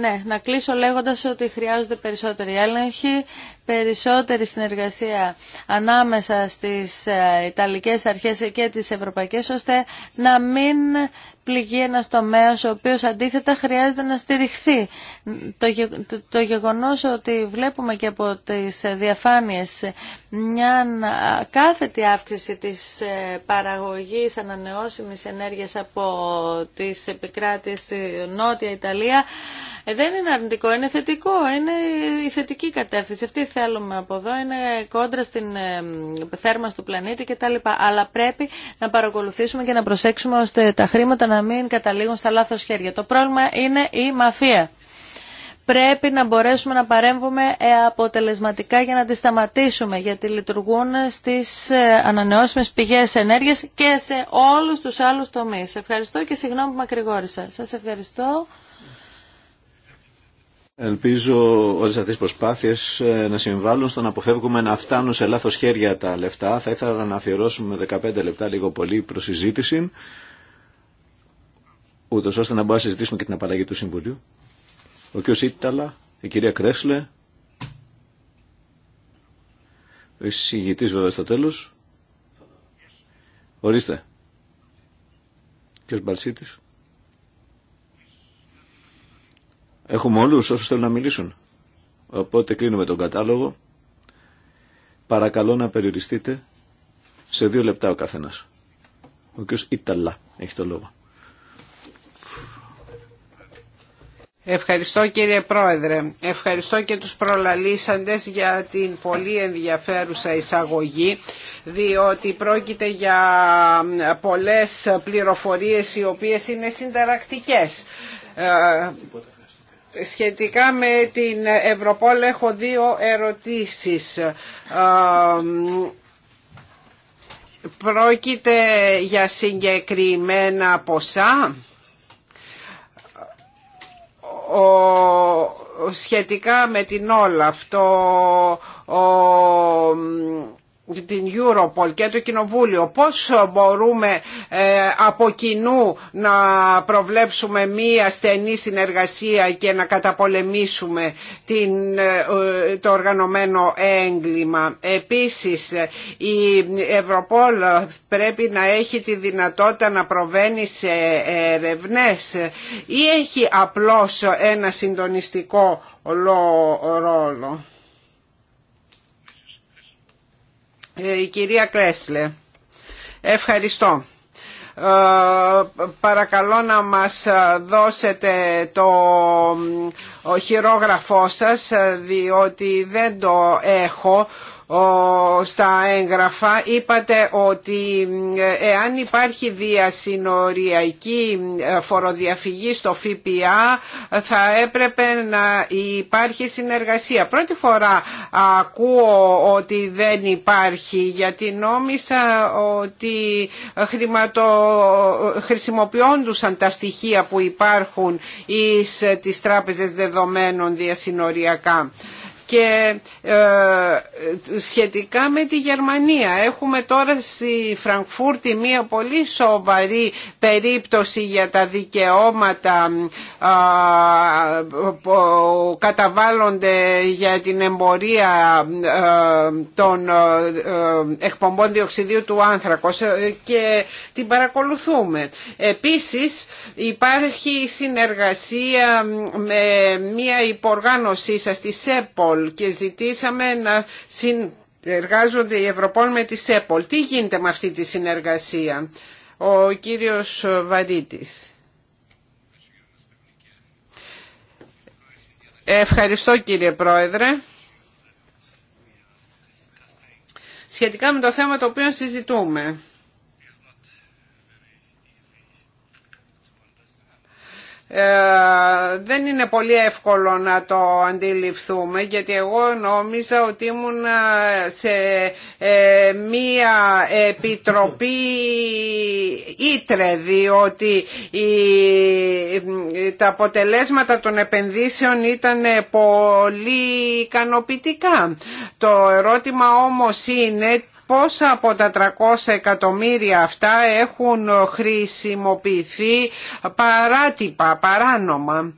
Ναι, να κλείσω λέγοντας ότι χρειάζονται περισσότερη έλεγχη, περισσότερη συνεργασία ανάμεσα στις ε, Ιταλικές αρχές και τις Ευρωπαϊκές, ώστε να μην πληγεί ένας τομέας ο οποίος αντίθετα χρειάζεται να στηριχθεί. Το γεγονός ότι βλέπουμε και από τις διαφάνειες μια κάθετη αύξηση της ε, παραγωγής ανανεώσιμης ενέργειας από τις επικράτειες στη Νότια Ιταλία ε, δεν είναι αρνητικό, είναι θετικό, είναι η θετική κατεύθυνση. Αυτή θέλουμε από εδώ, είναι κόντρα στην ε, θέρμανση του πλανήτη κτλ. Αλλά πρέπει να παρακολουθήσουμε και να προσέξουμε ώστε τα χρήματα να μην καταλήγουν στα λάθο χέρια. Το πρόβλημα είναι η μαφία πρέπει να μπορέσουμε να παρέμβουμε ε, αποτελεσματικά για να τη σταματήσουμε γιατί λειτουργούν στις ανανεώσιμες πηγές ενέργειας και σε όλους τους άλλους τομείς. Ευχαριστώ και συγγνώμη που μακρηγόρησα. Σας ευχαριστώ. Ελπίζω όλε αυτέ τι προσπάθειες ε, να συμβάλλουν στο να αποφεύγουμε να φτάνουν σε λάθο χέρια τα λεφτά. Θα ήθελα να αφιερώσουμε 15 λεπτά λίγο πολύ προς συζήτηση, ούτως ώστε να μπορούμε να συζητήσουμε και την απαλλαγή του Συμβουλίου. Ο κ. Σίτταλα, η κυρία Κρέσλε, ο εισηγητή βέβαια στο τέλος. Ορίστε. Κ. Μπαλσίτης. Έχουμε όλους όσους θέλουν να μιλήσουν. Οπότε κλείνουμε τον κατάλογο. Παρακαλώ να περιοριστείτε σε δύο λεπτά ο καθένας. Ο κ. Ιταλά έχει το λόγο. Ευχαριστώ κύριε Πρόεδρε. Ευχαριστώ και τους προλαλήσαντες για την πολύ ενδιαφέρουσα εισαγωγή διότι πρόκειται για ε, πολλές πληροφορίες οι οποίες είναι συνταρακτικές ε, Σχετικά με την Ευρωπόλ έχω δύο ερωτήσεις. Πρόκειται για συγκεκριμένα ποσά. Ο, σχετικά με την όλα αυτό ο, την Europol και το Κοινοβούλιο πώς μπορούμε ε, από κοινού να προβλέψουμε μία στενή συνεργασία και να καταπολεμήσουμε την, ε, ε, το οργανωμένο έγκλημα. Επίσης η Ευρωπόλ πρέπει να έχει τη δυνατότητα να προβαίνει σε ερευνές ή έχει απλώς ένα συντονιστικό ρόλο. Ε, η κυρία Κρέσλε. Ευχαριστώ. Ε, παρακαλώ να μας δώσετε το χειρόγραφό σας διότι δεν το έχω στα έγγραφα είπατε ότι ε, εάν υπάρχει διασυνοριακή ε, φοροδιαφυγή στο ΦΠΑ θα έπρεπε να υπάρχει συνεργασία. Πρώτη φορά ακούω ότι δεν υπάρχει γιατί νόμισα ότι χρηματο... χρησιμοποιώντουσαν τα στοιχεία που υπάρχουν εις ε, τις τράπεζες δεδομένων διασυνοριακά και ε, σχετικά με τη Γερμανία έχουμε τώρα στη Φραγκφούρτη μία πολύ σοβαρή περίπτωση για τα δικαιώματα που καταβάλλονται για την εμπορία ε, των ε, εκπομπών διοξιδίου του άνθρακος και την παρακολουθούμε. Επίσης υπάρχει συνεργασία με μία υποργάνωσή σας, τη ΣΕΠΟΛ και ζητήσαμε να συνεργάζονται οι Ευρωπόλ με τη ΣΕΠΟΛ. Τι γίνεται με αυτή τη συνεργασία, ο κύριος Βαρίτης. Ευχαριστώ κύριε Πρόεδρε. Σχετικά με το θέμα το οποίο συζητούμε. Ε, δεν είναι πολύ εύκολο να το αντιληφθούμε γιατί εγώ νόμιζα ότι ήμουν ε, σε ε, μία επιτροπή ήτρε διότι τα αποτελέσματα των επενδύσεων ήταν πολύ ικανοποιητικά. Το ερώτημα όμως είναι πόσα από τα 300 εκατομμύρια αυτά έχουν χρησιμοποιηθεί παράτυπα, παράνομα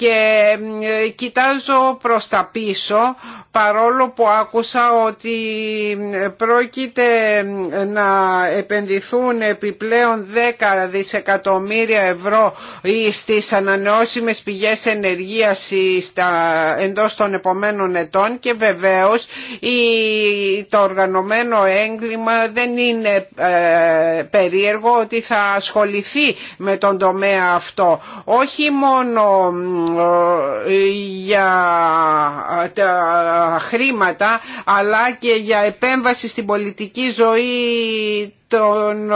και κοιτάζω προς τα πίσω παρόλο που άκουσα ότι πρόκειται να επενδυθούν επιπλέον 10 δισεκατομμύρια ευρώ στις ανανεώσιμες πηγές ενεργείας στα, εντός των επομένων ετών και βεβαίως η, το οργανωμένο έγκλημα δεν είναι ε, περίεργο ότι θα ασχοληθεί με τον τομέα αυτό. Όχι μόνο για τα χρήματα αλλά και για επέμβαση στην πολιτική ζωή των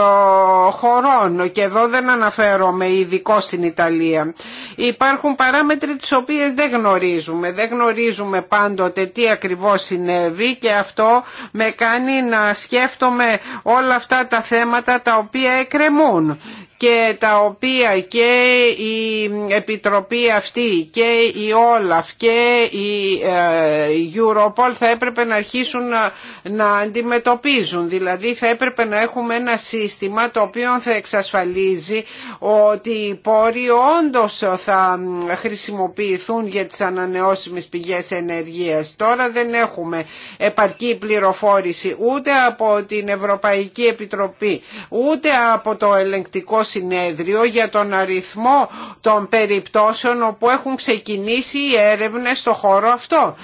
χωρών και εδώ δεν αναφέρομαι ειδικό στην Ιταλία. Υπάρχουν παράμετροι τις οποίες δεν γνωρίζουμε. Δεν γνωρίζουμε πάντοτε τι ακριβώς συνέβη και αυτό με κάνει να σκέφτομαι όλα αυτά τα θέματα τα οποία εκκρεμούν και τα οποία και η Επιτροπή αυτή και η Όλαφ και η ε, Europol θα έπρεπε να αρχίσουν να αντιμετωπίζουν. Δηλαδή θα έπρεπε να έχουμε ένα σύστημα το οποίο θα εξασφαλίζει ότι οι πόροι όντως θα χρησιμοποιηθούν για τις ανανεώσιμες πηγές ενεργείας. Τώρα δεν έχουμε επαρκή πληροφόρηση ούτε από την Ευρωπαϊκή Επιτροπή ούτε από το ελεγκτικό συνέδριο για τον αριθμό των περιπτώσεων όπου έχουν ξεκινήσει οι έρευνες στο χώρο αυτό.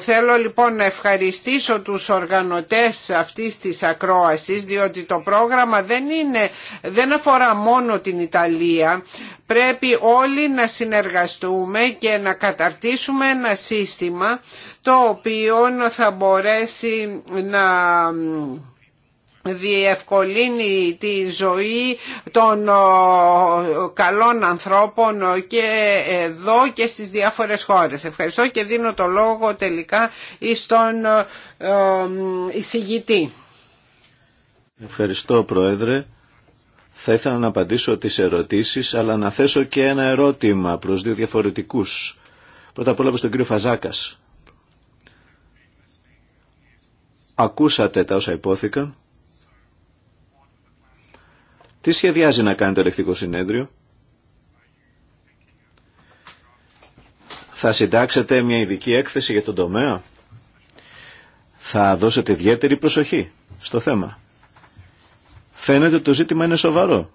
Θέλω λοιπόν να ευχαριστήσω τους οργανωτές αυτής της ακρόασης διότι το πρόγραμμα δεν, είναι, δεν αφορά μόνο την Ιταλία. Πρέπει όλοι να συνεργαστούμε και να καταρτήσουμε ένα σύστημα το οποίο θα μπορέσει να διευκολύνει τη ζωή των καλών ανθρώπων και εδώ και στις διάφορες χώρες. Ευχαριστώ και δίνω το λόγο τελικά στον εισηγητή. Ευχαριστώ Πρόεδρε. Θα ήθελα να απαντήσω τις ερωτήσεις αλλά να θέσω και ένα ερώτημα προς δύο διαφορετικούς. Πρώτα απ' όλα προς τον κύριο Φαζάκας. Ακούσατε τα όσα υπόθηκαν τι σχεδιάζει να κάνει το ελεκτικό συνέδριο. Θα συντάξετε μια ειδική έκθεση για τον τομέα. Θα δώσετε ιδιαίτερη προσοχή στο θέμα. Φαίνεται ότι το ζήτημα είναι σοβαρό.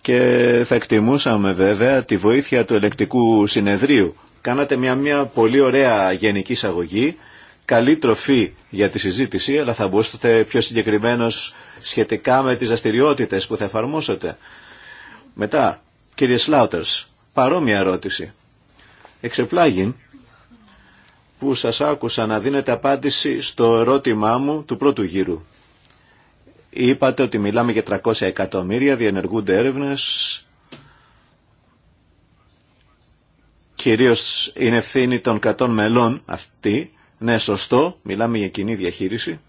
Και θα εκτιμούσαμε βέβαια τη βοήθεια του ελεκτικού συνεδρίου. Κάνατε μια, μια πολύ ωραία γενική εισαγωγή καλή τροφή για τη συζήτηση, αλλά θα μπορούσατε πιο συγκεκριμένο σχετικά με τις δραστηριότητε που θα εφαρμόσετε. Μετά, κύριε Σλάουτερς, παρόμοια ερώτηση. Εξεπλάγιν που σας άκουσα να δίνετε απάντηση στο ερώτημά μου του πρώτου γύρου. Είπατε ότι μιλάμε για 300 εκατομμύρια, διενεργούνται έρευνες, κυρίως είναι ευθύνη των κρατών μελών αυτή, ναι, σωστό, μιλάμε για κοινή διαχείριση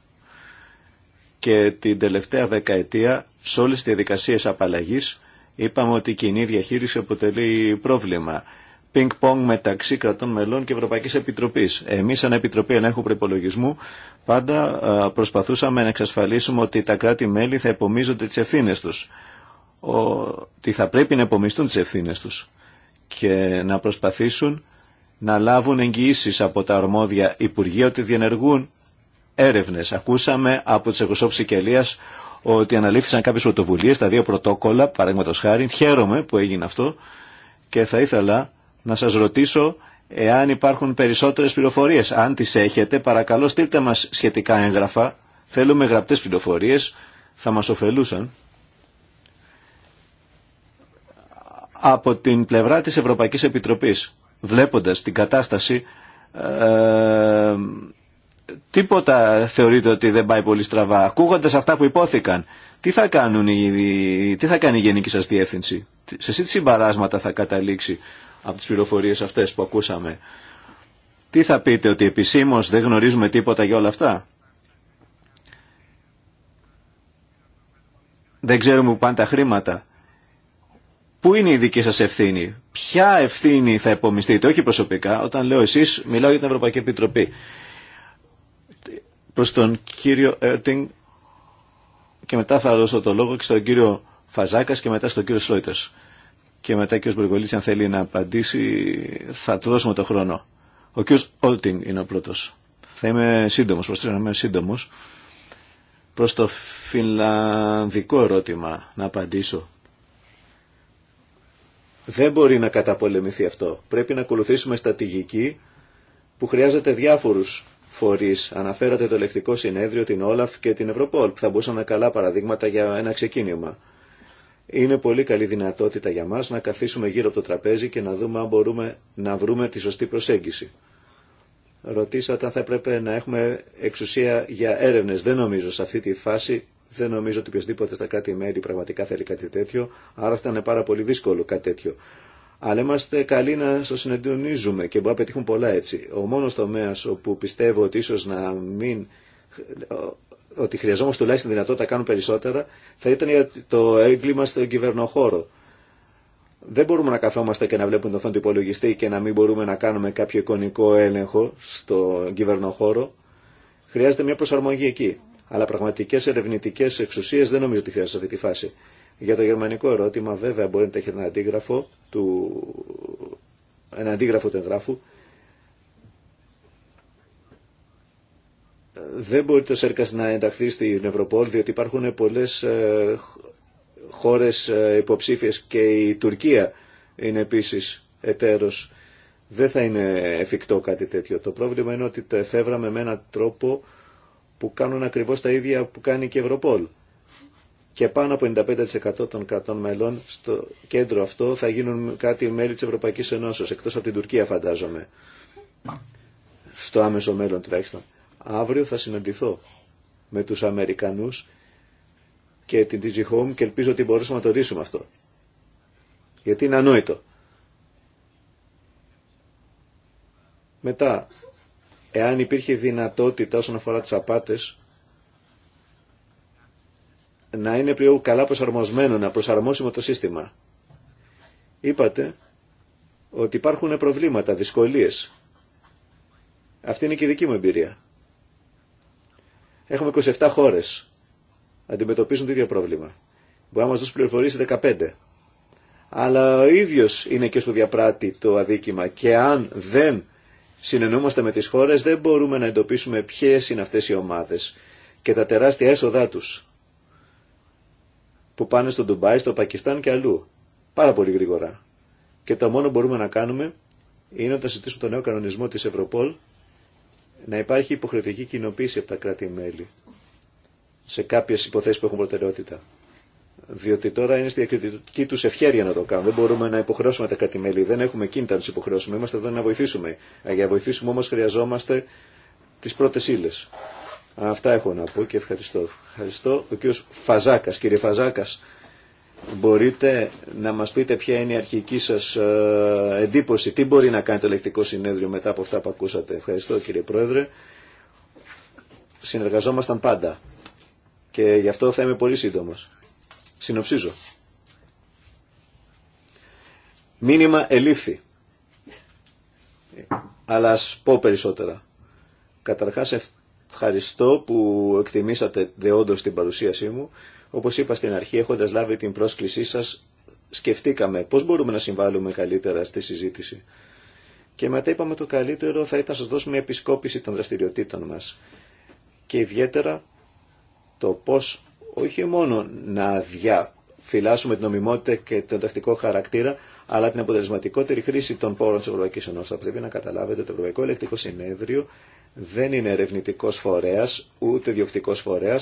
και την τελευταία δεκαετία σε όλες τις διαδικασίες απαλλαγής είπαμε ότι η κοινή διαχείριση αποτελεί πρόβλημα. Πινκ-πονγκ μεταξύ κρατών μελών και Ευρωπαϊκή Επιτροπής. Εμεί σαν Επιτροπή Ενέχου Προπολογισμού πάντα προσπαθούσαμε να εξασφαλίσουμε ότι τα κράτη-μέλη θα επομίζονται τι ευθύνε του. Ότι θα πρέπει να επομιστούν τι ευθύνε του και να προσπαθήσουν να λάβουν εγγυήσει από τα αρμόδια Υπουργεία ότι διενεργούν έρευνε. Ακούσαμε από τι εκπροσώπου κελίας ότι αναλήφθησαν κάποιε πρωτοβουλίε, τα δύο πρωτόκολλα, παραδείγματο χάρη. Χαίρομαι που έγινε αυτό και θα ήθελα να σα ρωτήσω εάν υπάρχουν περισσότερε πληροφορίε. Αν τι έχετε, παρακαλώ στείλτε μα σχετικά έγγραφα. Θέλουμε γραπτέ πληροφορίε. Θα μα ωφελούσαν. Από την πλευρά της Ευρωπαϊκής Επιτροπής βλέποντας την κατάσταση ε, τίποτα θεωρείτε ότι δεν πάει πολύ στραβά. Ακούγοντας αυτά που υπόθηκαν, τι θα, κάνουν τι θα κάνει η Γενική σας Διεύθυνση. Σε εσύ τι συμπαράσματα θα καταλήξει από τις πληροφορίες αυτές που ακούσαμε. Τι θα πείτε ότι επισήμως δεν γνωρίζουμε τίποτα για όλα αυτά. Δεν ξέρουμε που πάνε τα χρήματα. Πού είναι η δική σας ευθύνη, ποια ευθύνη θα επομιστείτε, όχι προσωπικά, όταν λέω εσείς, μιλάω για την Ευρωπαϊκή Επιτροπή. Προς τον κύριο Έρτινγκ και μετά θα δώσω το λόγο και στον κύριο Φαζάκας και μετά στον κύριο Σλόιτερς. Και μετά ο κύριο Μπουργολής, αν θέλει να απαντήσει, θα του δώσουμε το χρόνο. Ο κύριο Όλτινγκ είναι ο πρώτος. Θα είμαι σύντομος, προς να είμαι σύντομος. Προς το φιλανδικό ερώτημα να απαντήσω δεν μπορεί να καταπολεμηθεί αυτό. Πρέπει να ακολουθήσουμε στατηγική που χρειάζεται διάφορους φορείς. Αναφέρατε το ελεκτικό συνέδριο, την Όλαφ και την Ευρωπόλ, που θα μπορούσαν να καλά παραδείγματα για ένα ξεκίνημα. Είναι πολύ καλή δυνατότητα για μας να καθίσουμε γύρω από το τραπέζι και να δούμε αν μπορούμε να βρούμε τη σωστή προσέγγιση. Ρωτήσατε αν θα έπρεπε να έχουμε εξουσία για έρευνες. Δεν νομίζω σε αυτή τη φάση δεν νομίζω ότι οποιοδήποτε στα κράτη-μέλη πραγματικά θέλει κάτι τέτοιο, άρα θα ήταν πάρα πολύ δύσκολο κάτι τέτοιο. Αλλά είμαστε καλοί να στο συνεντονίζουμε και μπορούμε να πετύχουν πολλά έτσι. Ο μόνο τομέα όπου πιστεύω ότι ίσω να μην. ότι χρειαζόμαστε τουλάχιστον δυνατότητα να κάνουν περισσότερα θα ήταν το έγκλημα στον κυβερνοχώρο. Δεν μπορούμε να καθόμαστε και να βλέπουμε τον οθόνη του υπολογιστή και να μην μπορούμε να κάνουμε κάποιο εικονικό έλεγχο στον κυβερνοχώρο. Χρειάζεται μια προσαρμογή εκεί αλλά πραγματικές ερευνητικέ εξουσίες δεν νομίζω ότι χρειάζεται σε αυτή τη φάση. Για το γερμανικό ερώτημα βέβαια μπορεί να έχετε ένα αντίγραφο του, ένα αντίγραφο του εγγράφου. Δεν μπορεί το ΣΕΡΚΑΣ να ενταχθεί στην Ευρωπόλ διότι υπάρχουν πολλέ ε, χώρες ε, υποψήφιε και η Τουρκία είναι επίσης εταίρο. Δεν θα είναι εφικτό κάτι τέτοιο. Το πρόβλημα είναι ότι το εφεύραμε με έναν τρόπο που κάνουν ακριβώς τα ίδια που κάνει και η Ευρωπόλ. Και πάνω από 95% των κρατών μελών στο κέντρο αυτό θα γίνουν κάτι μέλη της Ευρωπαϊκής Ενώσεως, εκτός από την Τουρκία φαντάζομαι. Στο άμεσο μέλλον τουλάχιστον. Αύριο θα συναντηθώ με τους Αμερικανούς και την DG Home και ελπίζω ότι μπορούσαμε να το λύσουμε αυτό. Γιατί είναι ανόητο. Μετά, εάν υπήρχε δυνατότητα όσον αφορά τις απάτες να είναι πιο καλά προσαρμοσμένο, να προσαρμόσουμε το σύστημα. Είπατε ότι υπάρχουν προβλήματα, δυσκολίες. Αυτή είναι και η δική μου εμπειρία. Έχουμε 27 χώρες. Αντιμετωπίζουν το ίδιο πρόβλημα. Μπορεί να μας δώσει πληροφορίες 15. Αλλά ο ίδιος είναι και στο διαπράτη το αδίκημα και αν δεν συνεννούμαστε με τις χώρες δεν μπορούμε να εντοπίσουμε ποιες είναι αυτές οι ομάδες και τα τεράστια έσοδά τους που πάνε στο Ντουμπάι, στο Πακιστάν και αλλού. Πάρα πολύ γρήγορα. Και το μόνο που μπορούμε να κάνουμε είναι όταν συζητήσουμε τον νέο κανονισμό της Ευρωπόλ να υπάρχει υποχρεωτική κοινοποίηση από τα κράτη-μέλη σε κάποιες υποθέσεις που έχουν προτεραιότητα διότι τώρα είναι στη διακριτική του ευχέρεια να το κάνουν. Δεν μπορούμε να υποχρεώσουμε τα κάτι Δεν έχουμε κίνητα να του υποχρεώσουμε. Είμαστε εδώ να βοηθήσουμε. Για να βοηθήσουμε όμω χρειαζόμαστε τι πρώτε ύλε. Αυτά έχω να πω και ευχαριστώ. Ευχαριστώ. Ο κύριο Φαζάκα, κύριε Φαζάκα, μπορείτε να μα πείτε ποια είναι η αρχική σα ε, εντύπωση. Τι μπορεί να κάνει το ελεκτικό συνέδριο μετά από αυτά που ακούσατε. Ευχαριστώ κύριε Πρόεδρε. Συνεργαζόμασταν πάντα. Και γι' αυτό θα είμαι πολύ σύντομος Συνοψίζω. Μήνυμα ελήφθη. Αλλά ας πω περισσότερα. Καταρχάς ευχαριστώ που εκτιμήσατε δεόντως την παρουσίασή μου. Όπως είπα στην αρχή, έχοντας λάβει την πρόσκλησή σας, σκεφτήκαμε πώς μπορούμε να συμβάλλουμε καλύτερα στη συζήτηση. Και μετά είπαμε το καλύτερο θα ήταν να σας δώσουμε επισκόπηση των δραστηριοτήτων μας. Και ιδιαίτερα το πώς όχι μόνο να διαφυλάσσουμε την νομιμότητα και τον τακτικό χαρακτήρα, αλλά την αποτελεσματικότερη χρήση των πόρων τη Ευρωπαϊκή Ενώση. Θα πρέπει να καταλάβετε ότι το Ευρωπαϊκό Ελεκτικό Συνέδριο δεν είναι ερευνητικό φορέα, ούτε διοκτικό φορέα.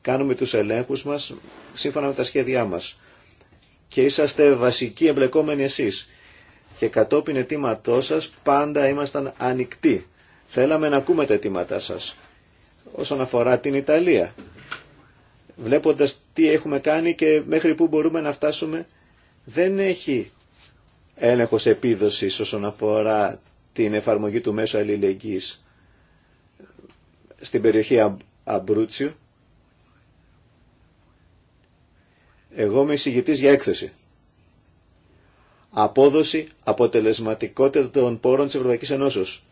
Κάνουμε του ελέγχου μα σύμφωνα με τα σχέδιά μα. Και είσαστε βασικοί εμπλεκόμενοι εσεί. Και κατόπιν αιτήματό σα πάντα ήμασταν ανοιχτοί. Θέλαμε να ακούμε τα αιτήματά σα. Όσον αφορά την Ιταλία, βλέποντας τι έχουμε κάνει και μέχρι πού μπορούμε να φτάσουμε, δεν έχει έλεγχος επίδοσης όσον αφορά την εφαρμογή του μέσου αλληλεγγύης στην περιοχή Αμπρούτσιου. Εγώ είμαι εισηγητής για έκθεση. Απόδοση αποτελεσματικότητα των πόρων της Ευρωπαϊκής Ενώσεως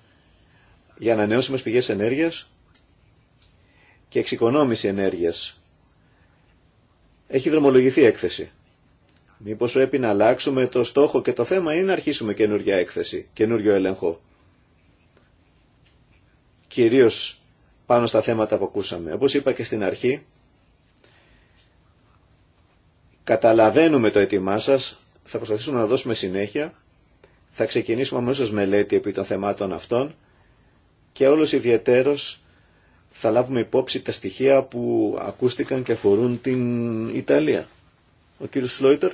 για ανανεώσιμες πηγές ενέργειας και εξοικονόμηση ενέργειας έχει δρομολογηθεί έκθεση. Μήπως πρέπει να αλλάξουμε το στόχο και το θέμα ή να αρχίσουμε καινούργια έκθεση, καινούριο έλεγχο. Κυρίως πάνω στα θέματα που ακούσαμε. Όπως είπα και στην αρχή, καταλαβαίνουμε το αίτημά σας, θα προσπαθήσουμε να δώσουμε συνέχεια, θα ξεκινήσουμε αμέσως μελέτη επί των θεμάτων αυτών και όλος ιδιαίτερος θα λάβουμε υπόψη τα στοιχεία που ακούστηκαν και αφορούν την Ιταλία. Ο κύριος Σλόιτερ.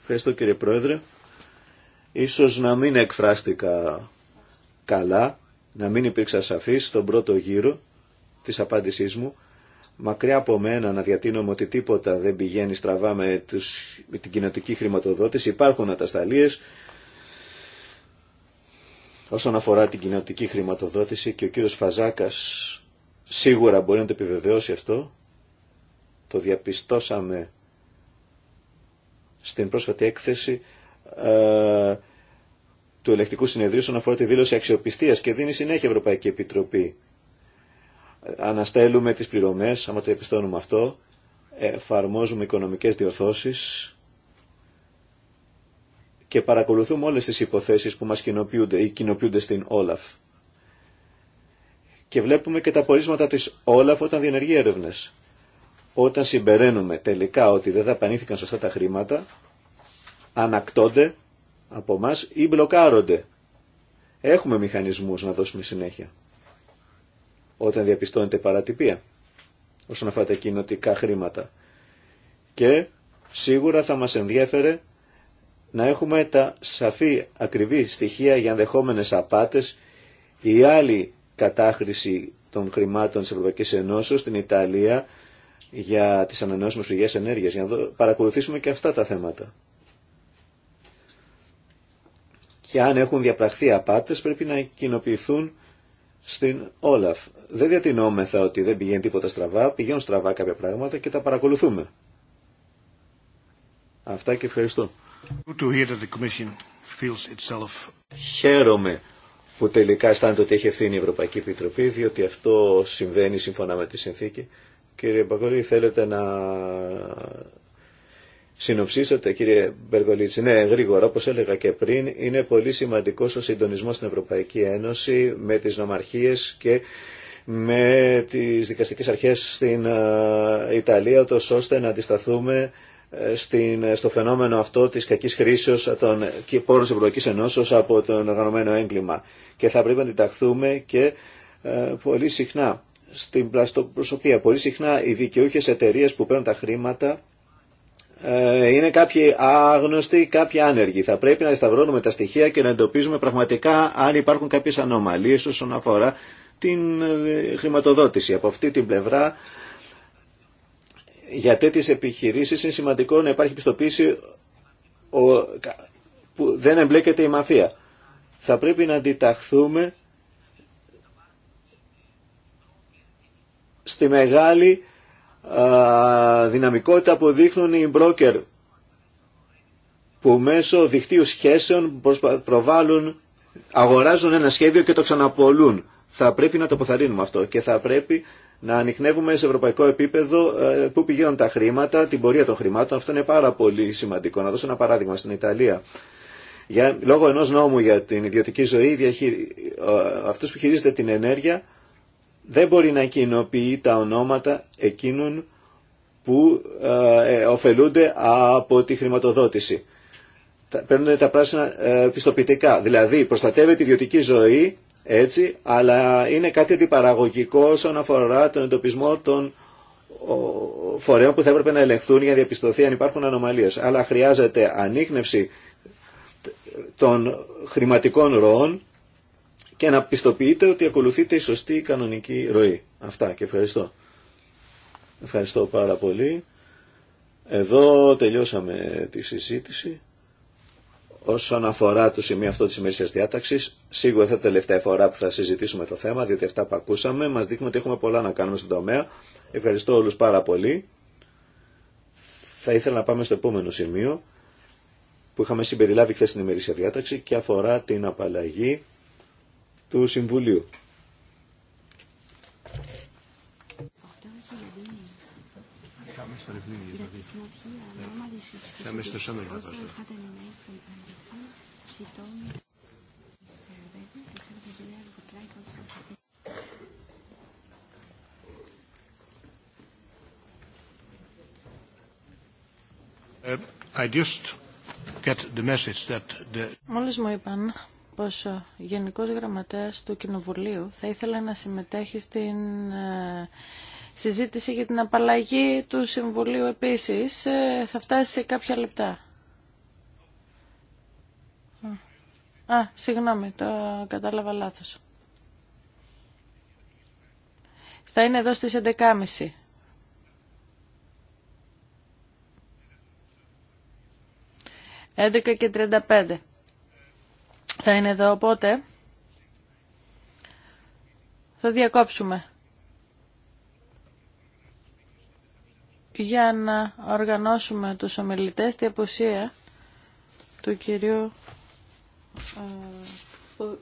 Ευχαριστώ κύριε Πρόεδρε. Ίσως να μην εκφράστηκα καλά, να μην υπήρξα σαφής στον πρώτο γύρο της απάντησής μου. Μακριά από μένα να διατείνομαι ότι τίποτα δεν πηγαίνει στραβά με, τους, με την κοινοτική χρηματοδότηση. Υπάρχουν ατασταλίες, Όσον αφορά την κοινωτική χρηματοδότηση και ο κύριος Φαζάκας σίγουρα μπορεί να το επιβεβαιώσει αυτό, το διαπιστώσαμε στην πρόσφατη έκθεση ε, του ελεκτικού συνεδρίου όσον αφορά τη δήλωση αξιοπιστίας και δίνει συνέχεια Ευρωπαϊκή Επιτροπή. Αναστέλουμε τις πληρωμές, άμα το επιστώνουμε αυτό, εφαρμόζουμε οικονομικές διορθώσεις και παρακολουθούμε όλες τις υποθέσεις που μας κοινοποιούνται ή κοινοποιούνται στην Όλαφ. Και βλέπουμε και τα πορίσματα της Όλαφ όταν διενεργεί έρευνε. Όταν συμπεραίνουμε τελικά ότι δεν δαπανήθηκαν σωστά τα χρήματα, ανακτώνται από εμά ή μπλοκάρονται. Έχουμε μηχανισμούς να δώσουμε συνέχεια. Όταν διαπιστώνεται παρατυπία όσον αφορά τα κοινοτικά χρήματα. Και σίγουρα θα μας ενδιέφερε να έχουμε τα σαφή ακριβή στοιχεία για ενδεχόμενες απάτες η άλλη κατάχρηση των χρημάτων της Ευρωπαϊκής Ενώσεως στην Ιταλία για τις ανανεώσιμες πηγές ενέργειας, για να παρακολουθήσουμε και αυτά τα θέματα. Και αν έχουν διαπραχθεί απάτες πρέπει να κοινοποιηθούν στην Όλαφ. Δεν διατηνόμεθα ότι δεν πηγαίνει τίποτα στραβά, πηγαίνουν στραβά κάποια πράγματα και τα παρακολουθούμε. Αυτά και ευχαριστώ. Χαίρομαι που τελικά αισθάνεται ότι έχει ευθύνη η Ευρωπαϊκή Επιτροπή, διότι αυτό συμβαίνει σύμφωνα με τη συνθήκη. Κύριε Μπαγκολή, θέλετε να συνοψίσετε, κύριε Μπεργολίτση. Ναι, γρήγορα, όπως έλεγα και πριν, είναι πολύ σημαντικός ο συντονισμός στην Ευρωπαϊκή Ένωση με τις νομαρχίες και με τις δικαστικές αρχές στην ε, Ιταλία, ώστε να αντισταθούμε στην, στο φαινόμενο αυτό της κακής χρήσεως των πόρων της Ευρωπαϊκής Ενώσεως από τον οργανωμένο έγκλημα. Και θα πρέπει να αντιταχθούμε και ε, πολύ συχνά στην πλαστοπροσωπία. Πολύ συχνά οι δικαιούχες εταιρείε που παίρνουν τα χρήματα ε, είναι κάποιοι άγνωστοι, κάποιοι άνεργοι. Θα πρέπει να σταυρώνουμε τα στοιχεία και να εντοπίζουμε πραγματικά αν υπάρχουν κάποιες ανομαλίες όσον αφορά την ε, χρηματοδότηση. Από αυτή την πλευρά για τέτοιες επιχειρήσεις είναι σημαντικό να υπάρχει πιστοποίηση που δεν εμπλέκεται η μαφία. Θα πρέπει να αντιταχθούμε στη μεγάλη δυναμικότητα που δείχνουν οι μπρόκερ που μέσω δικτύου σχέσεων προβάλλουν, αγοράζουν ένα σχέδιο και το ξαναπολούν. Θα πρέπει να το αποθαρρύνουμε αυτό και θα πρέπει να ανοιχνεύουμε σε ευρωπαϊκό επίπεδο ε, πού πηγαίνουν τα χρήματα, την πορεία των χρημάτων. Αυτό είναι πάρα πολύ σημαντικό. Να δώσω ένα παράδειγμα στην Ιταλία. Για, λόγω ενός νόμου για την ιδιωτική ζωή, αυτού που χειρίζεται την ενέργεια δεν μπορεί να κοινοποιεί τα ονόματα εκείνων που ε, ε ωφελούνται από τη χρηματοδότηση. Παίρνουν τα πράσινα ε, πιστοποιητικά. Δηλαδή προστατεύεται η ιδιωτική ζωή έτσι, αλλά είναι κάτι αντιπαραγωγικό όσον αφορά τον εντοπισμό των φορέων που θα έπρεπε να ελεγχθούν για να διαπιστωθεί αν υπάρχουν ανομαλίες. Αλλά χρειάζεται ανείχνευση των χρηματικών ροών και να πιστοποιείτε ότι ακολουθείτε η σωστή κανονική ροή. Αυτά και ευχαριστώ. Ευχαριστώ πάρα πολύ. Εδώ τελειώσαμε τη συζήτηση. Όσον αφορά το σημείο αυτό τη ημερήσιας διάταξη, σίγουρα θα τελευταία φορά που θα συζητήσουμε το θέμα, διότι αυτά που ακούσαμε μας δείχνουν ότι έχουμε πολλά να κάνουμε στον τομέα. Ευχαριστώ όλους πάρα πολύ. Θα ήθελα να πάμε στο επόμενο σημείο που είχαμε συμπεριλάβει χθε στην ημερήσια διάταξη και αφορά την απαλλαγή του Συμβουλίου. Θα ε, Μόλις μου είπαν πως ο Γενικός Γραμματέας του Κοινοβουλίου θα ήθελε να συμμετέχει στην ε, συζήτηση για την απαλλαγή του Συμβουλίου επίσης. Ε, θα φτάσει σε κάποια λεπτά. Α, συγγνώμη, το κατάλαβα λάθος. Θα είναι εδώ στις 11.30. 11 και 35. Θα είναι εδώ, οπότε θα διακόψουμε για να οργανώσουμε τους ομιλητές τη αποσία του κυρίου που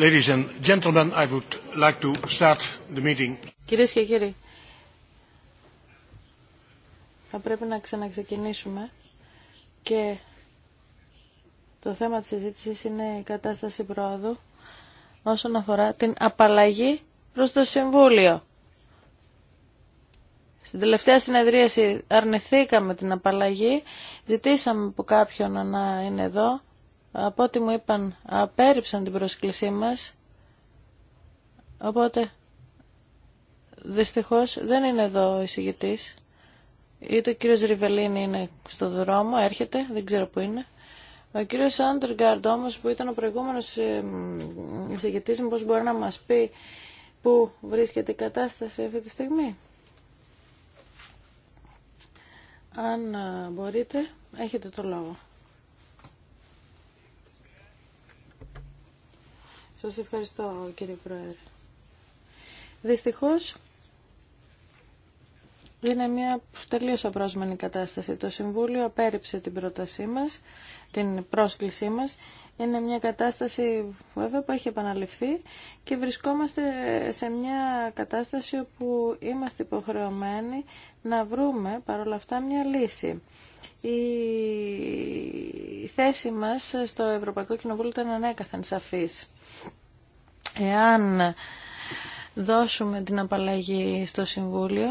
Ladies Κυρίες και κύριοι, θα πρέπει να ξαναξεκινήσουμε και το θέμα της συζήτηση είναι η κατάσταση πρόοδου όσον αφορά την απαλλαγή προς το Συμβούλιο. Στην τελευταία συνεδρίαση αρνηθήκαμε την απαλλαγή, ζητήσαμε από κάποιον να είναι εδώ από ό,τι μου είπαν απέρριψαν την πρόσκλησή μας οπότε δυστυχώς δεν είναι εδώ ο εισηγητής Είτε ο κύριος Ριβελίνη είναι στο δρόμο, έρχεται, δεν ξέρω που είναι ο κύριος Άντεργκαρντ όμως που ήταν ο προηγούμενος ε, εισηγητής μηπως μπορεί να μας πει που βρίσκεται η κατάσταση αυτή τη στιγμή αν ε, μπορείτε έχετε το λόγο Σας ευχαριστώ κύριε Πρόεδρε. Δυστυχώς είναι μια τελείως απρόσμενη κατάσταση. Το Συμβούλιο απέριψε την πρότασή μας, την πρόσκλησή μας. Είναι μια κατάσταση βέβαια που έχει επαναληφθεί και βρισκόμαστε σε μια κατάσταση όπου είμαστε υποχρεωμένοι να βρούμε παρόλα αυτά μια λύση. Η θέση μας στο Ευρωπαϊκό Κοινοβούλιο ήταν ανέκαθεν σαφής. Εάν δώσουμε την απαλλαγή στο Συμβούλιο,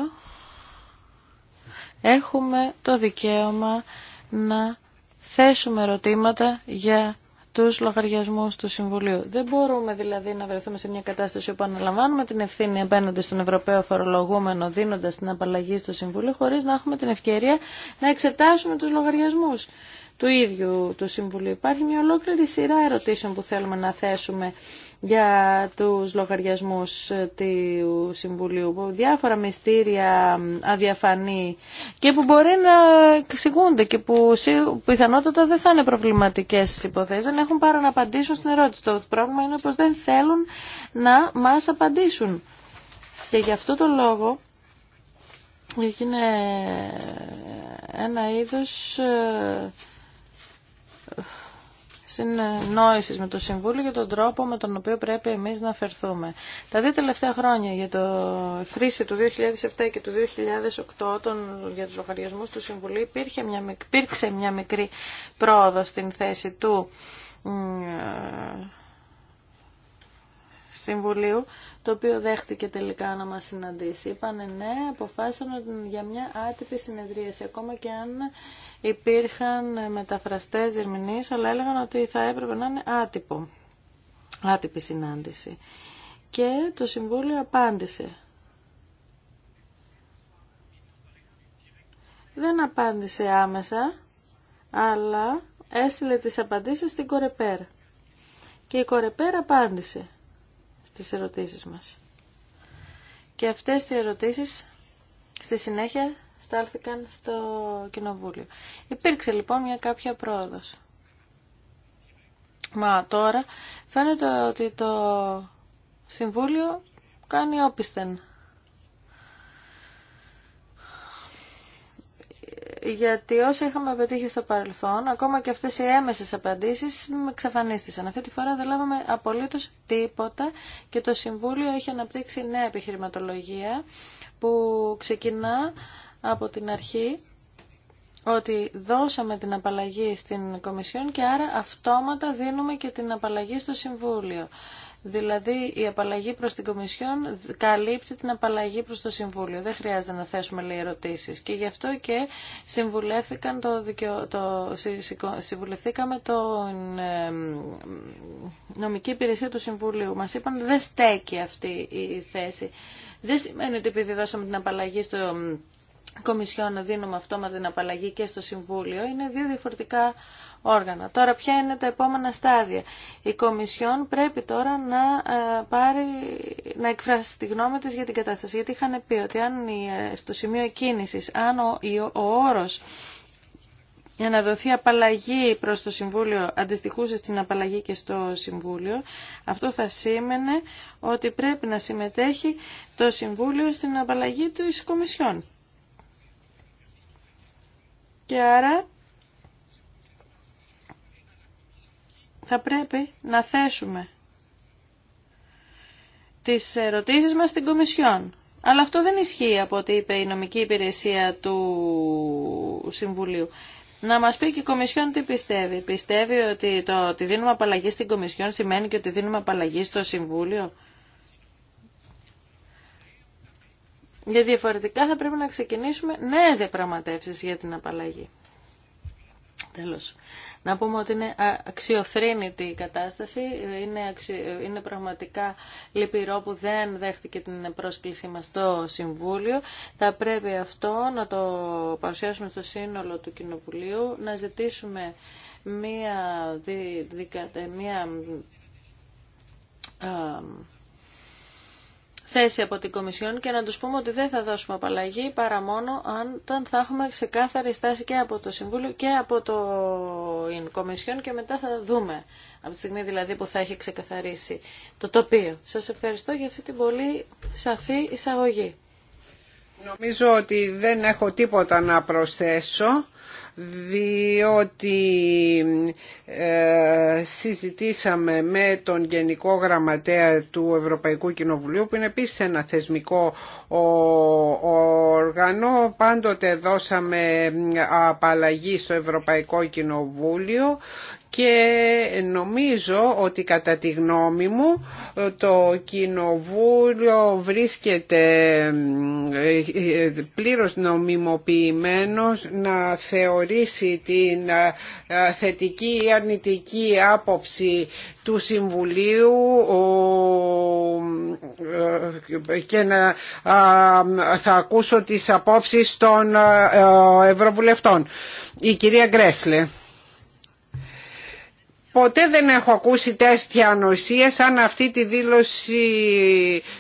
έχουμε το δικαίωμα να θέσουμε ερωτήματα για τους λογαριασμούς του Συμβουλίου. Δεν μπορούμε δηλαδή να βρεθούμε σε μια κατάσταση όπου αναλαμβάνουμε την ευθύνη απέναντι στον Ευρωπαίο φορολογούμενο δίνοντας την απαλλαγή στο Συμβούλιο χωρίς να έχουμε την ευκαιρία να εξετάσουμε τους λογαριασμούς του ίδιου του Συμβουλίου. Υπάρχει μια ολόκληρη σειρά ερωτήσεων που θέλουμε να θέσουμε για τους λογαριασμούς του Συμβουλίου. Διάφορα μυστήρια αδιαφανή και που μπορεί να εξηγούνται και που πιθανότατα δεν θα είναι προβληματικές υποθέσεις. Δεν έχουν παρά να απαντήσουν στην ερώτηση. Το πρόβλημα είναι πως δεν θέλουν να μας απαντήσουν. Και γι' αυτό το λόγο είναι ένα είδος ε, συνεννόησης με το Συμβούλιο για τον τρόπο με τον οποίο πρέπει εμείς να φερθούμε. Τα δύο τελευταία χρόνια για το χρήση του 2007 και του 2008 τον, για τους λογαριασμού του Συμβουλίου υπήρχε μια, υπήρξε μια μικρή πρόοδο στην θέση του Συμβουλίου, το οποίο δέχτηκε τελικά να μας συναντήσει. Είπανε ναι, αποφάσισαν για μια άτυπη συνεδρίαση, ακόμα και αν υπήρχαν μεταφραστές διερμηνείς, αλλά έλεγαν ότι θα έπρεπε να είναι άτυπο, άτυπη συνάντηση. Και το Συμβούλιο απάντησε. Δεν απάντησε άμεσα, αλλά έστειλε τις απαντήσεις στην Κορεπέρ. Και η Κορεπέρ απάντησε στις ερωτήσεις μας. Και αυτές οι ερωτήσεις στη συνέχεια στάλθηκαν στο Κοινοβούλιο. Υπήρξε λοιπόν μια κάποια πρόοδος. Μα τώρα φαίνεται ότι το Συμβούλιο κάνει όπισθεν γιατί όσα είχαμε πετύχει στο παρελθόν, ακόμα και αυτές οι έμεσες απαντήσεις με εξαφανίστησαν. Αυτή τη φορά δεν λάβαμε απολύτως τίποτα και το Συμβούλιο έχει αναπτύξει νέα επιχειρηματολογία που ξεκινά από την αρχή ότι δώσαμε την απαλλαγή στην Κομισιόν και άρα αυτόματα δίνουμε και την απαλλαγή στο Συμβούλιο. Δηλαδή η απαλλαγή προς την Κομισιόν καλύπτει την απαλλαγή προς το Συμβούλιο. Δεν χρειάζεται να θέσουμε λέει ερωτήσεις. Και γι' αυτό και συμβουλεύθηκαν το το... συμβουλευθήκαμε τον νομική υπηρεσία του Συμβουλίου. Μας είπαν δεν στέκει αυτή η θέση. Δεν σημαίνει ότι επειδή δώσαμε την απαλλαγή στο Κομισιόν δίνουμε αυτόματα την απαλλαγή και στο Συμβούλιο. Είναι δύο διαφορετικά Τώρα ποια είναι τα επόμενα στάδια. Η Κομισιόν πρέπει τώρα να, ε, πάρει, να εκφράσει τη γνώμη της για την κατάσταση. Γιατί είχαν πει ότι ε, στο σημείο εκκίνησης αν ο, ή ο όρος για να δοθεί απαλλαγή προς το Συμβούλιο, αντιστοιχούσε στην απαλλαγή και στο Συμβούλιο. Αυτό θα σήμαινε ότι πρέπει να συμμετέχει το Συμβούλιο στην απαλλαγή του Κομισιόν. Και άρα θα πρέπει να θέσουμε τις ερωτήσεις μας στην Κομισιόν. Αλλά αυτό δεν ισχύει από ό,τι είπε η νομική υπηρεσία του Συμβουλίου. Να μας πει και η Κομισιόν τι πιστεύει. Πιστεύει ότι το ότι δίνουμε απαλλαγή στην Κομισιόν σημαίνει και ότι δίνουμε απαλλαγή στο Συμβούλιο. Γιατί διαφορετικά θα πρέπει να ξεκινήσουμε νέες διαπραγματεύσεις για την απαλλαγή. Τέλος. Να πούμε ότι είναι αξιοθρύνητη η κατάσταση. Είναι, είναι πραγματικά λυπηρό που δεν δέχτηκε την πρόσκλησή μας στο Συμβούλιο. Θα πρέπει αυτό να το παρουσιάσουμε στο σύνολο του Κοινοβουλίου, να ζητήσουμε μία, δι θέση από την Κομισιόν και να τους πούμε ότι δεν θα δώσουμε απαλλαγή παρά μόνο αν θα έχουμε ξεκάθαρη στάση και από το Συμβούλιο και από το Κομισιόν και μετά θα δούμε από τη στιγμή δηλαδή που θα έχει ξεκαθαρίσει το τοπίο. Σας ευχαριστώ για αυτή την πολύ σαφή εισαγωγή. Νομίζω ότι δεν έχω τίποτα να προσθέσω διότι ε, συζητήσαμε με τον Γενικό Γραμματέα του Ευρωπαϊκού Κοινοβουλίου που είναι επίσης ένα θεσμικό όργανο. Πάντοτε δώσαμε απαλλαγή στο Ευρωπαϊκό Κοινοβούλιο και νομίζω ότι κατά τη γνώμη μου το Κοινοβούλιο βρίσκεται ε, ε, πλήρως νομιμοποιημένος να θεωρήσει την ε, θετική ή αρνητική άποψη του Συμβουλίου και να θα ακούσω τις απόψεις των Ευρωβουλευτών. Η κυρία Γκρέσλε. Ποτέ δεν έχω ακούσει τέτοια ανοησία σαν αυτή τη δήλωση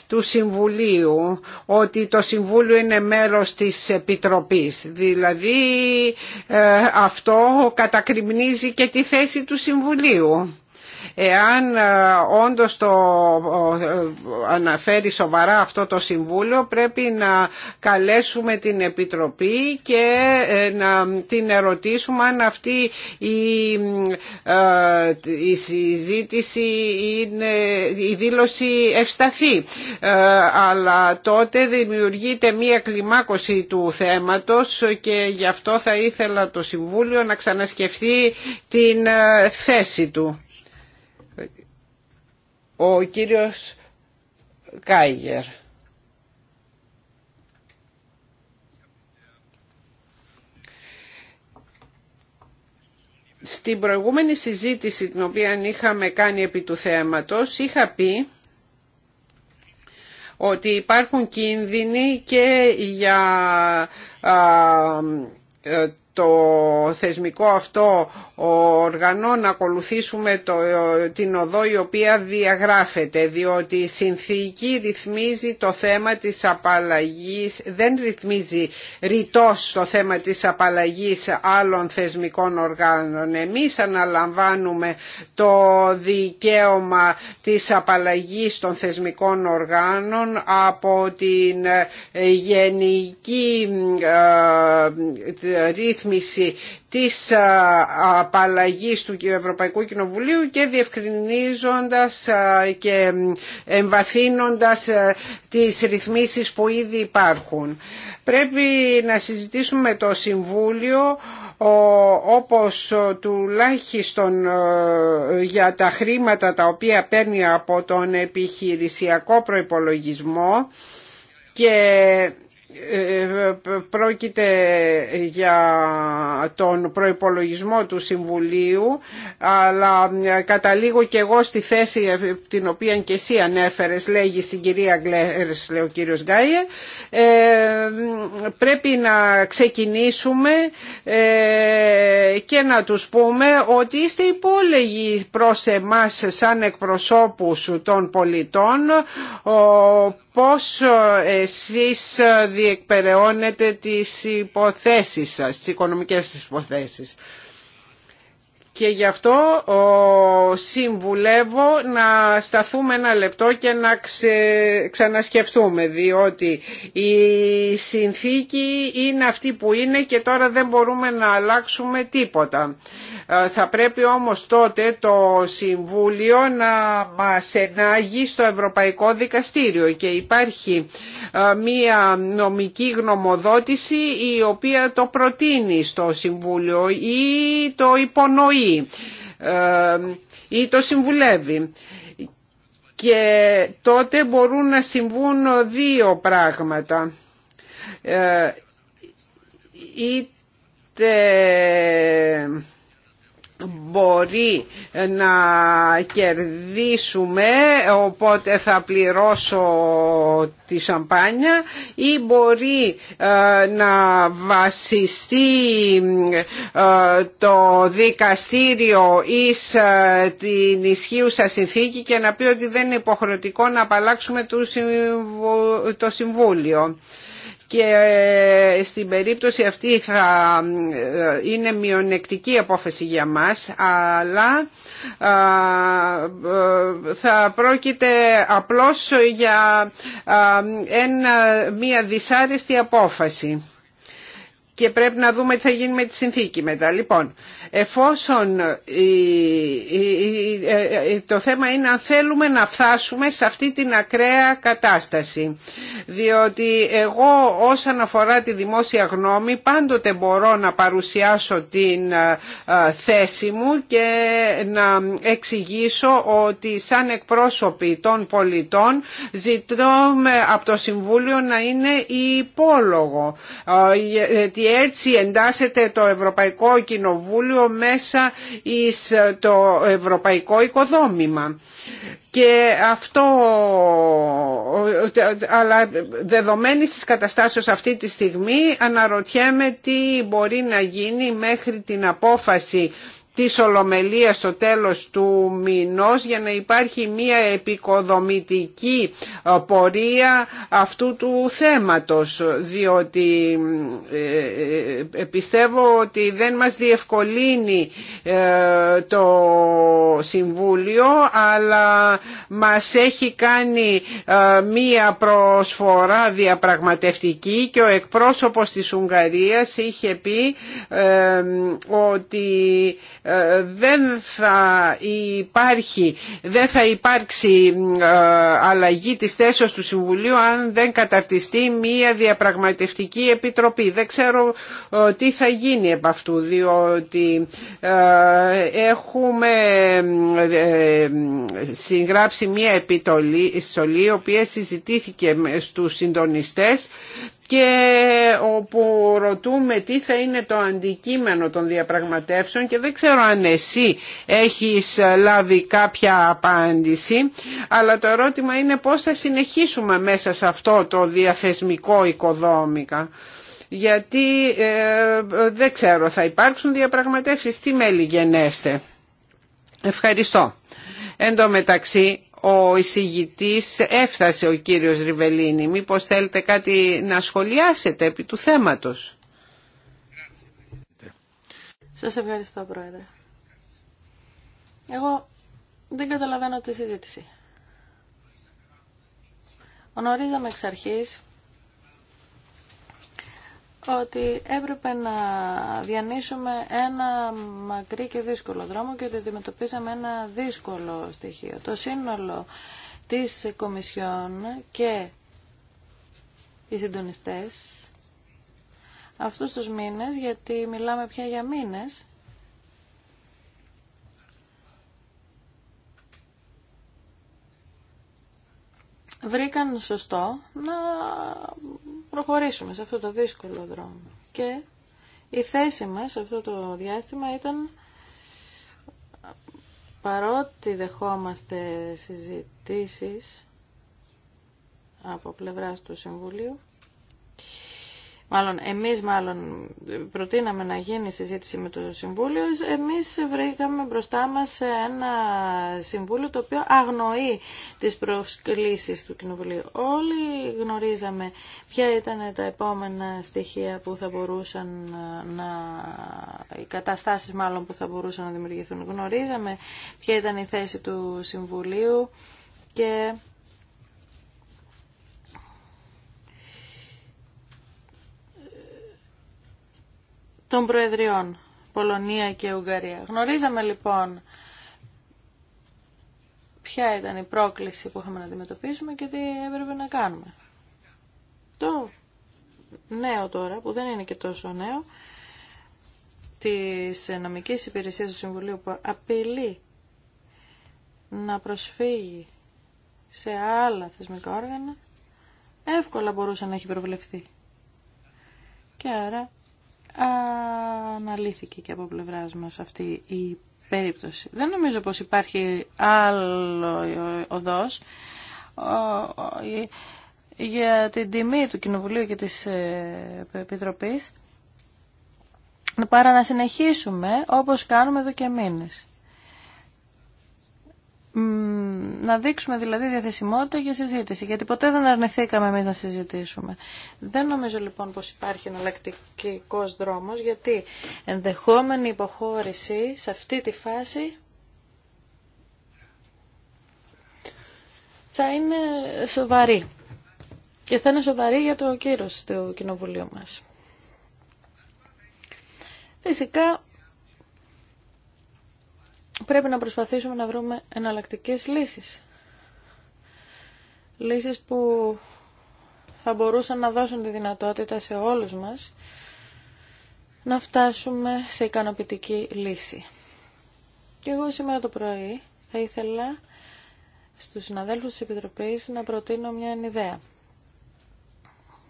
του Συμβουλίου ότι το Συμβούλιο είναι μέρος της Επιτροπής. Δηλαδή ε, αυτό κατακριμνίζει και τη θέση του Συμβουλίου. Εάν ε, όντως το ε, αναφέρει σοβαρά αυτό το Συμβούλιο πρέπει να καλέσουμε την Επιτροπή και ε, να την ερωτήσουμε αν αυτή η, η συζήτηση η δήλωση ευσταθή. Αλλά τότε δημιουργείται μία κλιμάκωση του θέματος και γι' αυτό θα ήθελα το Συμβούλιο να ξανασκεφτεί την θέση του ο κύριος Κάιγερ. Στην προηγούμενη συζήτηση την οποία είχαμε κάνει επί του θέματος είχα πει ότι υπάρχουν κίνδυνοι και για ε, το θεσμικό αυτό οργανό να ακολουθήσουμε την οδό η οποία διαγράφεται διότι η συνθήκη ρυθμίζει το θέμα της απαλλαγής δεν ρυθμίζει ρητός το θέμα της απαλλαγής άλλων θεσμικών οργάνων εμείς αναλαμβάνουμε το δικαίωμα της απαλλαγής των θεσμικών οργάνων από την γενική ε, ρύθμιση Τη της απαλλαγής του Ευρωπαϊκού Κοινοβουλίου και διευκρινίζοντας και εμβαθύνοντας τις ρυθμίσεις που ήδη υπάρχουν. Πρέπει να συζητήσουμε το Συμβούλιο όπως τουλάχιστον για τα χρήματα τα οποία παίρνει από τον επιχειρησιακό προϋπολογισμό και ε, πρόκειται για τον προϋπολογισμό του Συμβουλίου αλλά καταλήγω και εγώ στη θέση την οποία και εσύ ανέφερες λέγει στην κυρία Γκλέρς λέει ο κύριος Γκάιε ε, πρέπει να ξεκινήσουμε ε, και να τους πούμε ότι είστε υπόλεγοι προς εμάς σαν εκπροσώπους των πολιτών πως εσείς εκπεραιώνετε τις υποθέσεις σας, τις οικονομικές υποθέσεις. Και γι' αυτό ο, συμβουλεύω να σταθούμε ένα λεπτό και να ξανασκεφτούμε διότι η συνθήκη είναι αυτή που είναι και τώρα δεν μπορούμε να αλλάξουμε τίποτα. Ε, θα πρέπει όμως τότε το Συμβούλιο να μας ενάγει στο Ευρωπαϊκό Δικαστήριο και υπάρχει ε, μία νομική γνωμοδότηση η οποία το προτείνει στο Συμβούλιο ή το υπονοεί ε, ή το συμβουλεύει και τότε μπορούν να συμβούν δύο πράγματα είτε μπορεί ε, να κερδίσουμε οπότε θα πληρώσω τη σαμπάνια ή μπορεί ε, να βασιστεί ε, το δικαστήριο εις την ισχύουσα συνθήκη και να πει ότι δεν είναι υποχρεωτικό να απαλλάξουμε το Συμβούλιο και ε, στην περίπτωση αυτή θα ε, είναι μειονεκτική απόφαση για μας αλλά ε, θα πρόκειται απλώς για μια δυσάρεστη απόφαση και πρέπει να δούμε τι θα γίνει με τη συνθήκη μετά. Λοιπόν, εφόσον ε, ε, το θέμα είναι αν θέλουμε να φτάσουμε σε αυτή την ακραία κατάσταση. Διότι εγώ όσον αφορά τη δημόσια γνώμη πάντοτε μπορώ να παρουσιάσω την ε, θέση μου και να εξηγήσω ότι σαν εκπρόσωποι των πολιτών ζητώ από το Συμβούλιο να είναι υπόλογο. Και έτσι εντάσσεται το Ευρωπαϊκό Κοινοβούλιο μέσα εις ε, το ευρωπαϊκό οικοδόμημα. Και αυτό, αλλά δεδομένη της καταστάσεως αυτή τη στιγμή αναρωτιέμαι τι μπορεί να γίνει μέχρι την απόφαση της Ολομελίας στο τέλος του μηνός για να υπάρχει μια επικοδομητική ε, πορεία αυτού του θέματος διότι ε, ε, πιστεύω ότι δεν μας διευκολύνει το Συμβούλιο αλλά μας έχει κάνει μία προσφορά διαπραγματευτική και ο εκπρόσωπος της Ουγγαρίας είχε πει ότι ε, δεν θα υπάρχει, δεν θα υπάρξει ε, αλλαγή της θέσεως του Συμβουλίου αν δεν καταρτιστεί μία διαπραγματευτική επιτροπή. Δεν ξέρω ε, τι θα γίνει από αυτού, διότι έχουμε συγγράψει μία επιτολή, η οποία συζητήθηκε στους συντονιστές και όπου ρωτούμε τι θα είναι το αντικείμενο των διαπραγματεύσεων και δεν ξέρω αν εσύ έχεις λάβει κάποια απάντηση αλλά το ερώτημα είναι πώς θα συνεχίσουμε μέσα σε αυτό το διαθεσμικό οικοδόμικα γιατί ε, δεν ξέρω θα υπάρξουν διαπραγματεύσεις τι μέλη γενέστε. Ευχαριστώ. Εν μεταξύ ο εισηγητής έφτασε ο κύριος Ριβελίνη. Μήπως θέλετε κάτι να σχολιάσετε επί του θέματος. Σας ευχαριστώ Πρόεδρε. Εγώ δεν καταλαβαίνω τη συζήτηση. Γνωρίζαμε εξ αρχής ότι έπρεπε να διανύσουμε ένα μακρύ και δύσκολο δρόμο και ότι αντιμετωπίσαμε ένα δύσκολο στοιχείο. Το σύνολο της Κομισιόν και οι συντονιστές αυτούς τους μήνες, γιατί μιλάμε πια για μήνες, βρήκαν σωστό να προχωρήσουμε σε αυτό το δύσκολο δρόμο. Και η θέση μας σε αυτό το διάστημα ήταν παρότι δεχόμαστε συζητήσεις από πλευράς του Συμβουλίου μάλλον εμείς μάλλον προτείναμε να γίνει συζήτηση με το Συμβούλιο, εμείς βρήκαμε μπροστά μας ένα Συμβούλιο το οποίο αγνοεί τις προσκλήσεις του Κοινοβουλίου. Όλοι γνωρίζαμε ποια ήταν τα επόμενα στοιχεία που θα μπορούσαν να... οι καταστάσεις μάλλον που θα μπορούσαν να δημιουργηθούν. Γνωρίζαμε ποια ήταν η θέση του Συμβουλίου και των Προεδριών, Πολωνία και Ουγγαρία. Γνωρίζαμε λοιπόν ποια ήταν η πρόκληση που είχαμε να αντιμετωπίσουμε και τι έπρεπε να κάνουμε. Το νέο τώρα, που δεν είναι και τόσο νέο, της νομικής υπηρεσίας του Συμβουλίου που απειλεί να προσφύγει σε άλλα θεσμικά όργανα, εύκολα μπορούσε να έχει προβλεφθεί. Και άρα αναλύθηκε και από πλευρά μα αυτή η περίπτωση. Δεν νομίζω πως υπάρχει άλλο οδός για την τιμή του Κοινοβουλίου και της ε, Επιτροπής παρά να συνεχίσουμε όπως κάνουμε εδώ και μήνες να δείξουμε δηλαδή διαθεσιμότητα για συζήτηση, γιατί ποτέ δεν αρνηθήκαμε εμείς να συζητήσουμε. Δεν νομίζω λοιπόν πως υπάρχει εναλλακτικός δρόμος, γιατί ενδεχόμενη υποχώρηση σε αυτή τη φάση θα είναι σοβαρή. Και θα είναι σοβαρή για το κύρος του Κοινοβουλίου μας. Φυσικά πρέπει να προσπαθήσουμε να βρούμε εναλλακτικές λύσεις. Λύσεις που θα μπορούσαν να δώσουν τη δυνατότητα σε όλους μας να φτάσουμε σε ικανοποιητική λύση. Και εγώ σήμερα το πρωί θα ήθελα στους συναδέλφους της Επιτροπής να προτείνω μια ιδέα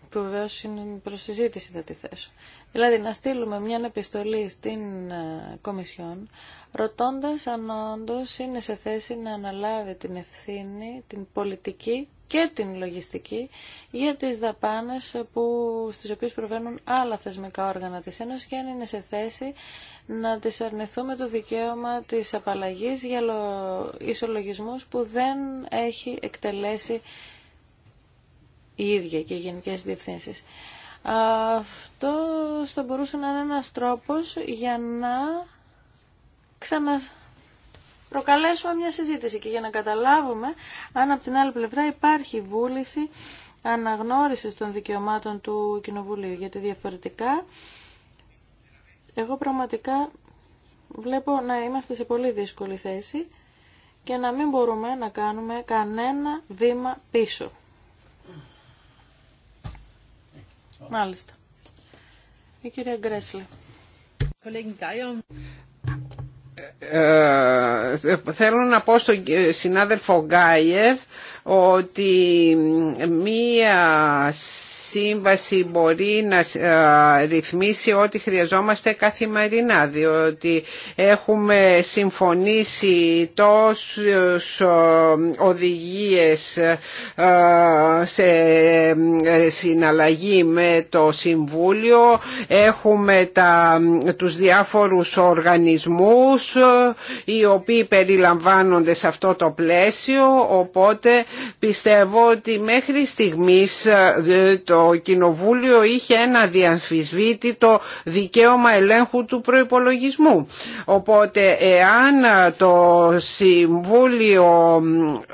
που βεβαίω είναι προ συζήτηση θα τη θέσω. Δηλαδή να στείλουμε μια επιστολή στην ε, Κομισιόν ρωτώντας αν όντω είναι σε θέση να αναλάβει την ευθύνη, την πολιτική και την λογιστική για τις δαπάνες που, στις οποίες προβαίνουν άλλα θεσμικά όργανα της Ένωσης και αν είναι σε θέση να τη αρνηθούμε το δικαίωμα της απαλλαγής για ισολογισμούς που δεν έχει εκτελέσει η ίδια και οι γενικές διευθύνσεις. Αυτό θα μπορούσε να είναι ένα τρόπο για να ξαναπροκαλέσουμε μια συζήτηση και για να καταλάβουμε αν από την άλλη πλευρά υπάρχει βούληση αναγνώρισης των δικαιωμάτων του Κοινοβουλίου. Γιατί διαφορετικά, εγώ πραγματικά βλέπω να είμαστε σε πολύ δύσκολη θέση και να μην μπορούμε να κάνουμε κανένα βήμα πίσω. Μάλιστα. Η κυρία Γκρέσλε. Ε, θέλω να πω στον συνάδελφο Γκάιερ ότι μία σύμβαση μπορεί να ε, ρυθμίσει ό,τι χρειαζόμαστε καθημερινά διότι έχουμε συμφωνήσει τόσους ε, οδηγίες σε συναλλαγή με το Συμβούλιο έχουμε τα, τους διάφορους οργανισμούς οι οποίοι περιλαμβάνονται σε αυτό το πλαίσιο οπότε πιστεύω ότι μέχρι στιγμής ε, το Κοινοβούλιο είχε ένα διαμφισβήτητο δικαίωμα ελέγχου του προϋπολογισμού. Οπότε εάν το Συμβούλιο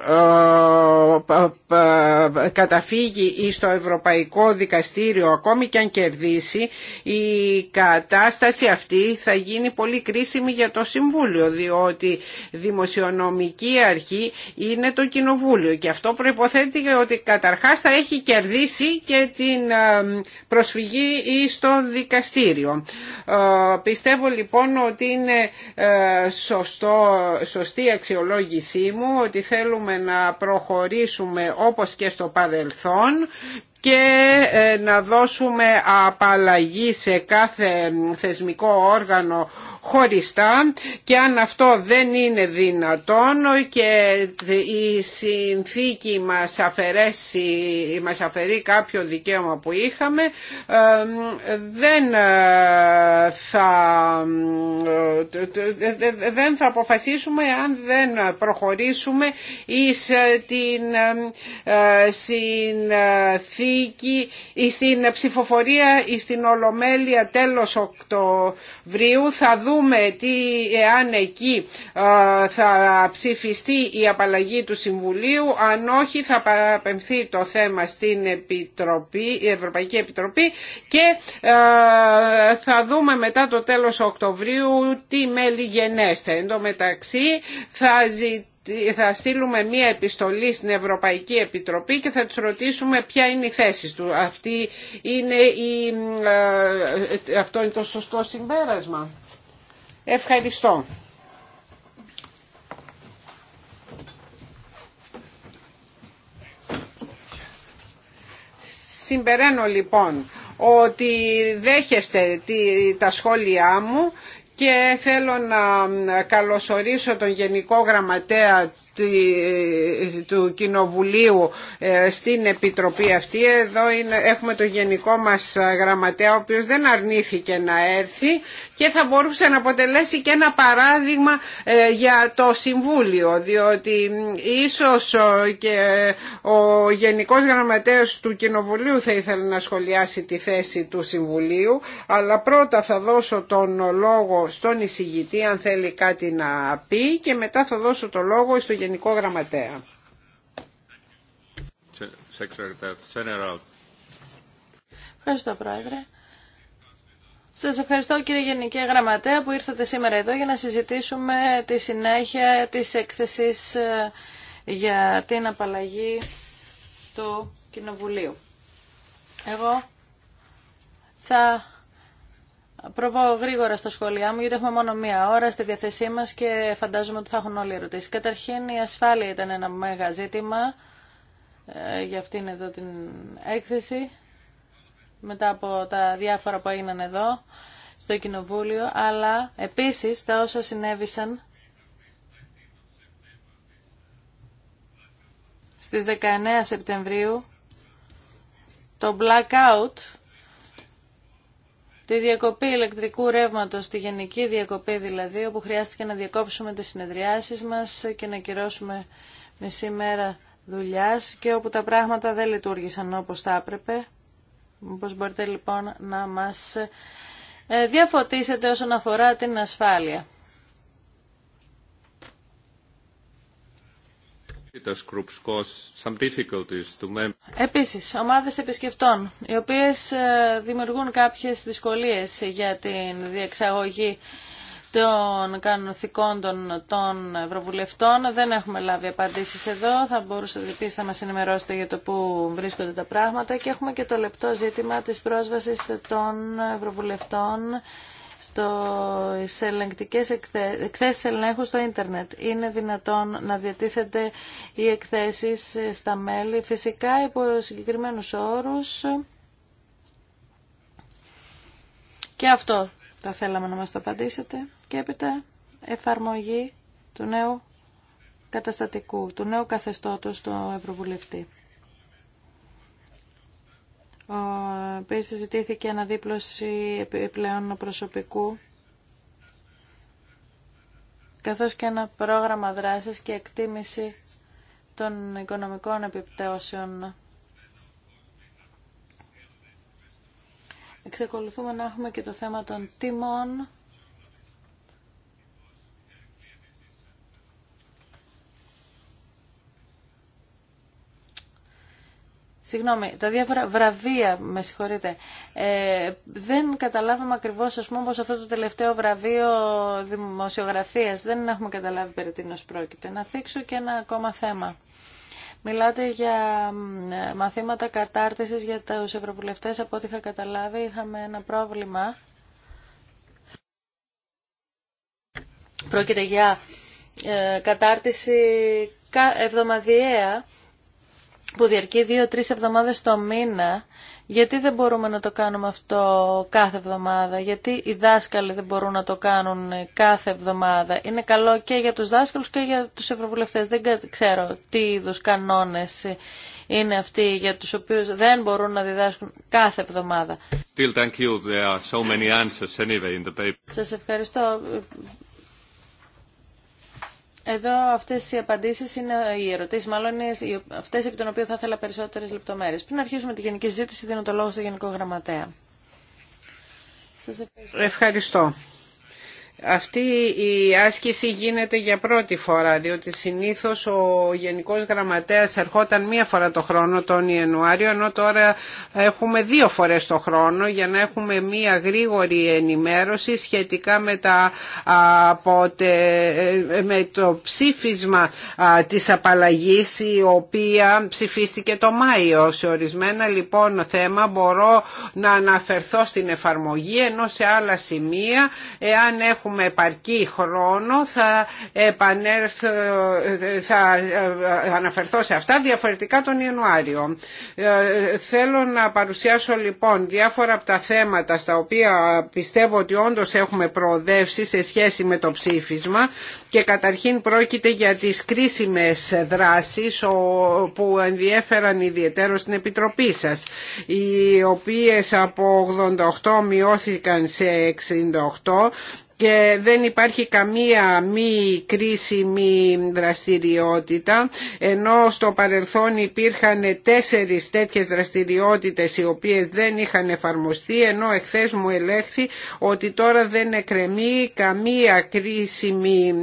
ε, ε, καταφύγει στο Ευρωπαϊκό Δικαστήριο ακόμη και αν κερδίσει η κατάσταση αυτή θα γίνει πολύ κρίσιμη για το Συμβούλιο Κοινοβούλιο διότι δημοσιονομική αρχή είναι το Κοινοβούλιο και αυτό προϋποθέτει ότι καταρχάς θα έχει κερδίσει και την ε, προσφυγή στο δικαστήριο. Ε, πιστεύω λοιπόν ότι είναι ε, σωστό, σωστή αξιολόγησή μου ότι θέλουμε να προχωρήσουμε όπως και στο παρελθόν και να δώσουμε απαλλαγή σε κάθε θεσμικό όργανο χωριστά και αν αυτό δεν είναι δυνατόν και η συνθήκη μας, αφαιρέσει, μας αφαιρεί κάποιο δικαίωμα που είχαμε δεν ε, θα, δεν θα αποφασίσουμε αν δεν προχωρήσουμε εις ε, την ε, συνθήκη ή στην ψηφοφορία ή στην Ολομέλεια τέλος Οκτωβρίου θα δούμε τι, εάν εκεί θα ψηφιστεί η απαλλαγή του Συμβουλίου. Αν όχι θα παραπεμφθεί το θέμα στην Επιτροπή, Ευρωπαϊκή Επιτροπή και θα δούμε μετά το τέλος Οκτωβρίου τι μέλη γενέστε. Εν τω μεταξύ θα θα στείλουμε μία επιστολή στην Ευρωπαϊκή Επιτροπή και θα τους ρωτήσουμε ποια είναι η θέση του. Αυτή είναι η, ε, ε, αυτό είναι το σωστό συμπέρασμα. Ευχαριστώ. Συμπεραίνω λοιπόν ότι δέχεστε τα σχόλιά μου και θέλω να καλωσορίσω τον Γενικό Γραμματέα του Κοινοβουλίου ε, στην Επιτροπή αυτή. Εδώ είναι, έχουμε τον Γενικό μας Γραμματέα, ο οποίος δεν αρνήθηκε να έρθει και θα μπορούσε να αποτελέσει και ένα παράδειγμα ε, για το Συμβούλιο διότι ίσως και ο Γενικός Γραμματέας του Κοινοβουλίου θα ήθελε να σχολιάσει τη θέση του Συμβουλίου αλλά πρώτα θα δώσω τον λόγο στον εισηγητή αν θέλει κάτι να πει και μετά θα δώσω το λόγο στο Γενικό Γραμματέα. Ευχαριστώ Πρόεδρε. Σας ευχαριστώ κύριε Γενική Γραμματέα που ήρθατε σήμερα εδώ για να συζητήσουμε τη συνέχεια της έκθεση ε, για την απαλλαγή του Κοινοβουλίου. Εγώ θα προβώ γρήγορα στα σχόλιά μου γιατί έχουμε μόνο μία ώρα στη διαθεσή μας και φαντάζομαι ότι θα έχουν όλοι ερωτήσει. Καταρχήν η ασφάλεια ήταν ένα μεγάλο ζήτημα ε, για αυτήν εδώ την έκθεση μετά από τα διάφορα που έγιναν εδώ στο Κοινοβούλιο, αλλά επίσης τα όσα συνέβησαν στις 19 Σεπτεμβρίου το blackout, τη διακοπή ηλεκτρικού ρεύματος, τη γενική διακοπή δηλαδή, όπου χρειάστηκε να διακόψουμε τις συνεδριάσεις μας και να κυρώσουμε μισή μέρα δουλειάς και όπου τα πράγματα δεν λειτουργήσαν όπως θα έπρεπε. Μήπως μπορείτε λοιπόν να μας ε, διαφωτίσετε όσον αφορά την ασφάλεια. Επίσης, ομάδες επισκεφτών, οι οποίες ε, δημιουργούν κάποιες δυσκολίες για την διεξαγωγή των κανονικών των, των Ευρωβουλευτών. Δεν έχουμε λάβει απαντήσει εδώ. Θα μπορούσατε επίσης να μας ενημερώσετε για το πού βρίσκονται τα πράγματα και έχουμε και το λεπτό ζήτημα της πρόσβασης των Ευρωβουλευτών στο ελεγκτικές εκθέσεις ελέγχου στο ίντερνετ. Είναι δυνατόν να διατίθεται οι εκθέσεις στα μέλη, φυσικά υπό συγκεκριμένου όρου. Και αυτό θα θέλαμε να μας το απαντήσετε και έπειτα εφαρμογή του νέου καταστατικού, του νέου καθεστώτος του Ευρωβουλευτή. Επίσης ζητήθηκε αναδίπλωση επιπλέον προσωπικού καθώς και ένα πρόγραμμα δράσης και εκτίμηση των οικονομικών επιπτώσεων. Εξεκολουθούμε να έχουμε και το θέμα των τιμών συγγνώμη, τα διάφορα βραβεία, με συγχωρείτε, ε, δεν καταλάβαμε ακριβώς, α πούμε, αυτό το τελευταίο βραβείο δημοσιογραφίας. Δεν έχουμε καταλάβει περί τίνο πρόκειται. Να θίξω και ένα ακόμα θέμα. Μιλάτε για μαθήματα κατάρτιση για του ευρωβουλευτέ. Από ό,τι είχα καταλάβει, είχαμε ένα πρόβλημα. Πρόκειται για ε, κατάρτιση εβδομαδιαία που διαρκεί δύο-τρεις εβδομάδες το μήνα, γιατί δεν μπορούμε να το κάνουμε αυτό κάθε εβδομάδα, γιατί οι δάσκαλοι δεν μπορούν να το κάνουν κάθε εβδομάδα. Είναι καλό και για τους δάσκαλους και για τους ευρωβουλευτές. Δεν ξέρω τι είδους κανόνες είναι αυτοί για τους οποίους δεν μπορούν να διδάσκουν κάθε εβδομάδα. Still, ευχαριστώ. Εδώ αυτές οι απαντήσεις είναι οι ερωτήσει, μάλλον είναι αυτές επί των οποίων θα ήθελα περισσότερες λεπτομέρειες. Πριν αρχίσουμε τη γενική ζήτηση δίνω το λόγο στο Γενικό Γραμματέα. ευχαριστώ. Αυτή η άσκηση γίνεται για πρώτη φορά, διότι συνήθως ο Γενικός Γραμματέας ερχόταν μία φορά το χρόνο τον Ιανουάριο, ενώ τώρα έχουμε δύο φορές το χρόνο για να έχουμε μία γρήγορη ενημέρωση σχετικά με, τα, ε, με το ψήφισμα της απαλλαγής η οποία ψηφίστηκε το Μάιο. Σε ορισμένα λοιπόν θέμα μπορώ να αναφερθώ στην εφαρμογή, ενώ σε άλλα σημεία, εάν έχουμε έχουμε επαρκή χρόνο θα, επανέρθω, θα ε, ε, αναφερθώ σε αυτά διαφορετικά τον Ιανουάριο. Ε, θέλω να παρουσιάσω λοιπόν διάφορα από τα θέματα στα οποία πιστεύω ότι όντως έχουμε προοδεύσει σε σχέση με το ψήφισμα και καταρχήν πρόκειται για τις κρίσιμες δράσεις που ενδιέφεραν ιδιαίτερο στην Επιτροπή σας οι οποίες από 88 μειώθηκαν σε 68 και δεν υπάρχει καμία μη κρίσιμη δραστηριότητα ενώ στο παρελθόν υπήρχαν τέσσερις τέτοιες δραστηριότητες οι οποίες δεν είχαν εφαρμοστεί ενώ εχθές μου ελέγχθη ότι τώρα δεν εκρεμεί καμία κρίσιμη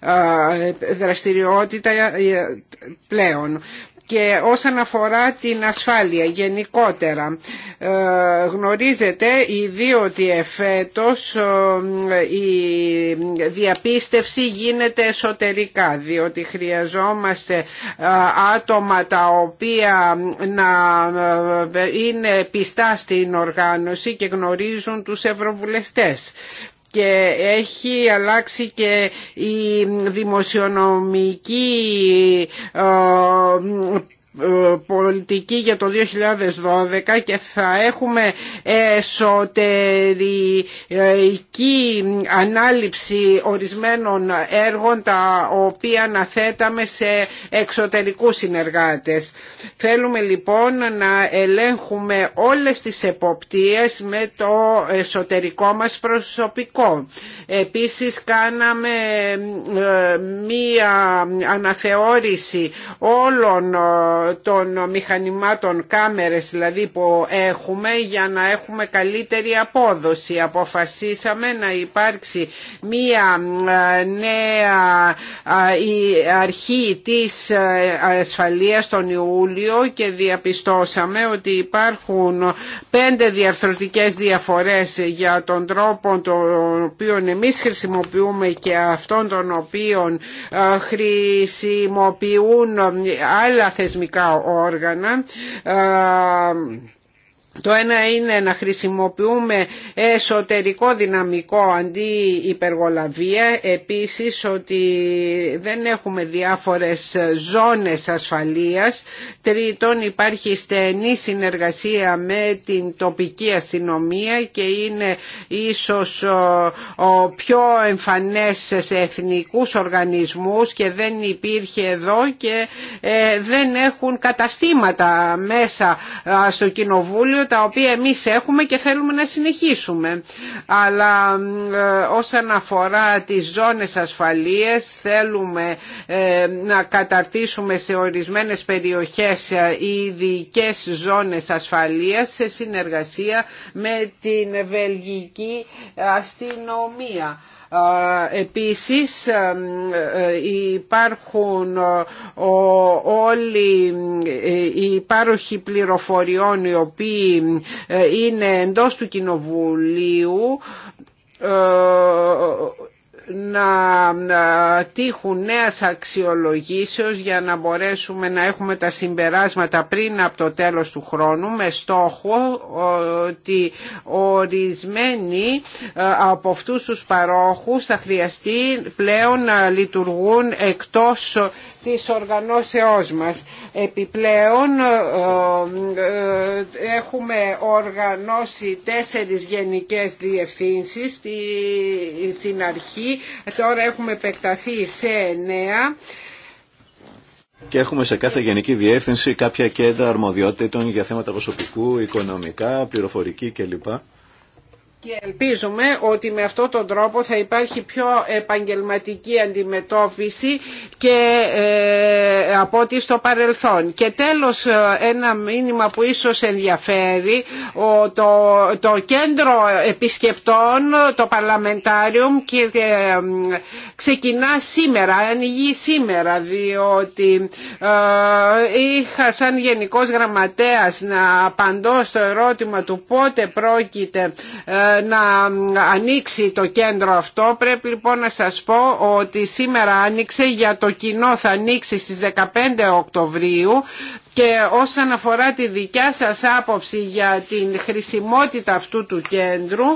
ε, δραστηριότητα ε, πλέον και όσον αφορά την ασφάλεια γενικότερα. Ε, γνωρίζετε ιδίω ότι εφέτος ε, η διαπίστευση γίνεται εσωτερικά διότι χρειαζόμαστε ε, άτομα τα οποία να είναι πιστά στην οργάνωση και γνωρίζουν τους ευρωβουλευτές και έχει αλλάξει και η δημοσιονομική ε, ε, πολιτική για το 2012 και θα έχουμε εσωτερική ανάληψη ορισμένων έργων τα οποία αναθέταμε σε εξωτερικούς συνεργάτες. Θέλουμε λοιπόν να ελέγχουμε όλες τις εποπτείες με το εσωτερικό μας προσωπικό. Επίσης κάναμε ε, μία αναθεώρηση όλων ε, των μηχανημάτων κάμερες δηλαδή που έχουμε για να έχουμε καλύτερη απόδοση. Αποφασίσαμε να υπάρξει μία ε, νέα ε, αρχή της ε, ασφαλείας τον Ιούλιο και διαπιστώσαμε ότι υπάρχουν πέντε διαρθρωτικές διαφορές για τον τρόπο τον οποίο εμείς χρησιμοποιούμε και αυτόν τον οποίο χρησιμοποιούν άλλα θεσμικά θεσμικά όργανα το ένα είναι να χρησιμοποιούμε εσωτερικό δυναμικό αντί υπεργολαβία. Επίσης ότι δεν έχουμε διάφορες ζώνες ασφαλείας. Τρίτον υπάρχει στενή συνεργασία με την τοπική αστυνομία και είναι ίσως ο πιο εμφανές σε εθνικούς οργανισμούς και δεν υπήρχε εδώ και ε, δεν έχουν καταστήματα μέσα στο κοινοβούλιο τα οποία εμείς έχουμε και θέλουμε να συνεχίσουμε. Αλλά ε, όσον αφορά τις ζώνες ασφαλείας θέλουμε ε, να καταρτήσουμε σε ορισμένες περιοχές ε, ειδικέ ζώνες ασφαλείας σε συνεργασία με την Βελγική αστυνομία. Επίσης ε, υπάρχουν όλοι ε, οι υπάροχοι πληροφοριών οι οποίοι ε, είναι εντός του Κοινοβουλίου να τύχουν νέας αξιολογήσεως για να μπορέσουμε να έχουμε τα συμπεράσματα πριν από το τέλος του χρόνου με στόχο ότι ορισμένοι ε, από αυτούς τους παρόχους θα χρειαστεί πλέον να λειτουργούν εκτός της οργανώσεώς μας. Επιπλέον ε, ε, έχουμε οργανώσει τέσσερις γενικές διευθύνσεις στην αρχή τώρα έχουμε επεκταθεί σε νέα. Και έχουμε σε κάθε γενική διεύθυνση κάποια κέντρα αρμοδιότητων για θέματα προσωπικού, οικονομικά, πληροφορική κλπ και ελπίζουμε ότι με αυτόν τον τρόπο θα υπάρχει πιο επαγγελματική αντιμετώπιση και ε, από ό,τι στο παρελθόν. Και τέλος ε, ένα μήνυμα που ίσως ενδιαφέρει το, το κέντρο επισκεπτών, το Παρλαμεντάριο και ε, ξεκινά σήμερα, ανοίγει σήμερα διότι ε, είχα σαν γενικός γραμματέας να απαντώ στο ερώτημα του πότε πρόκειται να ανοίξει το κέντρο αυτό. Πρέπει λοιπόν να σας πω ότι σήμερα άνοιξε για το κοινό θα ανοίξει στις 15 Οκτωβρίου και όσον αφορά τη δικιά σας άποψη για την χρησιμότητα αυτού του κέντρου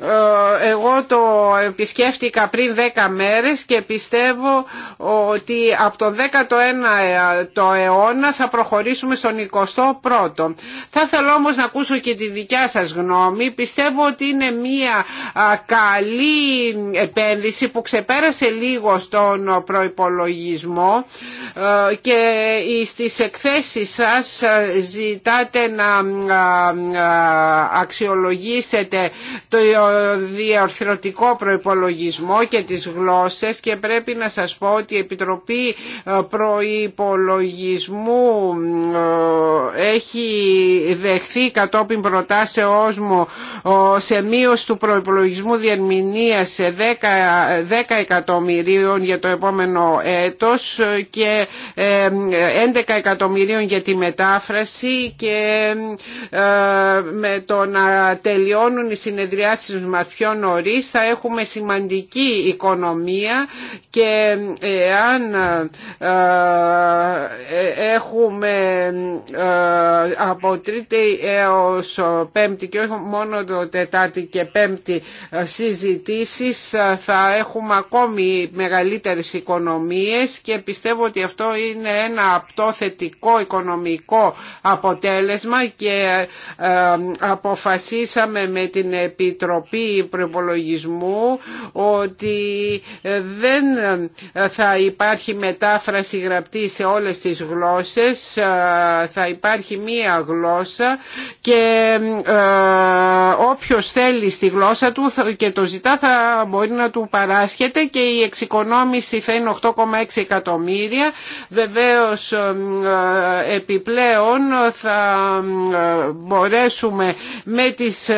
ε, εγώ το επισκέφτηκα πριν 10 μέρες και πιστεύω ότι από τον 19ο το αιώνα θα προχωρήσουμε στον 21ο. Θα θέλω όμως να ακούσω και τη δικιά σας γνώμη. Πιστεύω ότι είναι μια καλή επένδυση που ξεπέρασε λίγο στον προϋπολογισμό ε, και στις εκθέσεις σας ε, ζητάτε να αξιολογήσετε το διορθωτικό προϋπολογισμό και τις γλώσσες και πρέπει να σας πω ότι η Επιτροπή ε, Προϋπολογισμού ε, έχει δεχθεί κατόπιν προτάσεώς μου ε, σε μείωση του προϋπολογισμού διερμηνίας σε 10, 10 εκατομμυρίων για το επόμενο έτος και 11 εκατομμυρίων για τη μετάφραση και με το να τελειώνουν οι συνεδριάσεις τους πιο νωρίς θα έχουμε σημαντική οικονομία και αν ε, ε, ε, έχουμε από τρίτη έως πέμπτη και όχι μόνο το τετάρτη και πέμπτη συζητήσεις θα έχουμε ακόμη μεγαλύτερες οικονομίες και πιστεύω ότι αυτό είναι ένα απτό θετικό οικονομικό αποτέλεσμα και αποφασίσαμε με την Επιτροπή Επιτροπή Προπολογισμού ότι ε, δεν ε, θα υπάρχει μετάφραση γραπτή σε όλες τις γλώσσες, ε, θα υπάρχει μία γλώσσα και όποιος θέλει στη γλώσσα του και το ζητά θα μπορεί να του παράσχεται και η εξοικονόμηση θα είναι 8,6 εκατομμύρια. Βεβαίως επιπλέον θα μπορέσουμε με τις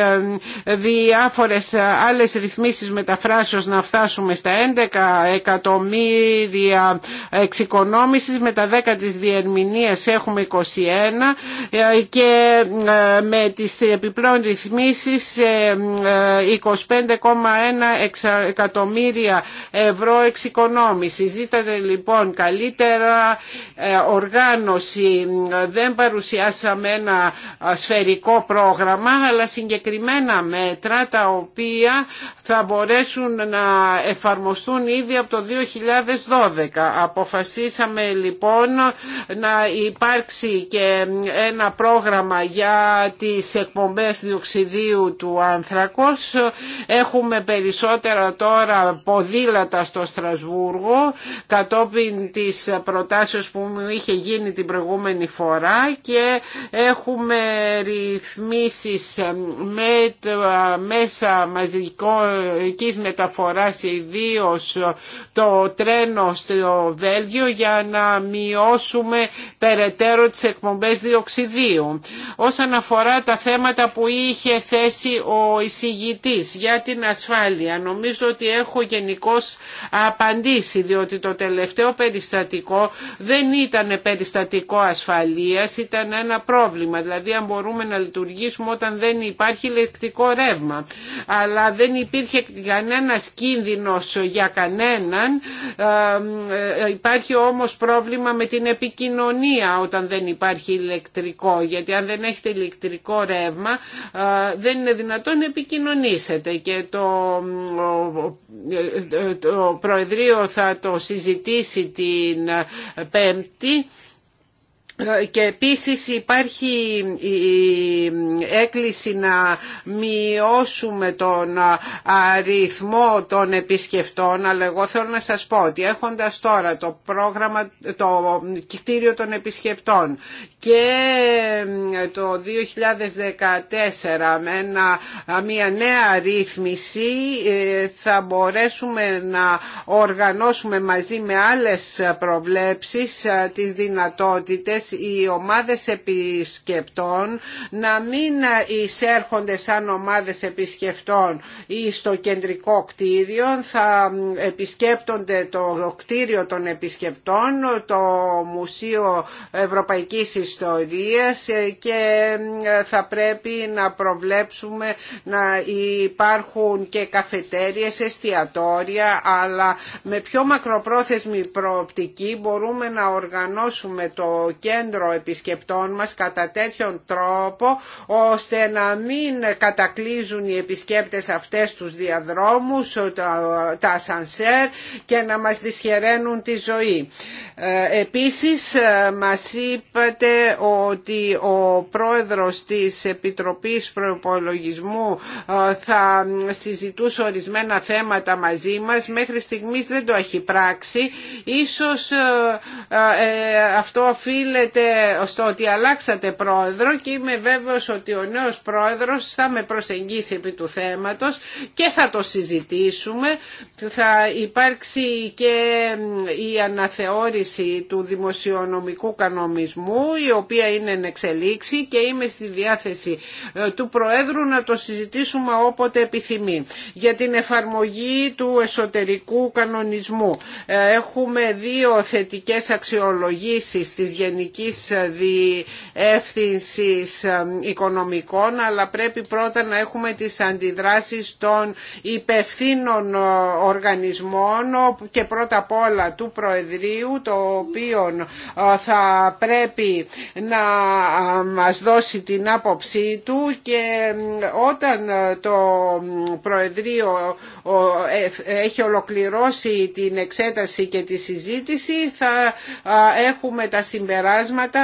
διάφορες διάφορες ε, άλλες ρυθμίσεις μεταφράσεως να φτάσουμε στα 11 εκατομμύρια εξοικονόμησης με τα 10 της διερμηνίας έχουμε 21 ε, και ε, με τις επιπλέον ρυθμίσεις 25,1 εκατομμύρια ευρώ εξοικονόμηση. Ζήτατε λοιπόν καλύτερα οργάνωση. Δεν παρουσιάσαμε ένα σφαιρικό πρόγραμμα αλλά συγκεκριμένα μέτρα τα οποία θα μπορέσουν να εφαρμοστούν ήδη από το 2012. Αποφασίσαμε λοιπόν να υπάρξει και ένα πρόγραμμα για τις εκπομπές διοξιδίου του άνθρακος. Έχουμε περισσότερα τώρα ποδήλατα στο Στρασβούργο κατόπιν της προτάσεως που μου είχε γίνει την προηγούμενη φορά και έχουμε ρυθμίσεις με μαζικής μεταφοράς ιδίω το τρένο στο Βέλγιο για να μειώσουμε περαιτέρω τις εκπομπές διοξιδίου. Όσον αφορά τα θέματα που είχε θέσει ο εισηγητής για την ασφάλεια, νομίζω ότι έχω γενικώ απαντήσει, διότι το τελευταίο περιστατικό δεν ήταν περιστατικό ασφαλείας, ήταν ένα πρόβλημα. Δηλαδή αν μπορούμε να λειτουργήσουμε όταν δεν υπάρχει ηλεκτρικό ρεύμα αλλά δεν υπήρχε κανένα κίνδυνος για κανέναν. Ε, υπάρχει όμως πρόβλημα με την επικοινωνία όταν δεν υπάρχει ηλεκτρικό, γιατί αν δεν έχετε ηλεκτρικό ρεύμα ε, δεν είναι δυνατόν να επικοινωνήσετε και το, ε, το Προεδρείο θα το συζητήσει την Πέμπτη και επίσης υπάρχει η έκκληση να μειώσουμε τον αριθμό των επισκεφτών αλλά εγώ θέλω να σας πω ότι έχοντας τώρα το πρόγραμμα το κτίριο των επισκεπτών και το 2014 με μια νέα ρύθμιση ε, θα μπορέσουμε να οργανώσουμε μαζί με άλλες προβλέψεις ε, τις δυνατότητες οι ομάδες επισκεπτών να μην εισέρχονται σαν ομάδες επισκεπτών ή στο κεντρικό κτίριο θα επισκέπτονται το κτίριο των επισκεπτών το Μουσείο Ευρωπαϊκής Ιστορίας και θα πρέπει να προβλέψουμε να υπάρχουν και καφετέριες, εστιατόρια αλλά με πιο μακροπρόθεσμη προοπτική μπορούμε να οργανώσουμε το κέντρο κέντρο επισκεπτών μας κατά τέτοιον τρόπο ώστε να μην κατακλείζουν οι επισκέπτες αυτές τους διαδρόμους, τα σανσέρ και να μας δυσχεραίνουν τη ζωή. Ε, επίσης ε, μας είπατε ότι ο πρόεδρος της Επιτροπής Προπολογισμού ε, θα συζητούσε ορισμένα θέματα μαζί μας. Μέχρι στιγμής δεν το έχει πράξει. Ίσως αυτό οφείλει στο ότι αλλάξατε πρόεδρο και είμαι βέβαιος ότι ο νέος πρόεδρος θα με προσεγγίσει επί του θέματος και θα το συζητήσουμε. Θα υπάρξει και η αναθεώρηση του δημοσιονομικού κανονισμού η οποία είναι εν εξελίξη και είμαι στη διάθεση ε, του Προέδρου να το συζητήσουμε όποτε επιθυμεί. Για την εφαρμογή του εσωτερικού κανονισμού ε, έχουμε δύο θετικές αξιολογήσεις στις γενικές Γενικής Διεύθυνσης ε, Οικονομικών αλλά πρέπει πρώτα να έχουμε τις αντιδράσεις των υπευθύνων ε, οργανισμών και πρώτα απ' όλα του Προεδρείου το οποίο ε, θα πρέπει να μας δώσει την άποψή του και όταν το Προεδρείο έχει ολοκληρώσει την εξέταση και τη συζήτηση θα έχουμε τα συμπεράσματα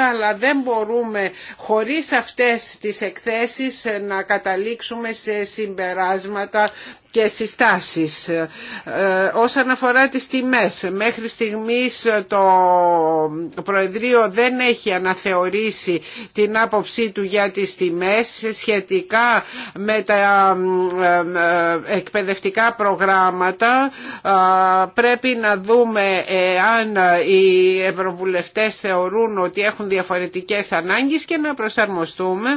αλλά δεν μπορούμε χωρίς αυτές τις εκθέσεις να καταλήξουμε σε συμπεράσματα και συστάσεις. Ε, όσον αφορά τις τιμές, μέχρι στιγμής το Προεδρείο δεν έχει αναθεωρήσει την άποψή του για τις τιμές σχετικά με τα ε, ε, εκπαιδευτικά προγράμματα. Πρέπει να δούμε αν οι ευρωβουλευτές θεωρούν ότι έχουν διαφορετικές ανάγκες και να προσαρμοστούμε,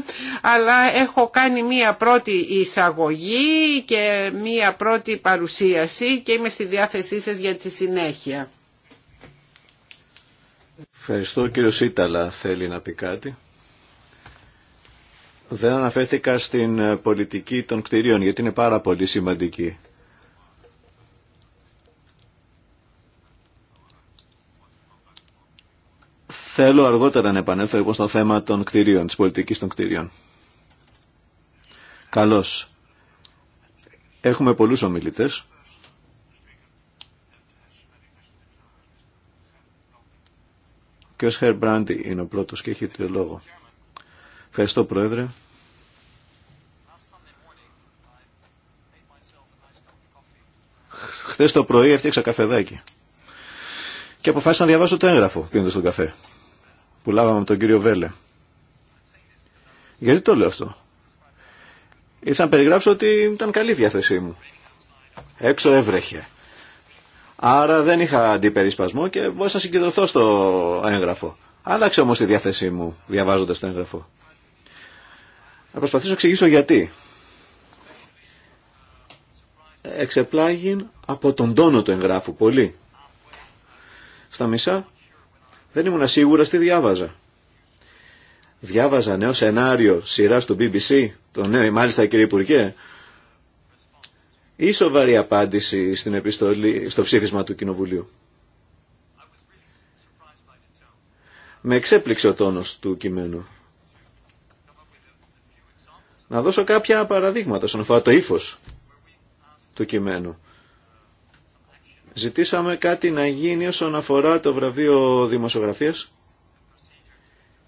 αλλά έχω κάνει μία πρώτη εισαγωγή και μία μία πρώτη παρουσίαση και είμαι στη διάθεσή σας για τη συνέχεια. Ευχαριστώ. κύριο Σίταλα θέλει να πει κάτι. Δεν αναφέρθηκα στην ε, πολιτική των κτηρίων γιατί είναι πάρα πολύ σημαντική. Θέλω αργότερα να επανέλθω λοιπόν στο θέμα των κτηρίων, της πολιτικής των κτηρίων. Καλώς. Έχουμε πολλούς ομιλητές. Και ο Σχερ Μπράντι είναι ο πρώτος και έχει το λόγο. Ευχαριστώ Πρόεδρε. Χθες το πρωί έφτιαξα καφεδάκι. Και αποφάσισα να διαβάσω το έγγραφο πίνοντας τον καφέ. Που λάβαμε τον κύριο Βέλε. Γιατί το λέω αυτό. Ήρθα να περιγράψω ότι ήταν καλή η διάθεσή μου. Έξω έβρεχε. Άρα δεν είχα αντιπερισπασμό και μπορούσα να συγκεντρωθώ στο έγγραφο. Άλλαξε όμως τη διάθεσή μου διαβάζοντας το έγγραφο. Να προσπαθήσω να εξηγήσω γιατί. Εξεπλάγει από τον τόνο του εγγράφου πολύ. Στα μισά δεν ήμουν σίγουρα στη διάβαζα διάβαζα νέο σενάριο σειρά του BBC, το νέο μάλιστα κύριε Υπουργέ, ή σοβαρή απάντηση στην επιστολή, στο ψήφισμα του Κοινοβουλίου. Με εξέπληξε ο τόνος του κειμένου. Να δώσω κάποια παραδείγματα στον αφορά το ύφος του κειμένου. Ζητήσαμε κάτι να γίνει όσον αφορά το βραβείο δημοσιογραφίας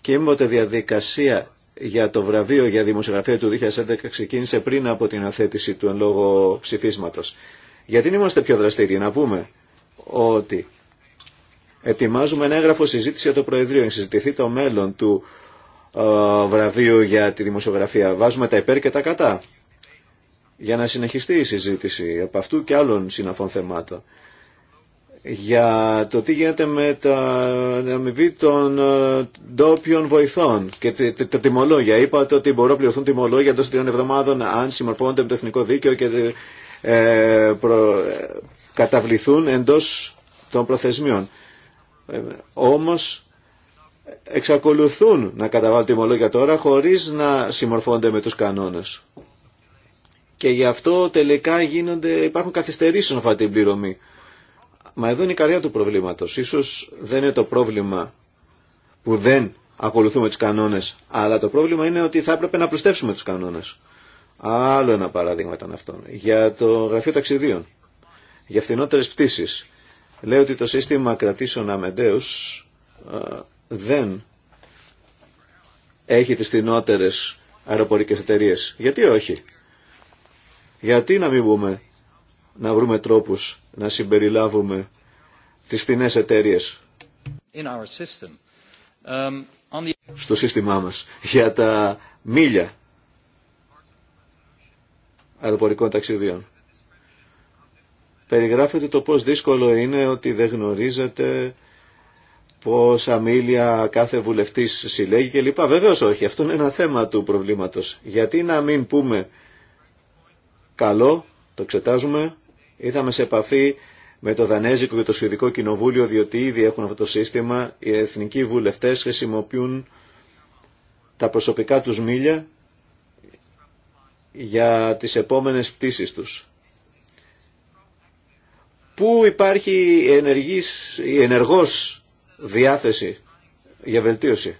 και ότι διαδικασία για το βραβείο για δημοσιογραφία του 2011 ξεκίνησε πριν από την αθέτηση του εν λόγω ψηφίσματος. Γιατί είμαστε πιο δραστήριοι, να πούμε ότι ετοιμάζουμε ένα έγγραφο συζήτηση για το Προεδρείο, να συζητηθεί το μέλλον του ε, βραβείου για τη δημοσιογραφία. Βάζουμε τα υπέρ και τα κατά για να συνεχιστεί η συζήτηση από αυτού και άλλων συναφών θεμάτων για το τι γίνεται με τα αμοιβή των ε, ντόπιων βοηθών και τα τιμολόγια. Είπατε ότι μπορούν να πληρωθούν τιμολόγια εντό τριών εβδομάδων αν συμμορφώνονται με το εθνικό δίκαιο και ε, προ, ε, καταβληθούν εντός των προθεσμιών. Ε, όμως εξακολουθούν να καταβάλουν τιμολόγια τώρα χωρίς να συμμορφώνονται με τους κανόνες. Και γι' αυτό τελικά γίνονται, υπάρχουν καθυστερήσεις σε αυτή την πληρωμή. Μα εδώ είναι η καρδιά του προβλήματος. Ίσως δεν είναι το πρόβλημα που δεν ακολουθούμε τους κανόνες, αλλά το πρόβλημα είναι ότι θα έπρεπε να προστεύσουμε τους κανόνες. Άλλο ένα παράδειγμα ήταν αυτό. Για το γραφείο ταξιδίων, για φθηνότερες πτήσεις. Λέει ότι το σύστημα κρατήσεων αμεντέους ε, δεν έχει τις φθηνότερες αεροπορικές εταιρείε. Γιατί όχι. Γιατί να μην μπούμε να βρούμε τρόπους να συμπεριλάβουμε τις φθηνές εταιρείε um, στο σύστημά μας για τα μίλια αεροπορικών ταξιδιών. Περιγράφεται το πώς δύσκολο είναι ότι δεν γνωρίζετε πόσα μίλια κάθε βουλευτής συλλέγει κλπ. Βεβαίως όχι, αυτό είναι ένα θέμα του προβλήματος. Γιατί να μην πούμε καλό, το εξετάζουμε, Ήρθαμε σε επαφή με το Δανέζικο και το Σουηδικό Κοινοβούλιο, διότι ήδη έχουν αυτό το σύστημα. Οι εθνικοί βουλευτές χρησιμοποιούν τα προσωπικά τους μίλια για τις επόμενες πτήσεις τους. Πού υπάρχει η ενεργής, η ενεργός διάθεση για βελτίωση.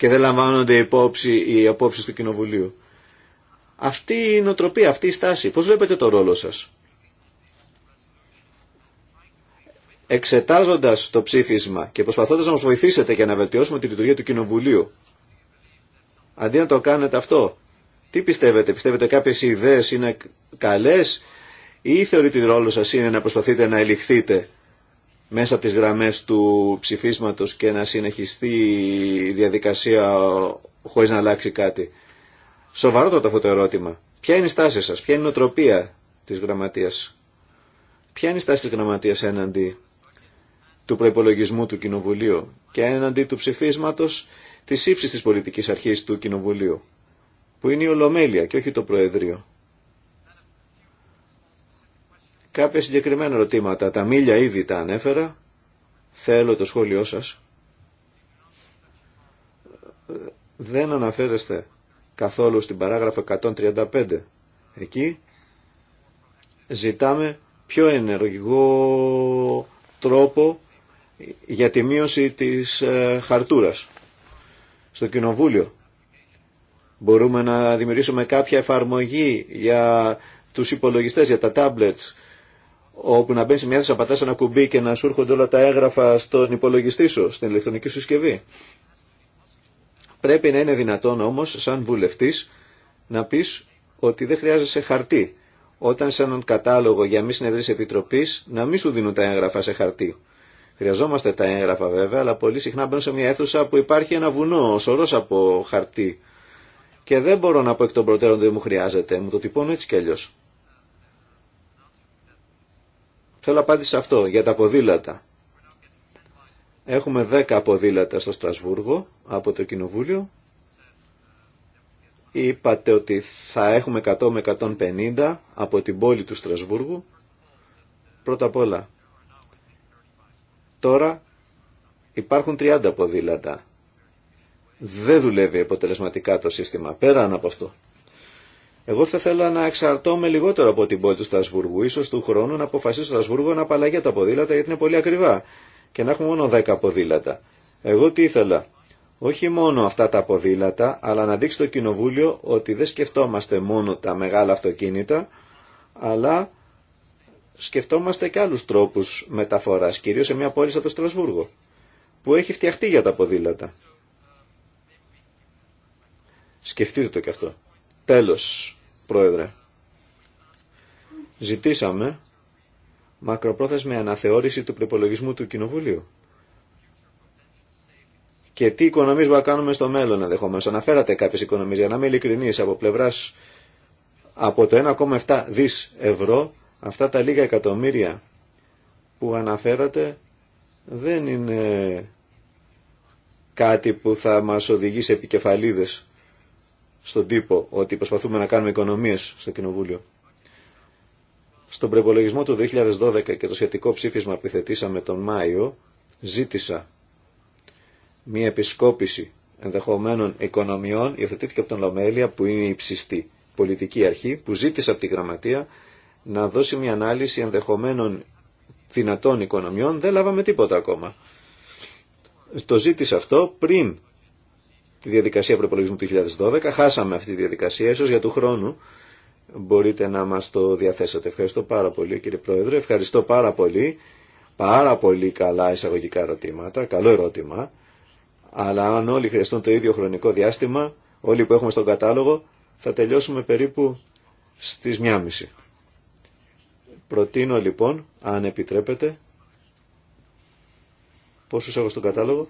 και δεν λαμβάνονται υπόψη οι απόψεις του Κοινοβουλίου. Αυτή η νοοτροπία, αυτή η στάση, πώς βλέπετε το ρόλο σας. Εξετάζοντας το ψήφισμα και προσπαθώντας να μας βοηθήσετε για να βελτιώσουμε τη λειτουργία του Κοινοβουλίου, αντί να το κάνετε αυτό, τι πιστεύετε, πιστεύετε κάποιες ιδέες είναι καλές ή θεωρείτε ότι ρόλο σας είναι να προσπαθείτε να ελιχθείτε μέσα από τις γραμμές του ψηφίσματος και να συνεχιστεί η διαδικασία χωρίς να αλλάξει κάτι. Σοβαρότατο αυτό το ερώτημα. Ποια είναι η στάση σας, ποια είναι η νοοτροπία της γραμματείας. Ποια είναι η στάση της γραμματείας έναντι του προπολογισμού του Κοινοβουλίου και έναντι του ψηφίσματος της ύψης της πολιτικής αρχής του Κοινοβουλίου, που είναι η Ολομέλεια και όχι το Προεδρείο. Κάποια συγκεκριμένα ερωτήματα. Τα μίλια ήδη τα ανέφερα. Θέλω το σχόλιο σας. Δεν αναφέρεστε καθόλου στην παράγραφο 135. Εκεί ζητάμε πιο ενεργό τρόπο για τη μείωση της ε, χαρτούρας στο Κοινοβούλιο. Μπορούμε να δημιουργήσουμε κάποια εφαρμογή για τους υπολογιστές, για τα tablets, όπου να μπαίνει σε μια θέση να πατάς ένα κουμπί και να σου έρχονται όλα τα έγγραφα στον υπολογιστή σου, στην ηλεκτρονική σου συσκευή. Πρέπει να είναι δυνατόν όμω, σαν βουλευτή, να πει ότι δεν χρειάζεσαι χαρτί. Όταν σε έναν κατάλογο για μη συνεδρία επιτροπή να μην σου δίνουν τα έγγραφα σε χαρτί. Χρειαζόμαστε τα έγγραφα βέβαια, αλλά πολύ συχνά μπαίνω σε μια αίθουσα που υπάρχει ένα βουνό, σωρό από χαρτί. Και δεν μπορώ να πω εκ των προτέρων ότι μου χρειάζεται, μου το τυπώνω έτσι κι άλλιω. Θέλω απάντηση σε αυτό, για τα ποδήλατα. Έχουμε 10 ποδήλατα στο Στρασβούργο από το Κοινοβούλιο. Είπατε ότι θα έχουμε 100 με 150 από την πόλη του Στρασβούργου. Πρώτα απ' όλα, τώρα υπάρχουν 30 ποδήλατα. Δεν δουλεύει αποτελεσματικά το σύστημα πέραν από αυτό. Εγώ θα θέλω να εξαρτώ με λιγότερο από την πόλη του Στρασβούργου. Ίσως του χρόνου να αποφασίσει στο Στρασβούργο να απαλλαγεί τα ποδήλατα γιατί είναι πολύ ακριβά και να έχουμε μόνο 10 ποδήλατα. Εγώ τι ήθελα. Όχι μόνο αυτά τα ποδήλατα, αλλά να δείξει το Κοινοβούλιο ότι δεν σκεφτόμαστε μόνο τα μεγάλα αυτοκίνητα, αλλά σκεφτόμαστε και άλλους τρόπους μεταφοράς, κυρίως σε μια πόλη σαν το Στρασβούργο, που έχει φτιαχτεί για τα ποδήλατα. Σκεφτείτε το κι αυτό. Τέλος. Πρόεδρε. Ζητήσαμε μακροπρόθεσμη αναθεώρηση του προπολογισμού του Κοινοβουλίου. Και τι οικονομίε να κάνουμε στο μέλλον ενδεχομένω. Αναφέρατε κάποιε οικονομίε. Για να είμαι ειλικρινή, από πλευρά από το 1,7 δι ευρώ, αυτά τα λίγα εκατομμύρια που αναφέρατε δεν είναι κάτι που θα μας οδηγεί σε επικεφαλίδες στον τύπο ότι προσπαθούμε να κάνουμε οικονομίες στο Κοινοβούλιο. Στον προπολογισμό του 2012 και το σχετικό ψήφισμα που θετήσαμε τον Μάιο, ζήτησα μια επισκόπηση ενδεχομένων οικονομιών, υιοθετήθηκε από τον Λομέλια, που είναι η ψηστή πολιτική αρχή, που ζήτησε από τη Γραμματεία να δώσει μια ανάλυση ενδεχομένων δυνατών οικονομιών, δεν λάβαμε τίποτα ακόμα. Το ζήτησα αυτό πριν τη διαδικασία προπολογισμού του 2012. Χάσαμε αυτή τη διαδικασία, ίσως για του χρόνου μπορείτε να μας το διαθέσετε. Ευχαριστώ πάρα πολύ κύριε Πρόεδρε, ευχαριστώ πάρα πολύ. Πάρα πολύ καλά εισαγωγικά ερωτήματα, καλό ερώτημα. Αλλά αν όλοι χρειαστούν το ίδιο χρονικό διάστημα, όλοι που έχουμε στον κατάλογο, θα τελειώσουμε περίπου στις μισή. Προτείνω λοιπόν, αν επιτρέπετε, πόσους έχω στον κατάλογο,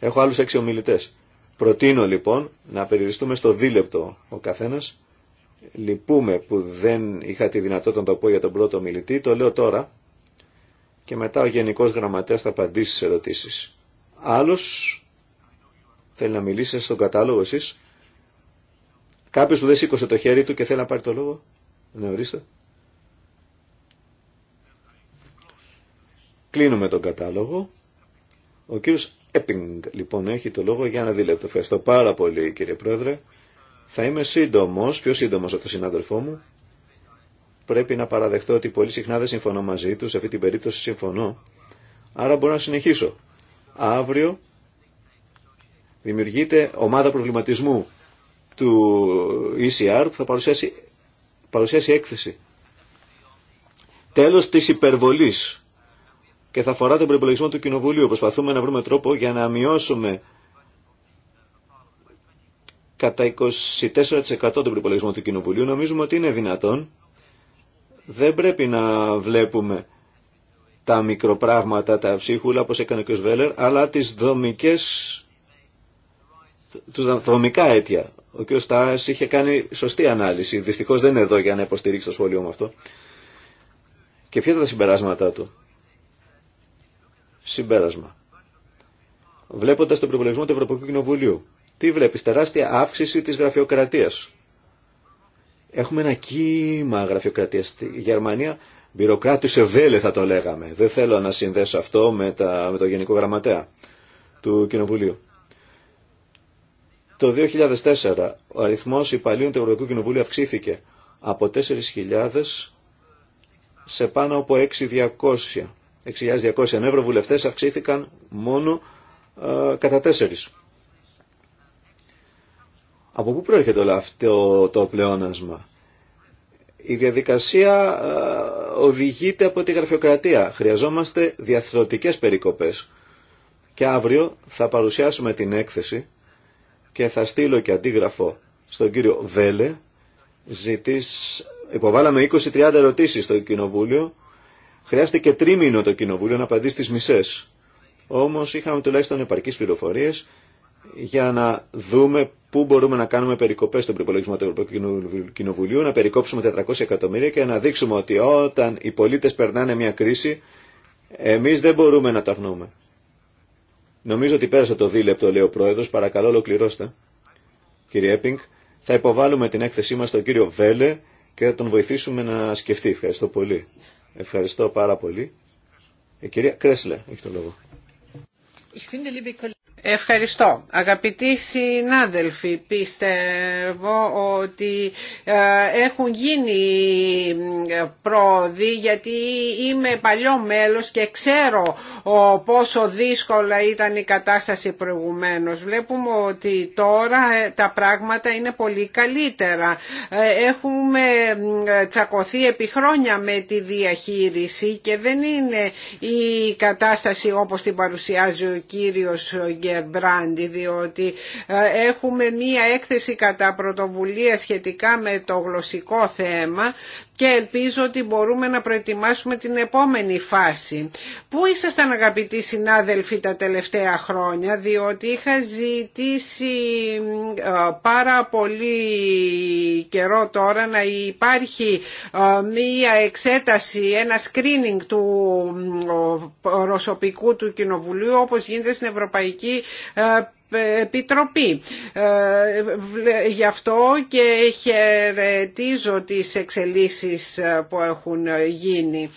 έχω άλλους έξι ομιλητές. Προτείνω λοιπόν να περιοριστούμε στο δίλεπτο ο καθένας. Λυπούμε που δεν είχα τη δυνατότητα να το πω για τον πρώτο μιλητή, το λέω τώρα και μετά ο Γενικός Γραμματέας θα απαντήσει στι ερωτήσει. Άλλο θέλει να μιλήσει στον κατάλογο εσεί. Κάποιος που δεν σήκωσε το χέρι του και θέλει να πάρει το λόγο. Ναι, ορίστε. Κλείνουμε τον κατάλογο. Ο κύριος Έπινγκ λοιπόν έχει το λόγο για ένα δίλεπτο. Ευχαριστώ πάρα πολύ κύριε Πρόεδρε. Θα είμαι σύντομος, πιο σύντομος από τον συνάδελφό μου. Πρέπει να παραδεχτώ ότι πολύ συχνά δεν συμφωνώ μαζί του, σε αυτή την περίπτωση συμφωνώ. Άρα μπορώ να συνεχίσω. Αύριο δημιουργείται ομάδα προβληματισμού του ECR που θα παρουσιάσει, παρουσιάσει έκθεση. Τέλος της υπερβολής και θα αφορά τον προπολογισμό του Κοινοβουλίου. Προσπαθούμε να βρούμε τρόπο για να μειώσουμε κατά 24% τον προπολογισμό του Κοινοβουλίου. Νομίζουμε ότι είναι δυνατόν. Δεν πρέπει να βλέπουμε τα μικροπράγματα, τα ψίχουλα, όπως έκανε ο ο Βέλερ, αλλά τις δομικές, τους δομικά αίτια. Ο κ. Στάς είχε κάνει σωστή ανάλυση. Δυστυχώς δεν είναι εδώ για να υποστηρίξει το σχόλιο μου αυτό. Και ποια ήταν τα συμπεράσματά του. Συμπέρασμα. Βλέποντα τον προπολογισμό του Ευρωπαϊκού Κοινοβουλίου, τι βλέπει, τεράστια αύξηση τη γραφειοκρατία. Έχουμε ένα κύμα γραφειοκρατία στη Γερμανία. σε βέλε θα το λέγαμε. Δεν θέλω να συνδέσω αυτό με, τα, με το Γενικό Γραμματέα του Κοινοβουλίου. Το 2004 ο αριθμός υπαλλήλων του Ευρωπαϊκού Κοινοβουλίου αυξήθηκε από 4.000 σε πάνω από 6.200. 6.200 ευρώ βουλευτές αυξήθηκαν μόνο ε, κατά τέσσερις. Από πού προέρχεται όλο αυτό το πλεόνασμα. Η διαδικασία ε, οδηγείται από τη γραφειοκρατία. Χρειαζόμαστε διαθροτικές περικοπές. Και αύριο θα παρουσιάσουμε την έκθεση και θα στείλω και αντίγραφο στον κύριο Ζητής... Υποβάλαμε 20-30 ερωτήσεις στο Κοινοβούλιο Χρειάστηκε τρίμηνο το Κοινοβούλιο να απαντήσει στις μισές. Όμως είχαμε τουλάχιστον επαρκείς πληροφορίες για να δούμε πού μπορούμε να κάνουμε περικοπές στον προπολογισμό του Ευρωπαϊκού Κοινοβουλίου, να περικόψουμε 400 εκατομμύρια και να δείξουμε ότι όταν οι πολίτες περνάνε μια κρίση, εμείς δεν μπορούμε να τα γνώμε. Νομίζω ότι πέρασε το δίλεπτο, λέει ο Πρόεδρος, παρακαλώ ολοκληρώστε. Κύριε Έπινγκ, θα υποβάλουμε την έκθεσή μας στον κύριο Βέλε και θα τον βοηθήσουμε να σκεφτεί. Ευχαριστώ πολύ. Ευχαριστώ πάρα πολύ. Η ε, κυρία Κρέσλε έχει το λόγο. Ευχαριστώ. Αγαπητοί συνάδελφοι, πιστεύω ότι ε, έχουν γίνει ε, πρόοδοι γιατί είμαι παλιό μέλος και ξέρω πόσο δύσκολα ήταν η κατάσταση προηγουμένως. Βλέπουμε ότι τώρα ε, τα πράγματα είναι πολύ καλύτερα. Έχουμε τσακωθεί επί χρόνια με τη διαχείριση και δεν είναι η κατάσταση όπως την παρουσιάζει ο κύριος Γκέρ Μπράντι διότι ε, έχουμε μία έκθεση κατά πρωτοβουλία σχετικά με το γλωσσικό θέμα και ελπίζω ότι μπορούμε να προετοιμάσουμε την επόμενη φάση. Πού ήσασταν αγαπητοί συνάδελφοι τα τελευταία χρόνια, διότι είχα ζητήσει ε, πάρα πολύ καιρό τώρα να υπάρχει ε, μία εξέταση, ένα screening του ε, προσωπικού του Κοινοβουλίου όπως γίνεται στην Ευρωπαϊκή Επιτροπή. Ε, γι' αυτό και χαιρετίζω τις εξελίσεις που έχουν γίνει.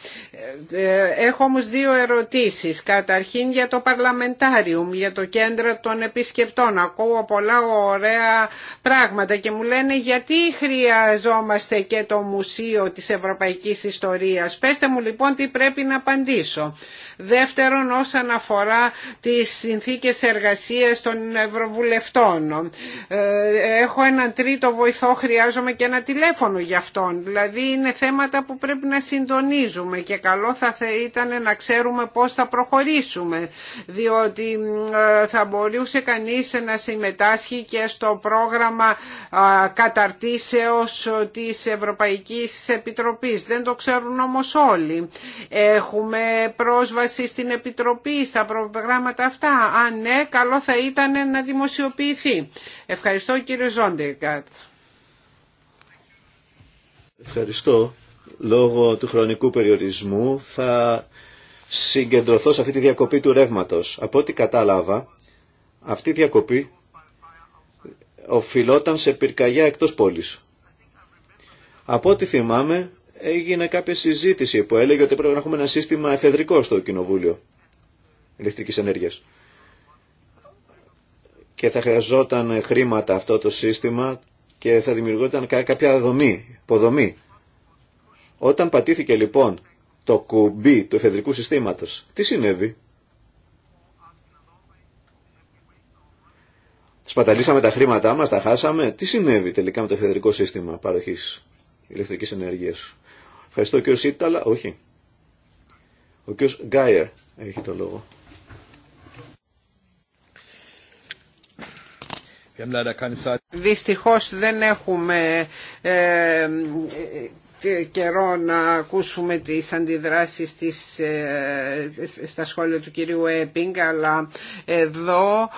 Ε, έχω όμως δύο ερωτήσεις. Καταρχήν για το Παρλαμεντάριουμ, για το κέντρο των επισκεπτών. Ακούω πολλά ωραία πράγματα και μου λένε γιατί χρειαζόμαστε και το Μουσείο της Ευρωπαϊκής Ιστορίας. Πεςτε μου λοιπόν τι πρέπει να απαντήσω. Δεύτερον, όσον αφορά τις συνθήκες εργασίας των Ευρωβουλευτών. Ε, έχω έναν τρίτο βοηθό, χρειάζομαι και ένα τηλέφωνο για αυτόν. Δηλαδή είναι θέματα που πρέπει να συντονίζουμε και καλό θα ήταν να ξέρουμε πώς θα προχωρήσουμε. Διότι ε, θα μπορούσε κανείς να συμμετάσχει και στο πρόγραμμα καταρτήσεως της Ευρωπαϊκής Επιτροπής. Δεν το ξέρουν όμως όλοι. Έχουμε πρόσβαση στην Επιτροπή στα προγράμματα αυτά. Αν ναι, καλό θα ήταν να δημοσιοποιηθεί. Ευχαριστώ κύριε Ζόντεγκατ. Ευχαριστώ. Λόγω του χρονικού περιορισμού θα συγκεντρωθώ σε αυτή τη διακοπή του ρεύματος. Από ό,τι κατάλαβα, αυτή η διακοπή οφειλόταν σε πυρκαγιά εκτός πόλης. Από ό,τι θυμάμαι, έγινε κάποια συζήτηση που έλεγε ότι πρέπει να έχουμε ένα σύστημα εφεδρικό στο Κοινοβούλιο ηλεκτρικής ενέργειας. Και θα χρειαζόταν χρήματα αυτό το σύστημα και θα δημιουργόταν κάποια δομή, υποδομή. Όταν πατήθηκε λοιπόν το κουμπί του εφεδρικού συστήματος, τι συνέβη. Σπαταλήσαμε τα χρήματά μας, τα χάσαμε. Τι συνέβη τελικά με το εφεδρικό σύστημα παροχής ηλεκτρικής ενέργειας. Ευχαριστώ ο κύριος Όχι. Ο κύριο Γκάιερ έχει το λόγο. Δυστυχώς δεν έχουμε ε, ε, καιρό να ακούσουμε τις αντιδράσεις της, ε, στα σχόλια του κυρίου Έπινγκ αλλά εδώ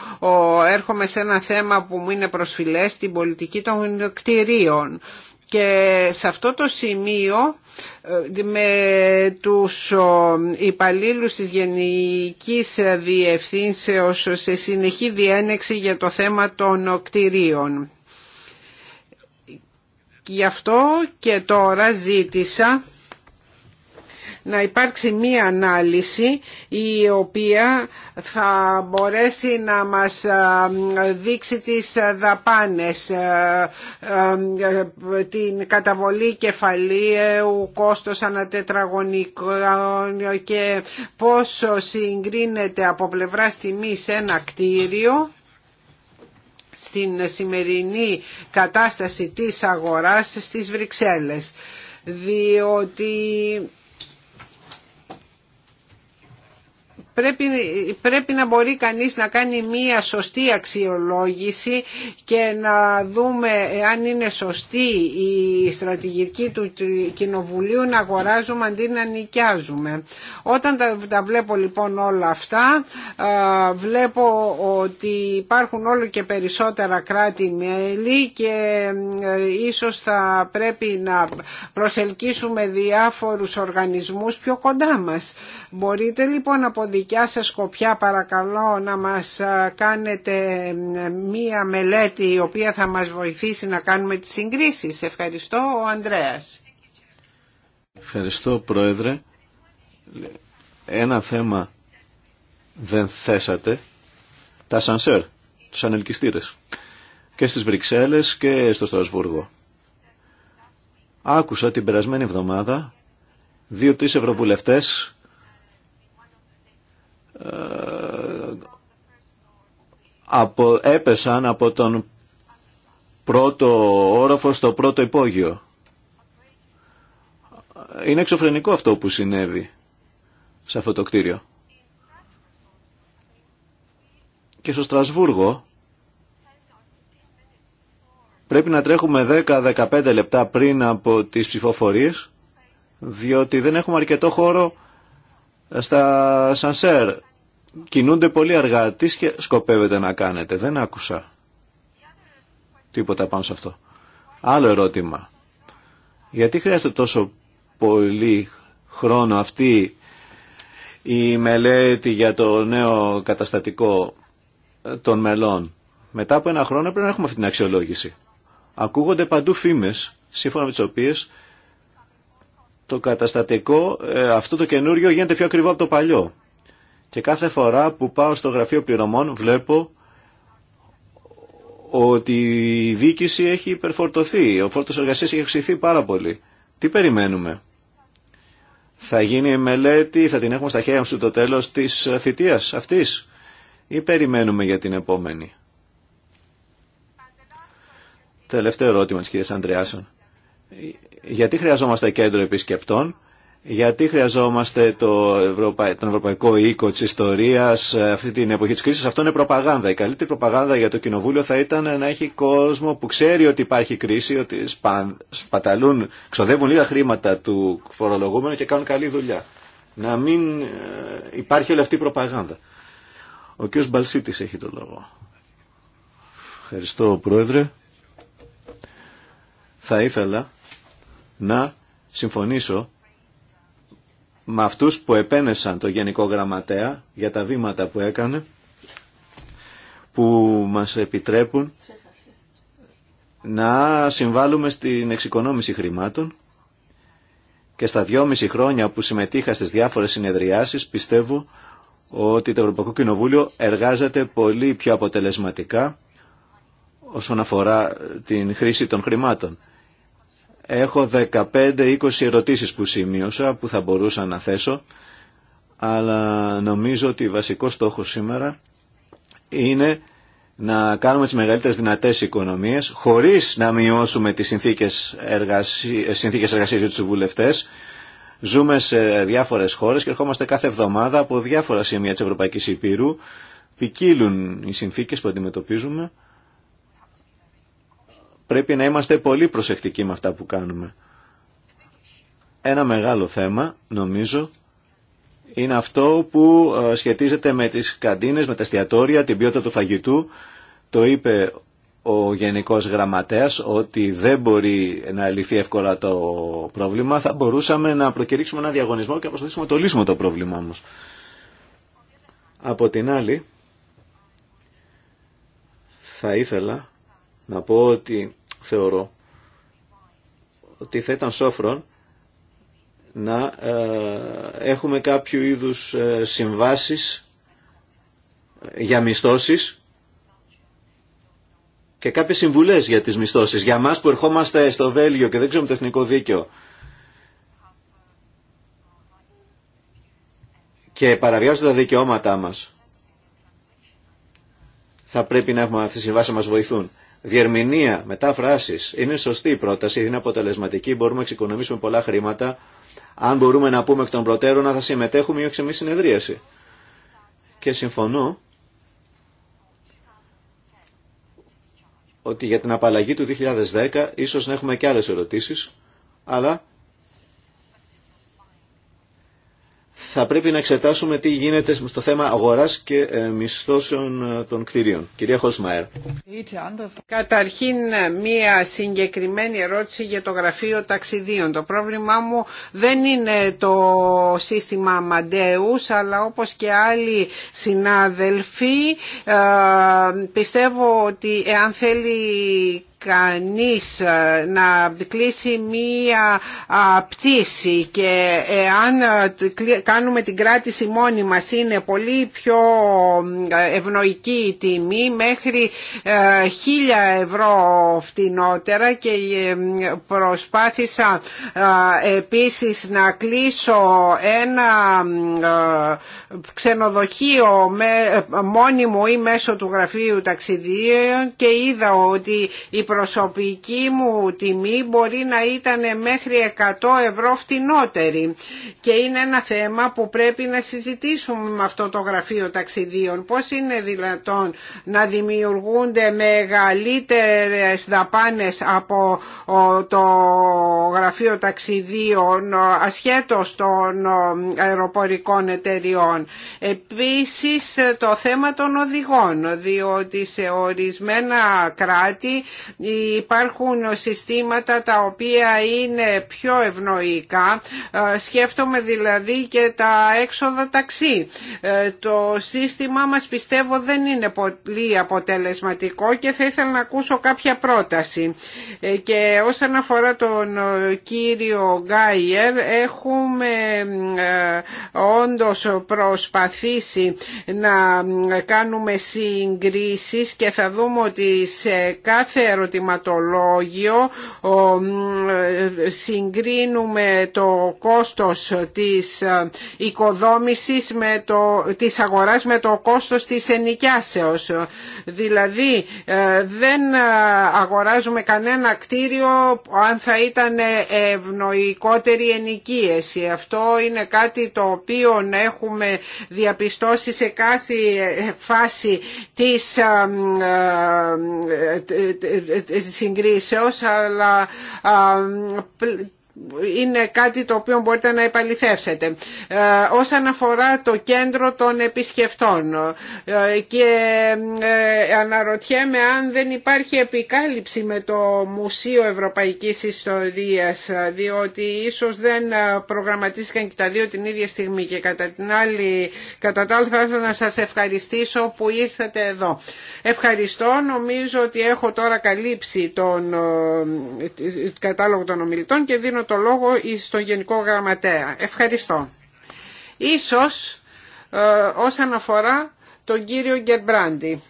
έρχομαι σε ένα θέμα που μου είναι προσφυλές την πολιτική των κτηρίων και σε αυτό το σημείο ε, με τους υπαλλήλους της Γενικής Διευθύνσεως σε συνεχή διένεξη για το θέμα των κτηρίων. Γι' αυτό και τώρα ζήτησα να υπάρξει μία ανάλυση η οποία θα μπορέσει να μας δείξει τις δαπάνες, την καταβολή κεφαλαίου, κόστος ανατετραγωνικών και πόσο συγκρίνεται από πλευράς τιμής ένα κτίριο στην σημερινή κατάσταση της αγοράς στις Βρυξέλλες διότι Πρέπει, πρέπει να μπορεί κανείς να κάνει μία σωστή αξιολόγηση και να δούμε αν είναι σωστή η στρατηγική του Κοινοβουλίου να αγοράζουμε αντί να νοικιάζουμε. Όταν τα, βλέπω λοιπόν όλα αυτά βλέπω ότι υπάρχουν όλο και περισσότερα κράτη-μέλη και ε, ίσως θα πρέπει να προσελκύσουμε διάφορους οργανισμούς πιο κοντά μας. Μπορείτε λοιπόν να δικιά σας σκοπιά παρακαλώ να μας κάνετε μία μελέτη η οποία θα μας βοηθήσει να κάνουμε τις συγκρίσεις. Ευχαριστώ ο Ανδρέας. Ευχαριστώ Πρόεδρε. Ένα θέμα δεν θέσατε. Τα σανσέρ, τους ανελκυστήρες. Και στις Βρυξέλλες και στο Στρασβούργο. Άκουσα την περασμένη εβδομάδα δύο-τρεις ευρωβουλευτές ε, από, έπεσαν από τον πρώτο όροφο στο πρώτο υπόγειο. Είναι εξωφρενικό αυτό που συνέβη σε αυτό το κτίριο. Και στο Στρασβούργο πρέπει να τρέχουμε 10-15 λεπτά πριν από τις ψηφοφορίες διότι δεν έχουμε αρκετό χώρο στα σανσέρ κινούνται πολύ αργά. Τι σκοπεύετε να κάνετε. Δεν άκουσα τίποτα πάνω σε αυτό. Άλλο ερώτημα. Γιατί χρειάζεται τόσο πολύ χρόνο αυτή η μελέτη για το νέο καταστατικό των μελών. Μετά από ένα χρόνο πρέπει να έχουμε αυτή την αξιολόγηση. Ακούγονται παντού φήμες, σύμφωνα με τις οποίες το καταστατικό ε, αυτό το καινούριο γίνεται πιο ακριβό από το παλιό. Και κάθε φορά που πάω στο γραφείο πληρωμών βλέπω ότι η δίκηση έχει υπερφορτωθεί, ο φόρτος εργασίας έχει αυξηθεί πάρα πολύ. Τι περιμένουμε. Θα γίνει η μελέτη, θα την έχουμε στα χέρια μου το τέλος της θητείας αυτής ή περιμένουμε για την επόμενη. Τελευταίο ερώτημα της κυρίας Αντριάσον. Ε, γιατί χρειαζόμαστε κέντρο επισκεπτών γιατί χρειαζόμαστε το τον ευρωπαϊκό οίκο τη ιστορία ε, αυτή την εποχή τη κρίση. Αυτό είναι προπαγάνδα. Η καλύτερη προπαγάνδα για το Κοινοβούλιο θα ήταν να έχει κόσμο που ξέρει ότι υπάρχει κρίση, ότι σπαταλούν, ξοδεύουν λίγα χρήματα του φορολογούμενου και κάνουν καλή δουλειά. Να μην ε, υπάρχει όλη αυτή η προπαγάνδα. Ο κ. Μπαλσίτης έχει το λόγο. Ευχαριστώ, Πρόεδρε. Θα ήθελα να συμφωνήσω με αυτούς που επένεσαν το Γενικό Γραμματέα για τα βήματα που έκανε, που μας επιτρέπουν να συμβάλλουμε στην εξοικονόμηση χρημάτων και στα δυόμιση χρόνια που συμμετείχα στις διάφορες συνεδριάσεις πιστεύω ότι το Ευρωπαϊκό Κοινοβούλιο εργάζεται πολύ πιο αποτελεσματικά όσον αφορά την χρήση των χρημάτων. Έχω 15-20 ερωτήσεις που σημείωσα που θα μπορούσα να θέσω, αλλά νομίζω ότι βασικό στόχος σήμερα είναι να κάνουμε τις μεγαλύτερες δυνατές οικονομίες χωρίς να μειώσουμε τις συνθήκες, ε, εργασίας, συνθήκες για τους βουλευτές. Ζούμε σε διάφορες χώρες και ερχόμαστε κάθε εβδομάδα από διάφορα σημεία της Ευρωπαϊκής Υπήρου. Ποικίλουν οι συνθήκες που αντιμετωπίζουμε. Πρέπει να είμαστε πολύ προσεκτικοί με αυτά που κάνουμε. Ένα μεγάλο θέμα, νομίζω, είναι αυτό που ε, σχετίζεται με τις καντίνες, με τα εστιατόρια, την ποιότητα του φαγητού. Το είπε ο Γενικός Γραμματέας ότι δεν μπορεί να λυθεί εύκολα το πρόβλημα. Θα μπορούσαμε να προκηρύξουμε ένα διαγωνισμό και να προσπαθήσουμε να το λύσουμε το πρόβλημα όμως. Από την άλλη, θα ήθελα να πω ότι θεωρώ ότι θα ήταν σόφρον να ε, έχουμε κάποιο είδους ε, συμβάσεις ε, για μισθώσεις και κάποιες συμβουλές για τις μισθώσεις. Για μας που ερχόμαστε στο Βέλγιο και δεν ξέρουμε το εθνικό δίκαιο και παραβιάζονται τα δικαιώματά μας θα πρέπει να έχουμε αυτές οι συμβάσεις να μας βοηθούν διερμηνία, μετά Είναι σωστή η πρόταση, είναι αποτελεσματική, μπορούμε να εξοικονομήσουμε πολλά χρήματα. Αν μπορούμε να πούμε εκ των προτέρων να θα συμμετέχουμε ή όχι σε συνεδρίαση. Και συμφωνώ ότι για την απαλλαγή του 2010 ίσως να έχουμε και άλλες ερωτήσεις, αλλά θα πρέπει να εξετάσουμε τι γίνεται στο θέμα αγοράς και ε, μισθώσεων ε, των κτηρίων. Κυρία Χώσμαερ. Καταρχήν ε, μία συγκεκριμένη ερώτηση για το γραφείο ταξιδίων. Το πρόβλημά μου δεν είναι το σύστημα Μαντέους, αλλά όπως και άλλοι συνάδελφοι πιστεύω ότι εάν θέλει κανείς ε, να κλείσει μία πτήση και ε, αν ε, κάνουμε την κράτηση μόνη μας είναι πολύ πιο ευνοϊκή η τιμή μέχρι χίλια ευρώ φτηνότερα και προσπάθησα επίσης να κλείσω ένα ξενοδοχείο μόνιμο ή μέσω του γραφείου ταξιδίων και είδα ότι η προσωπική μου τιμή μπορεί να ήταν μέχρι 100 ευρώ φτηνότερη και είναι ένα θέμα που πρέπει να συζητήσουμε με αυτό το γραφείο ταξιδίων. Πώς είναι δυνατόν να δημιουργούνται μεγαλύτερες δαπάνες από το γραφείο ταξιδίων ασχέτως των αεροπορικών εταιριών. Επίσης το θέμα των οδηγών, διότι σε ορισμένα κράτη Υπάρχουν συστήματα τα οποία είναι πιο ευνοϊκά. Ε, σκέφτομαι δηλαδή και τα έξοδα ταξί. Ε, το σύστημά μας πιστεύω δεν είναι πολύ αποτελεσματικό και θα ήθελα να ακούσω κάποια πρόταση. Ε, και όσον αφορά τον κύριο Γκάιερ έχουμε όντως προσπαθήσει να κάνουμε συγκρίσεις και θα δούμε ότι σε κάθε ερωτήριο ερωτηματολόγιο συγκρίνουμε το κόστος της ε, οικοδόμησης με το, της αγοράς με το κόστος της ενοικιάσεως. Δηλαδή ε, δεν ε, αγοράζουμε κανένα κτίριο αν θα ήταν ευνοϊκότερη ενοικίεση. Αυτό είναι κάτι το οποίο έχουμε διαπιστώσει σε κάθε φάση της συγκρίσεως αλλά είναι κάτι το οποίο μπορείτε να επαληθεύσετε. Ε, όσον αφορά το κέντρο των επισκεφτών ε, και ε, αναρωτιέμαι αν δεν υπάρχει επικάλυψη με το Μουσείο Ευρωπαϊκής Ιστορίας διότι ίσως δεν προγραμματίστηκαν και τα δύο την ίδια στιγμή και κατά την άλλη κατά τα άλλα θα ήθελα να σας ευχαριστήσω που ήρθατε εδώ. Ευχαριστώ. Νομίζω ότι έχω τώρα καλύψει τον κατάλογο των ομιλητών και δίνω το λόγο στον Γενικό Γραμματέα. Ευχαριστώ. Ίσως ε, όσον αφορά τον κύριο Γκερμπράντι.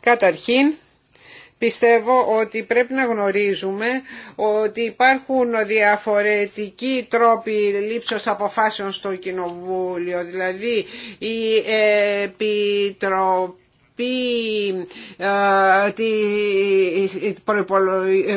Καταρχήν, Πιστεύω ότι πρέπει να γνωρίζουμε ότι υπάρχουν διαφορετικοί τρόποι λήψεως αποφάσεων στο Κοινοβούλιο. Δηλαδή η Επιτροπή ε, ε,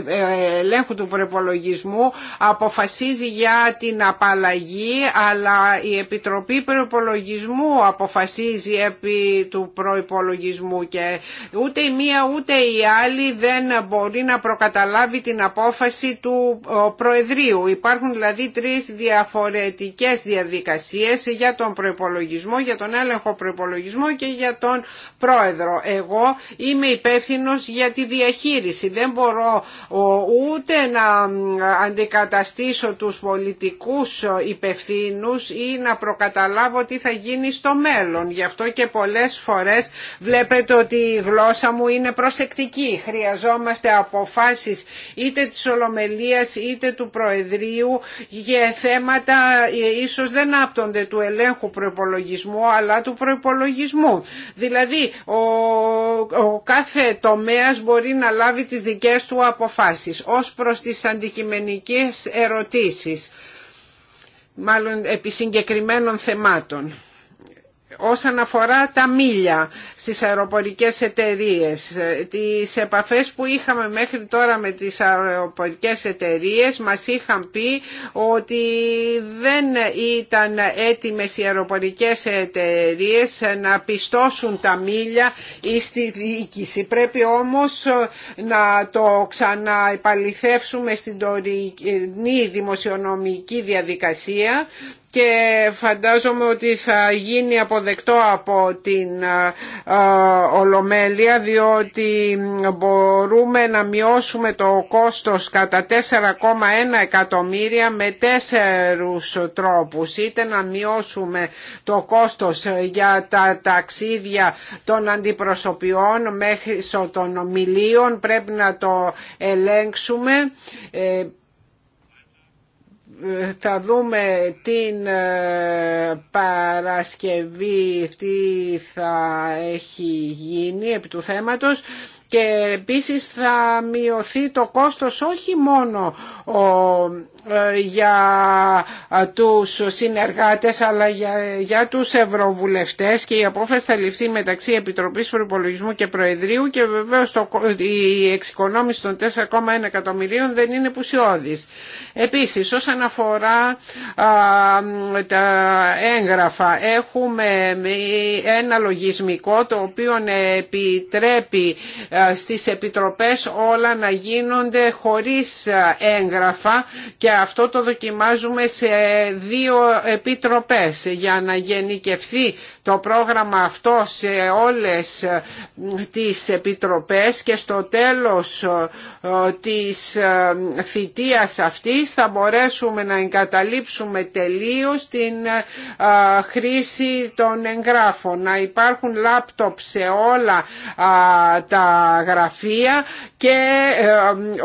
ε, ελέγχου του προπολογισμού αποφασίζει για την απαλλαγή αλλά η Επιτροπή Προπολογισμού αποφασίζει επί του προϋπολογισμού και ούτε η μία ούτε η άλλη δεν μπορεί να προκαταλάβει την απόφαση του Προεδρείου. Υπάρχουν δηλαδή τρεις διαφορετικές διαδικασίες για τον προπολογισμό, για τον έλεγχο προϋπολογισμό και για τον Πρόεδρο εγώ είμαι υπεύθυνο για τη διαχείριση. Δεν μπορώ ούτε να αντικαταστήσω τους πολιτικούς υπευθύνου ή να προκαταλάβω τι θα γίνει στο μέλλον. Γι' αυτό και πολλές φορές βλέπετε ότι η γλώσσα μου είναι προσεκτική. Χρειαζόμαστε αποφάσεις είτε της Ολομελίας είτε του Προεδρείου για θέματα ε, ίσως δεν άπτονται του ελέγχου προπολογισμού αλλά του προπολογισμού. Δηλαδή ο κάθε τομέας μπορεί να λάβει τις δικές του αποφάσεις. Ως προς τις αντικειμενικές ερωτήσεις, μάλλον επί συγκεκριμένων θεμάτων όσον αφορά τα μίλια στις αεροπορικές εταιρείες. Τις επαφές που είχαμε μέχρι τώρα με τις αεροπορικές εταιρείες μας είχαν πει ότι δεν ήταν έτοιμες οι αεροπορικές εταιρείες να πιστώσουν τα μίλια ή στη διοίκηση. Πρέπει όμως να το ξαναεπαληθεύσουμε στην τωρινή δημοσιονομική διαδικασία και φαντάζομαι ότι θα γίνει αποδεκτό από την Ολομέλεια διότι μπορούμε να μειώσουμε το κόστος κατά 4,1 εκατομμύρια με τέσσερους τρόπους είτε να μειώσουμε το κόστος για τα ταξίδια των αντιπροσωπιών μέχρι των ομιλίων πρέπει να το ελέγξουμε ε, θα δούμε την ε, Παρασκευή τι θα έχει γίνει επί του θέματος και επίσης θα μειωθεί το κόστος όχι μόνο ο ε, για ε, τους συνεργάτες αλλά για, για τους ευρωβουλευτές και η απόφαση θα ληφθεί μεταξύ Επιτροπής Προπολογισμού και Προεδρίου και βεβαίως το, η εξοικονόμηση των 4,1 εκατομμυρίων δεν είναι πουσιώδης. Επίσης όσον αφορά τα έγγραφα έχουμε ένα λογισμικό το οποίο επιτρέπει ε, στις επιτροπές όλα να γίνονται χωρίς έγγραφα και αυτό το δοκιμάζουμε σε δύο επιτροπές για να γενικευθεί το πρόγραμμα αυτό σε όλες ε, τις επιτροπές και στο τέλος ε, της ε, θητείας αυτής θα μπορέσουμε να εγκαταλείψουμε τελείως την χρήση των εγγράφων. Να υπάρχουν λάπτοπ σε όλα τα γραφεία και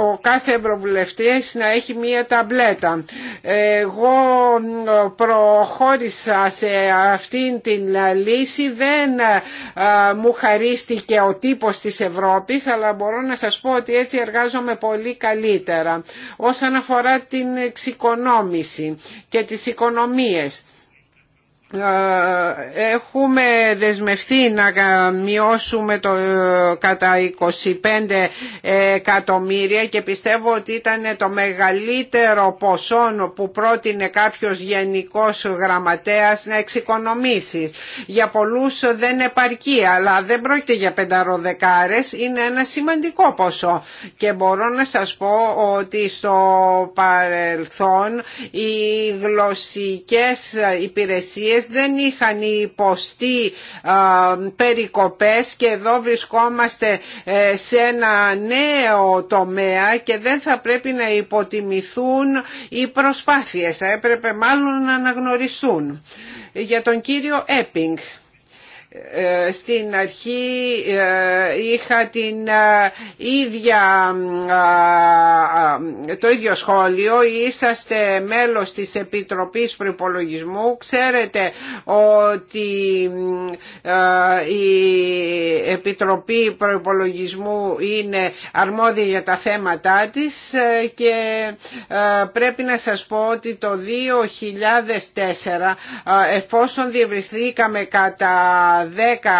ο κάθε ευρωβουλευτής να έχει μία ταμπλή ταμπλέτα. Εγώ προχώρησα σε αυτήν την λύση, δεν μου χαρίστηκε ο τύπος της Ευρώπης, αλλά μπορώ να σας πω ότι έτσι εργάζομαι πολύ καλύτερα. Όσον αφορά την εξοικονόμηση και τις οικονομίες, έχουμε δεσμευτεί να μειώσουμε το κατά 25 εκατομμύρια και πιστεύω ότι ήταν το μεγαλύτερο ποσό που πρότεινε κάποιος γενικός γραμματέας να εξοικονομήσει. Για πολλούς δεν επαρκεί αλλά δεν πρόκειται για πενταροδεκάρες είναι ένα σημαντικό ποσό και μπορώ να σας πω ότι στο παρελθόν οι γλωσσικές υπηρεσίες δεν είχαν υποστεί περικοπές και εδώ βρισκόμαστε ε, σε ένα νέο τομέα και δεν θα πρέπει να υποτιμηθούν οι προσπάθειες. Θα έπρεπε μάλλον να αναγνωριστούν. Για τον κύριο Έπινγκ. Ε, στην αρχή ε, είχα την ε, ίδια, το ίδιο σχόλιο είσαστε μέλος της Επιτροπής Προϋπολογισμού ξέρετε ότι η Επιτροπή Προϋπολογισμού είναι αρμόδια για τα θέματα της και πρέπει να σας πω ότι το 2004 εφόσον διευρυνθήκαμε κατά δέκα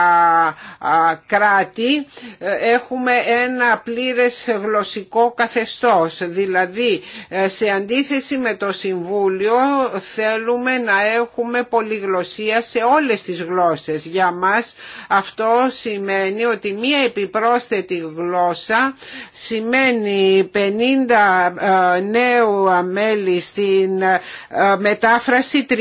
κράτη ε, έχουμε ένα πλήρες γλωσσικό καθεστώς. Δηλαδή ε, σε αντίθεση με το Συμβούλιο θέλουμε να έχουμε πολυγλωσία σε όλες τις γλώσσες. Για μας αυτό σημαίνει ότι μία επιπρόσθετη γλώσσα σημαίνει 50 ε, νέου μέλη στην μετάφραση, 30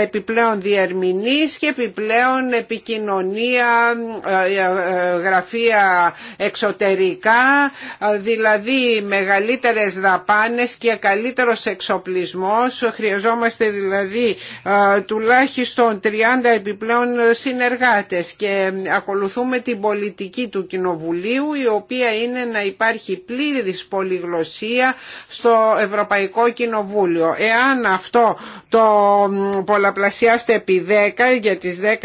επιπλέον διερμηνείς και επιπλέον επικοινωνία ε, ε, γραφεία εξωτερικά, ε, δηλαδή μεγαλύτερες δαπάνες και καλύτερος εξοπλισμός. Χρειαζόμαστε δηλαδή τουλάχιστον 30 επιπλέον συνεργάτες και ακολουθούμε την πολιτική του Κοινοβουλίου η οποία είναι να υπάρχει πλήρης πολυγλωσία στο Ευρωπαϊκό Κοινοβούλιο. Εάν αυτό το πολλαπλασιάστε επί 10 για τις 10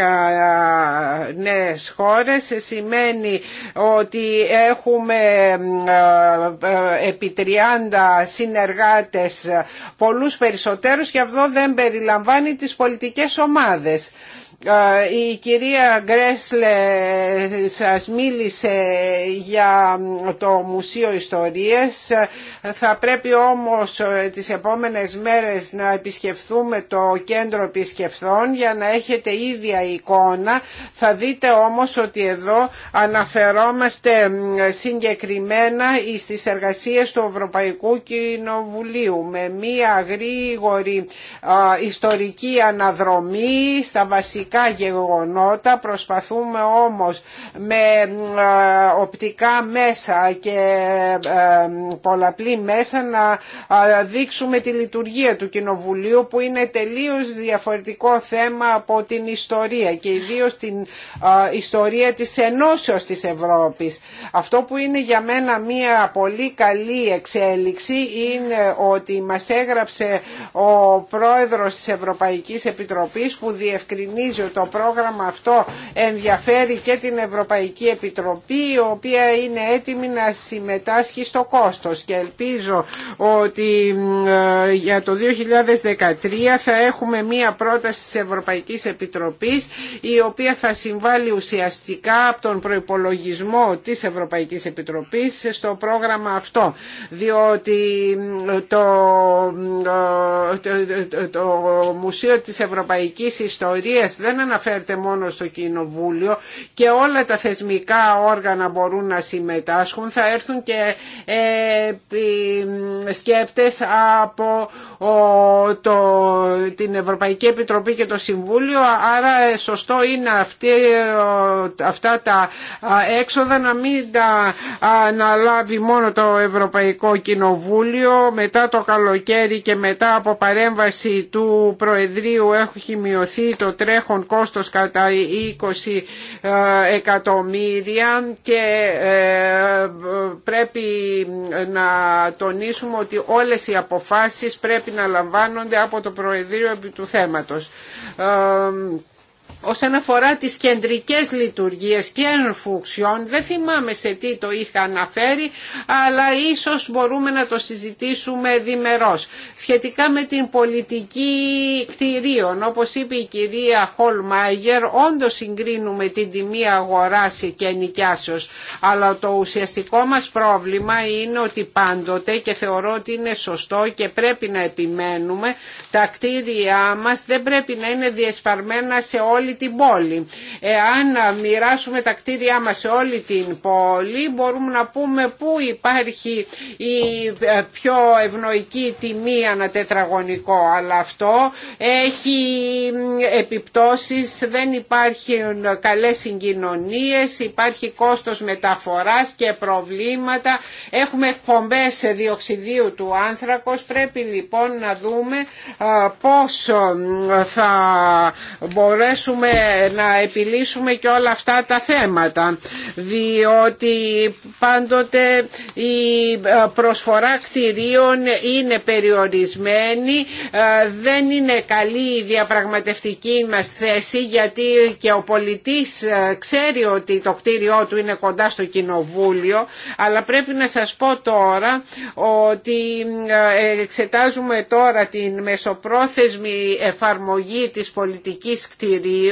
νέες χώρες σημαίνει ότι έχουμε ε, ε, επί 30 συνεργάτες πολλούς περισσότερους και αυτό δεν περιλαμβάνει τις πολιτικές ομάδες. Η κυρία Γκρέσλε σας μίλησε για το Μουσείο Ιστορίες. Θα πρέπει όμως ε, τις επόμενες μέρες να επισκεφθούμε το κέντρο επισκεφθών για να έχετε ίδια εικόνα. Θα δείτε όμως ότι εδώ αναφερόμαστε συγκεκριμένα στις εργασίες του Ευρωπαϊκού Κοινοβουλίου με μία γρήγορη ιστορική αναδρομή στα βασικά οπτικά γεγονότα, προσπαθούμε όμως με ε, οπτικά μέσα και ε, πολλαπλή μέσα να ε, δείξουμε τη λειτουργία του Κοινοβουλίου που είναι τελείως διαφορετικό θέμα από την ιστορία και ιδίως την ιστορία της ενώσεως της Ευρώπης. Αυτό που είναι για μένα μία πολύ καλή εξέλιξη είναι ότι μας έγραψε ο πρόεδρος της Ευρωπαϊκής Επιτροπής που διευκρινίζει Ελπίζω το πρόγραμμα αυτό ενδιαφέρει και την Ευρωπαϊκή Επιτροπή η οποία είναι έτοιμη να συμμετάσχει στο κόστος και ελπίζω ότι ε, για το 2013 θα έχουμε μία πρόταση της Ευρωπαϊκής Επιτροπής η οποία θα συμβάλλει ουσιαστικά από τον προϋπολογισμό της Ευρωπαϊκής Επιτροπής στο πρόγραμμα αυτό διότι ε, το, το Μουσείο της Ευρωπαϊκής Ιστορίας δεν αναφέρεται μόνο στο Κοινοβούλιο και όλα τα θεσμικά όργανα μπορούν να συμμετάσχουν. Θα έρθουν και ε, σκέπτες από το, την Ευρωπαϊκή Επιτροπή και το Συμβούλιο άρα σωστό είναι αυτή, αυτά τα έξοδα να μην τα αναλάβει μόνο το Ευρωπαϊκό Κοινοβούλιο μετά το καλοκαίρι και μετά από παρέμβαση του προεδρίου έχει μειωθεί το τρέχον έχουν κόστος κατά 20 ε, εκατομμύρια και ε, πρέπει να τονίσουμε ότι όλες οι αποφάσεις πρέπει να λαμβάνονται από το Προεδρείο επί του θέματος. Ε, Όσον αφορά τις κεντρικές λειτουργίες και ενφουξιών, δεν θυμάμαι σε τι το είχα αναφέρει, αλλά ίσως μπορούμε να το συζητήσουμε διμερώς. Σχετικά με την πολιτική κτηρίων, όπως είπε η κυρία Χολμάγερ, όντως συγκρίνουμε την τιμή αγοράς και νοικιάσεως, αλλά το ουσιαστικό μας πρόβλημα είναι ότι πάντοτε και θεωρώ ότι είναι σωστό και πρέπει να επιμένουμε, τα κτίρια μας δεν πρέπει να είναι διεσπαρμένα σε όλη όλη την πόλη. Εάν μοιράσουμε τα κτίρια μας σε όλη την πόλη μπορούμε να πούμε πού υπάρχει η ε, πιο ευνοϊκή τιμή ανά τετραγωνικό αλλά αυτό έχει επιπτώσεις, δεν υπάρχει καλές συγκοινωνίες, υπάρχει κόστος μεταφοράς και προβλήματα, έχουμε εκπομπές διοξιδίου του άνθρακος, πρέπει λοιπόν να δούμε ε, πώς θα μπορέσουμε να επιλύσουμε και όλα αυτά τα θέματα διότι πάντοτε η προσφορά κτηρίων είναι περιορισμένη ε, δεν είναι καλή η διαπραγματευτική μας θέση γιατί και ο πολιτής ε, ξέρει ότι το κτίριό του είναι κοντά στο κοινοβούλιο αλλά πρέπει να σας πω τώρα ότι ε, εξετάζουμε τώρα την μεσοπρόθεσμη εφαρμογή της πολιτικής κτηρίων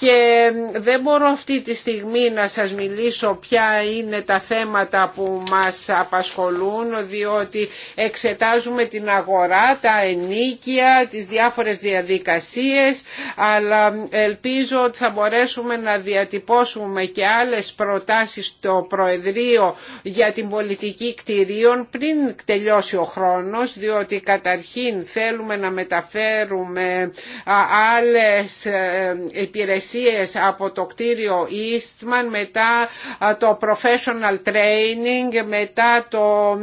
και δεν μπορώ αυτή τη στιγμή να σας μιλήσω ποια είναι τα θέματα που μας απασχολούν διότι εξετάζουμε την αγορά, τα ενίκια, τις διάφορες διαδικασίες αλλά ελπίζω ότι θα μπορέσουμε να διατυπώσουμε και άλλες προτάσεις στο Προεδρείο για την πολιτική κτηρίων πριν τελειώσει ο χρόνος διότι καταρχήν θέλουμε να μεταφέρουμε άλλες ε, υπηρεσίες από το κτίριο Eastman, μετά το professional training, μετά το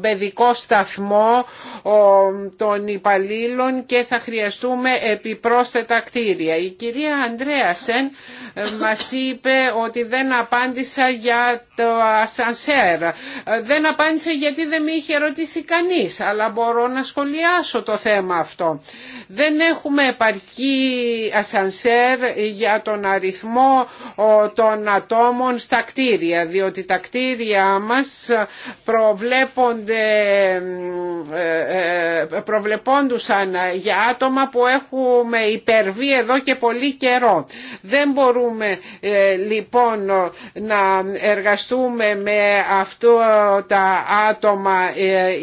παιδικό σταθμό των υπαλλήλων και θα χρειαστούμε επιπρόσθετα κτίρια. Η κυρία Ανδρέασεν ε, μας είπε ότι δεν απάντησα για το ασανσέρ. Ε, δεν απάντησε γιατί δεν με είχε ρωτήσει κανείς, αλλά μπορώ να σχολιάσω το θέμα αυτό. Δεν έχουμε επαρκή ασανσέρ για τον αριθμό των ατόμων στα κτίρια, διότι τα κτίρια μας προβλέπονται, ε, ε, προβλεπόντουσαν για άτομα που έχουμε υπερβεί εδώ και πολύ καιρό. Δεν μπορούμε ε, λοιπόν να εργαστούμε με αυτό τα άτομα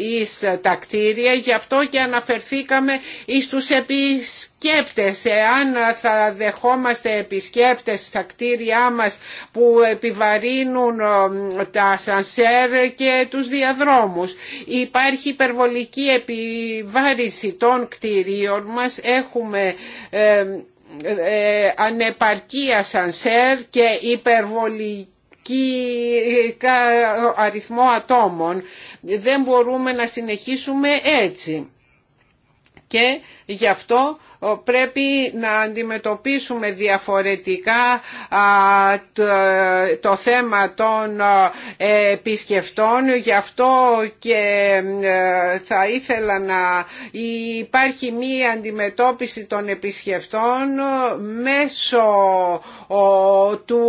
εις τα κτίρια, γι' αυτό και αναφερθήκαμε εις τους επισκέπτες επισκέπτες, εάν θα δεχόμαστε επισκέπτες στα κτίρια μας που επιβαρύνουν ε, τα σανσέρ και τους διαδρόμους. Υπάρχει υπερβολική επιβάρηση των κτιρίων μας. Έχουμε ε, ε, ανεπαρκή και υπερβολική ε, αριθμό ατόμων. Δεν μπορούμε να συνεχίσουμε έτσι. Και γι' αυτό πρέπει να αντιμετωπίσουμε διαφορετικά το θέμα των επισκεφτών. Γι' αυτό και ε, θα ήθελα να υπάρχει μία αντιμετώπιση των επισκεφτών μέσω του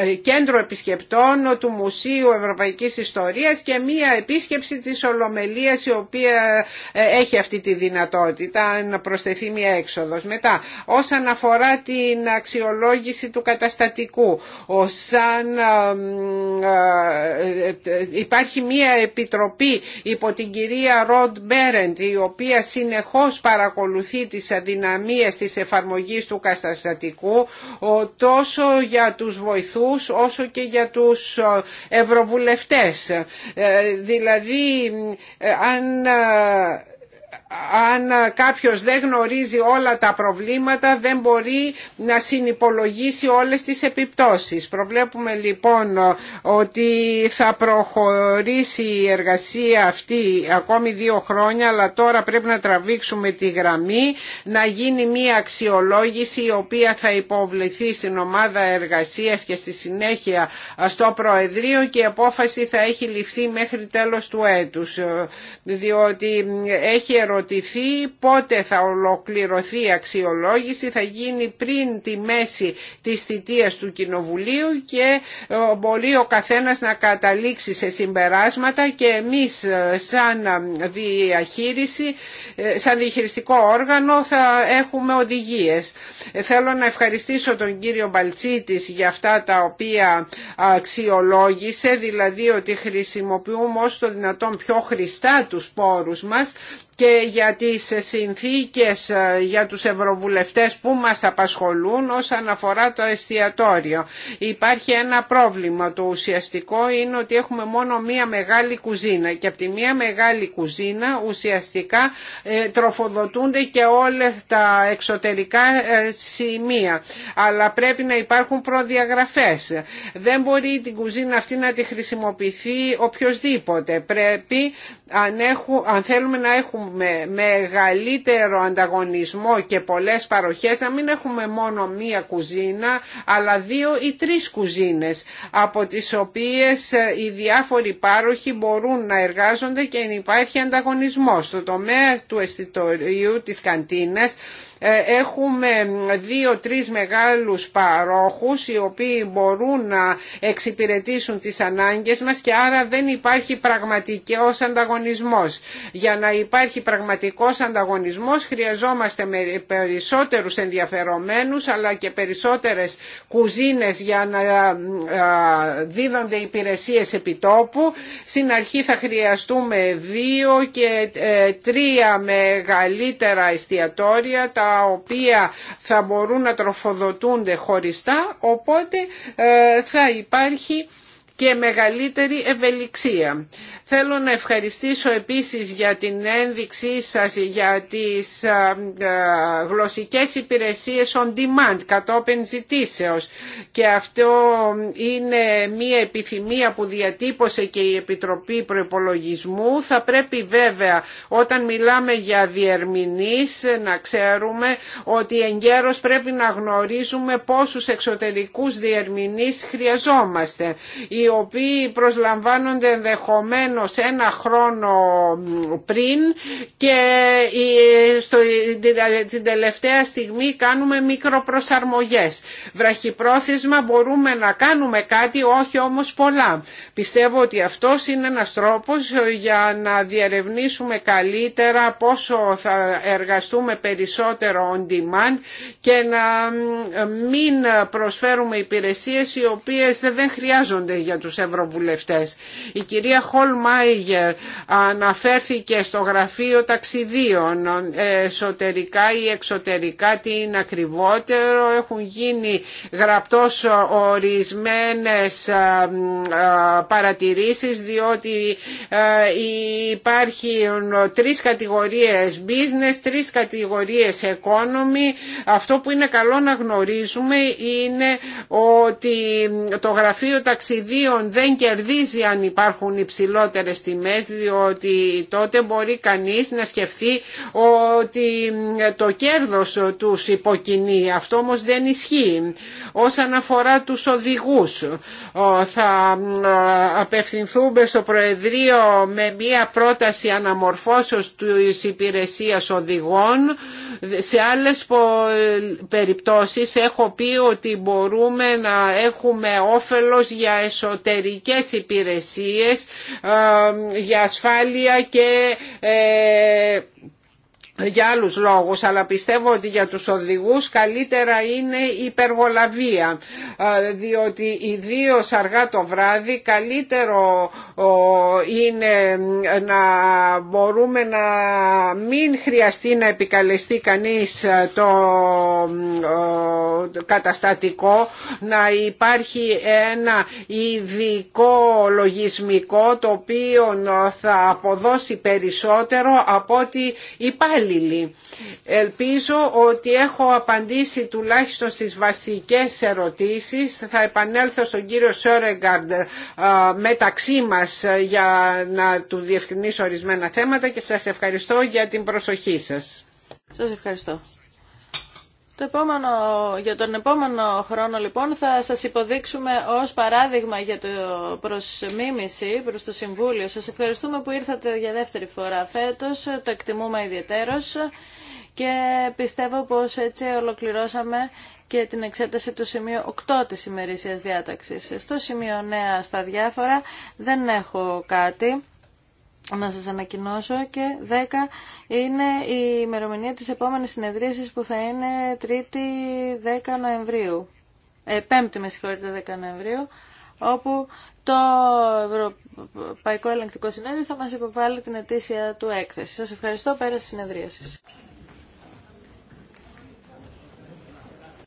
ε, ε, κέντρου επισκεπτών του Μουσείου Ευρωπαϊκής Ιστορίας και μία επίσκεψη της Ολομελίας η οποία έχει αυτή τη δυνατότητα προσθεθεί μια έξοδος. Μετά, όσον αφορά την αξιολόγηση του καταστατικού, όσαν ε, ε, υπάρχει μια επιτροπή υπό την κυρία Ροντ Μπέρεντ, η οποία συνεχώς παρακολουθεί τις αδυναμίες της εφαρμογής του καταστατικού, τόσο για τους βοηθούς όσο και για τους ε, ευρωβουλευτές. Δηλαδή, αν αν κάποιος δεν γνωρίζει όλα τα προβλήματα δεν μπορεί να συνυπολογίσει όλες τις επιπτώσεις. Προβλέπουμε λοιπόν ε, ότι θα προχωρήσει η εργασία αυτή ακόμη δύο χρόνια αλλά τώρα πρέπει να τραβήξουμε τη γραμμή, να γίνει μια αξιολόγηση η οποία θα υποβληθεί στην ομάδα εργασίας και στη συνέχεια ε, στο Προεδρείο και η απόφαση θα έχει ληφθεί μέχρι τέλος του έτους ε, διότι έχει ερωτήσει πότε θα ολοκληρωθεί η αξιολόγηση, θα γίνει πριν τη μέση της θητείας του Κοινοβουλίου και ε, μπορεί ο καθένας να καταλήξει σε συμπεράσματα και εμείς ε, σαν διαχείριση, ε, σαν διαχειριστικό όργανο θα έχουμε οδηγίες. Θέλω να ευχαριστήσω τον κύριο Μπαλτσίτης για αυτά τα οποία αξιολόγησε, δηλαδή ότι χρησιμοποιούμε όσο το δυνατόν πιο χρηστά τους πόρους μας και για τις συνθήκες ε, για τους ευρωβουλευτές που μας απασχολούν όσον αφορά το εστιατόριο. Υπάρχει ένα πρόβλημα. Το ουσιαστικό είναι ότι έχουμε μόνο μία μεγάλη κουζίνα και από τη μία μεγάλη κουζίνα ουσιαστικά ε, τροφοδοτούνται και όλα τα εξωτερικά ε, σημεία. Αλλά πρέπει να υπάρχουν προδιαγραφές. Δεν μπορεί την κουζίνα αυτή να τη χρησιμοποιηθεί οποιοδήποτε. Πρέπει αν, αν θέλουμε να έχουμε μεγαλύτερο ανταγωνισμό και πολλές παροχές να μην έχουμε μόνο μία κουζίνα αλλά δύο ή τρεις κουζίνες από τις οποίες ε, οι διάφοροι πάροχοι μπορούν να εργάζονται και υπάρχει ανταγωνισμός. Στο τομέα του αισθητορίου της καντίνας ε, έχουμε δύο-τρεις μεγάλους παρόχους οι οποίοι μπορούν να εξυπηρετήσουν τις ανάγκες μας και άρα δεν υπάρχει πραγματικός ανταγωνισμός. Για να υπάρχει πραγματικός ανταγωνισμός χρειαζόμαστε περισσότερους ενδιαφερομένους αλλά και περισσότερες κουζίνες για να ε, δίδονται υπηρεσίες επιτόπου. Στην αρχή θα χρειαστούμε δύο και ε, τρία μεγαλύτερα εστιατόρια τα τα οποία θα μπορούν να τροφοδοτούνται χωριστά, οπότε ε, θα υπάρχει και μεγαλύτερη ευελιξία. Θέλω να ευχαριστήσω επίσης για την ένδειξή σας για τις γλωσσικές υπηρεσίες on demand κατόπιν ζητήσεως και αυτό είναι μια επιθυμία που διατύπωσε και η Επιτροπή Προπολογισμού. Θα πρέπει βέβαια όταν μιλάμε για διερμηνείς να ξέρουμε ότι εγκαίρως πρέπει να γνωρίζουμε πόσους εξωτερικούς διερμηνείς χρειαζόμαστε οι οποίοι προσλαμβάνονται ενδεχομένω ένα χρόνο πριν και στο, την τελευταία στιγμή κάνουμε μικροπροσαρμογές. Βραχυπρόθεσμα μπορούμε να κάνουμε κάτι, όχι όμως πολλά. Πιστεύω ότι αυτός είναι ένας τρόπος για να διερευνήσουμε καλύτερα πόσο θα εργαστούμε περισσότερο on demand και να μην προσφέρουμε υπηρεσίες οι οποίες δεν χρειάζονται για για τους ευρωβουλευτές. Η κυρία Χολμάιγερ αναφέρθηκε στο γραφείο ταξιδίων ε, εσωτερικά ή εξωτερικά τι είναι ακριβότερο. Έχουν γίνει γραπτός ορισμένες ε, ε, παρατηρήσεις διότι υπάρχουν τρεις κατηγορίες business, τρεις κατηγορίες economy. Αυτό που είναι καλό να γνωρίζουμε είναι ότι το γραφείο ταξιδίων δεν κερδίζει αν υπάρχουν υψηλότερες τιμές διότι τότε μπορεί κανείς να σκεφτεί ότι το κέρδος τους υποκινεί. Αυτό όμως δεν ισχύει. Όσον αφορά τους οδηγούς θα απευθυνθούμε στο Προεδρείο με μία πρόταση αναμορφώσεως του υπηρεσίας οδηγών. Σε άλλες περιπτώσεις έχω πει ότι μπορούμε να έχουμε όφελος για εσωτερικά εσωτερικές υπηρεσίες ε, για ασφάλεια και ε, για άλλους λόγους αλλά πιστεύω ότι για τους οδηγούς καλύτερα είναι η υπεργολαβία διότι ιδίω αργά το βράδυ καλύτερο είναι να μπορούμε να μην χρειαστεί να επικαλεστεί κανείς το καταστατικό να υπάρχει ένα ειδικό λογισμικό το οποίο θα αποδώσει περισσότερο από ότι υπάρχει Ελπίζω ότι έχω απαντήσει τουλάχιστον στις βασικές ερωτήσεις. Θα επανέλθω στον κύριο Σόρεγκαρντ ε, μεταξύ μας ε, για να του διευκρινίσω ορισμένα θέματα και σας ευχαριστώ για την προσοχή σας. Σας ευχαριστώ. Το επόμενο, για τον επόμενο χρόνο λοιπόν θα σας υποδείξουμε ως παράδειγμα για το προς μίμηση, προς το Συμβούλιο. Σας ευχαριστούμε που ήρθατε για δεύτερη φορά φέτος, το εκτιμούμε ιδιαίτερος και πιστεύω πως έτσι ολοκληρώσαμε και την εξέταση του σημείου 8 της ημερήσιας διάταξης. Στο σημείο νέα στα διάφορα δεν έχω κάτι να σας ανακοινώσω και 10 είναι η ημερομηνία της επόμενης συνεδρίασης που θα είναι 10 Νοεμβρίου. 5η ε, με συγχωρείτε 10 Νοεμβρίου όπου το Ευρωπαϊκό Ελεγκτικό Συνέδριο θα μας υποβάλει την αιτήσια του έκθεση. Σας ευχαριστώ. Πέρα της συνεδρίαση.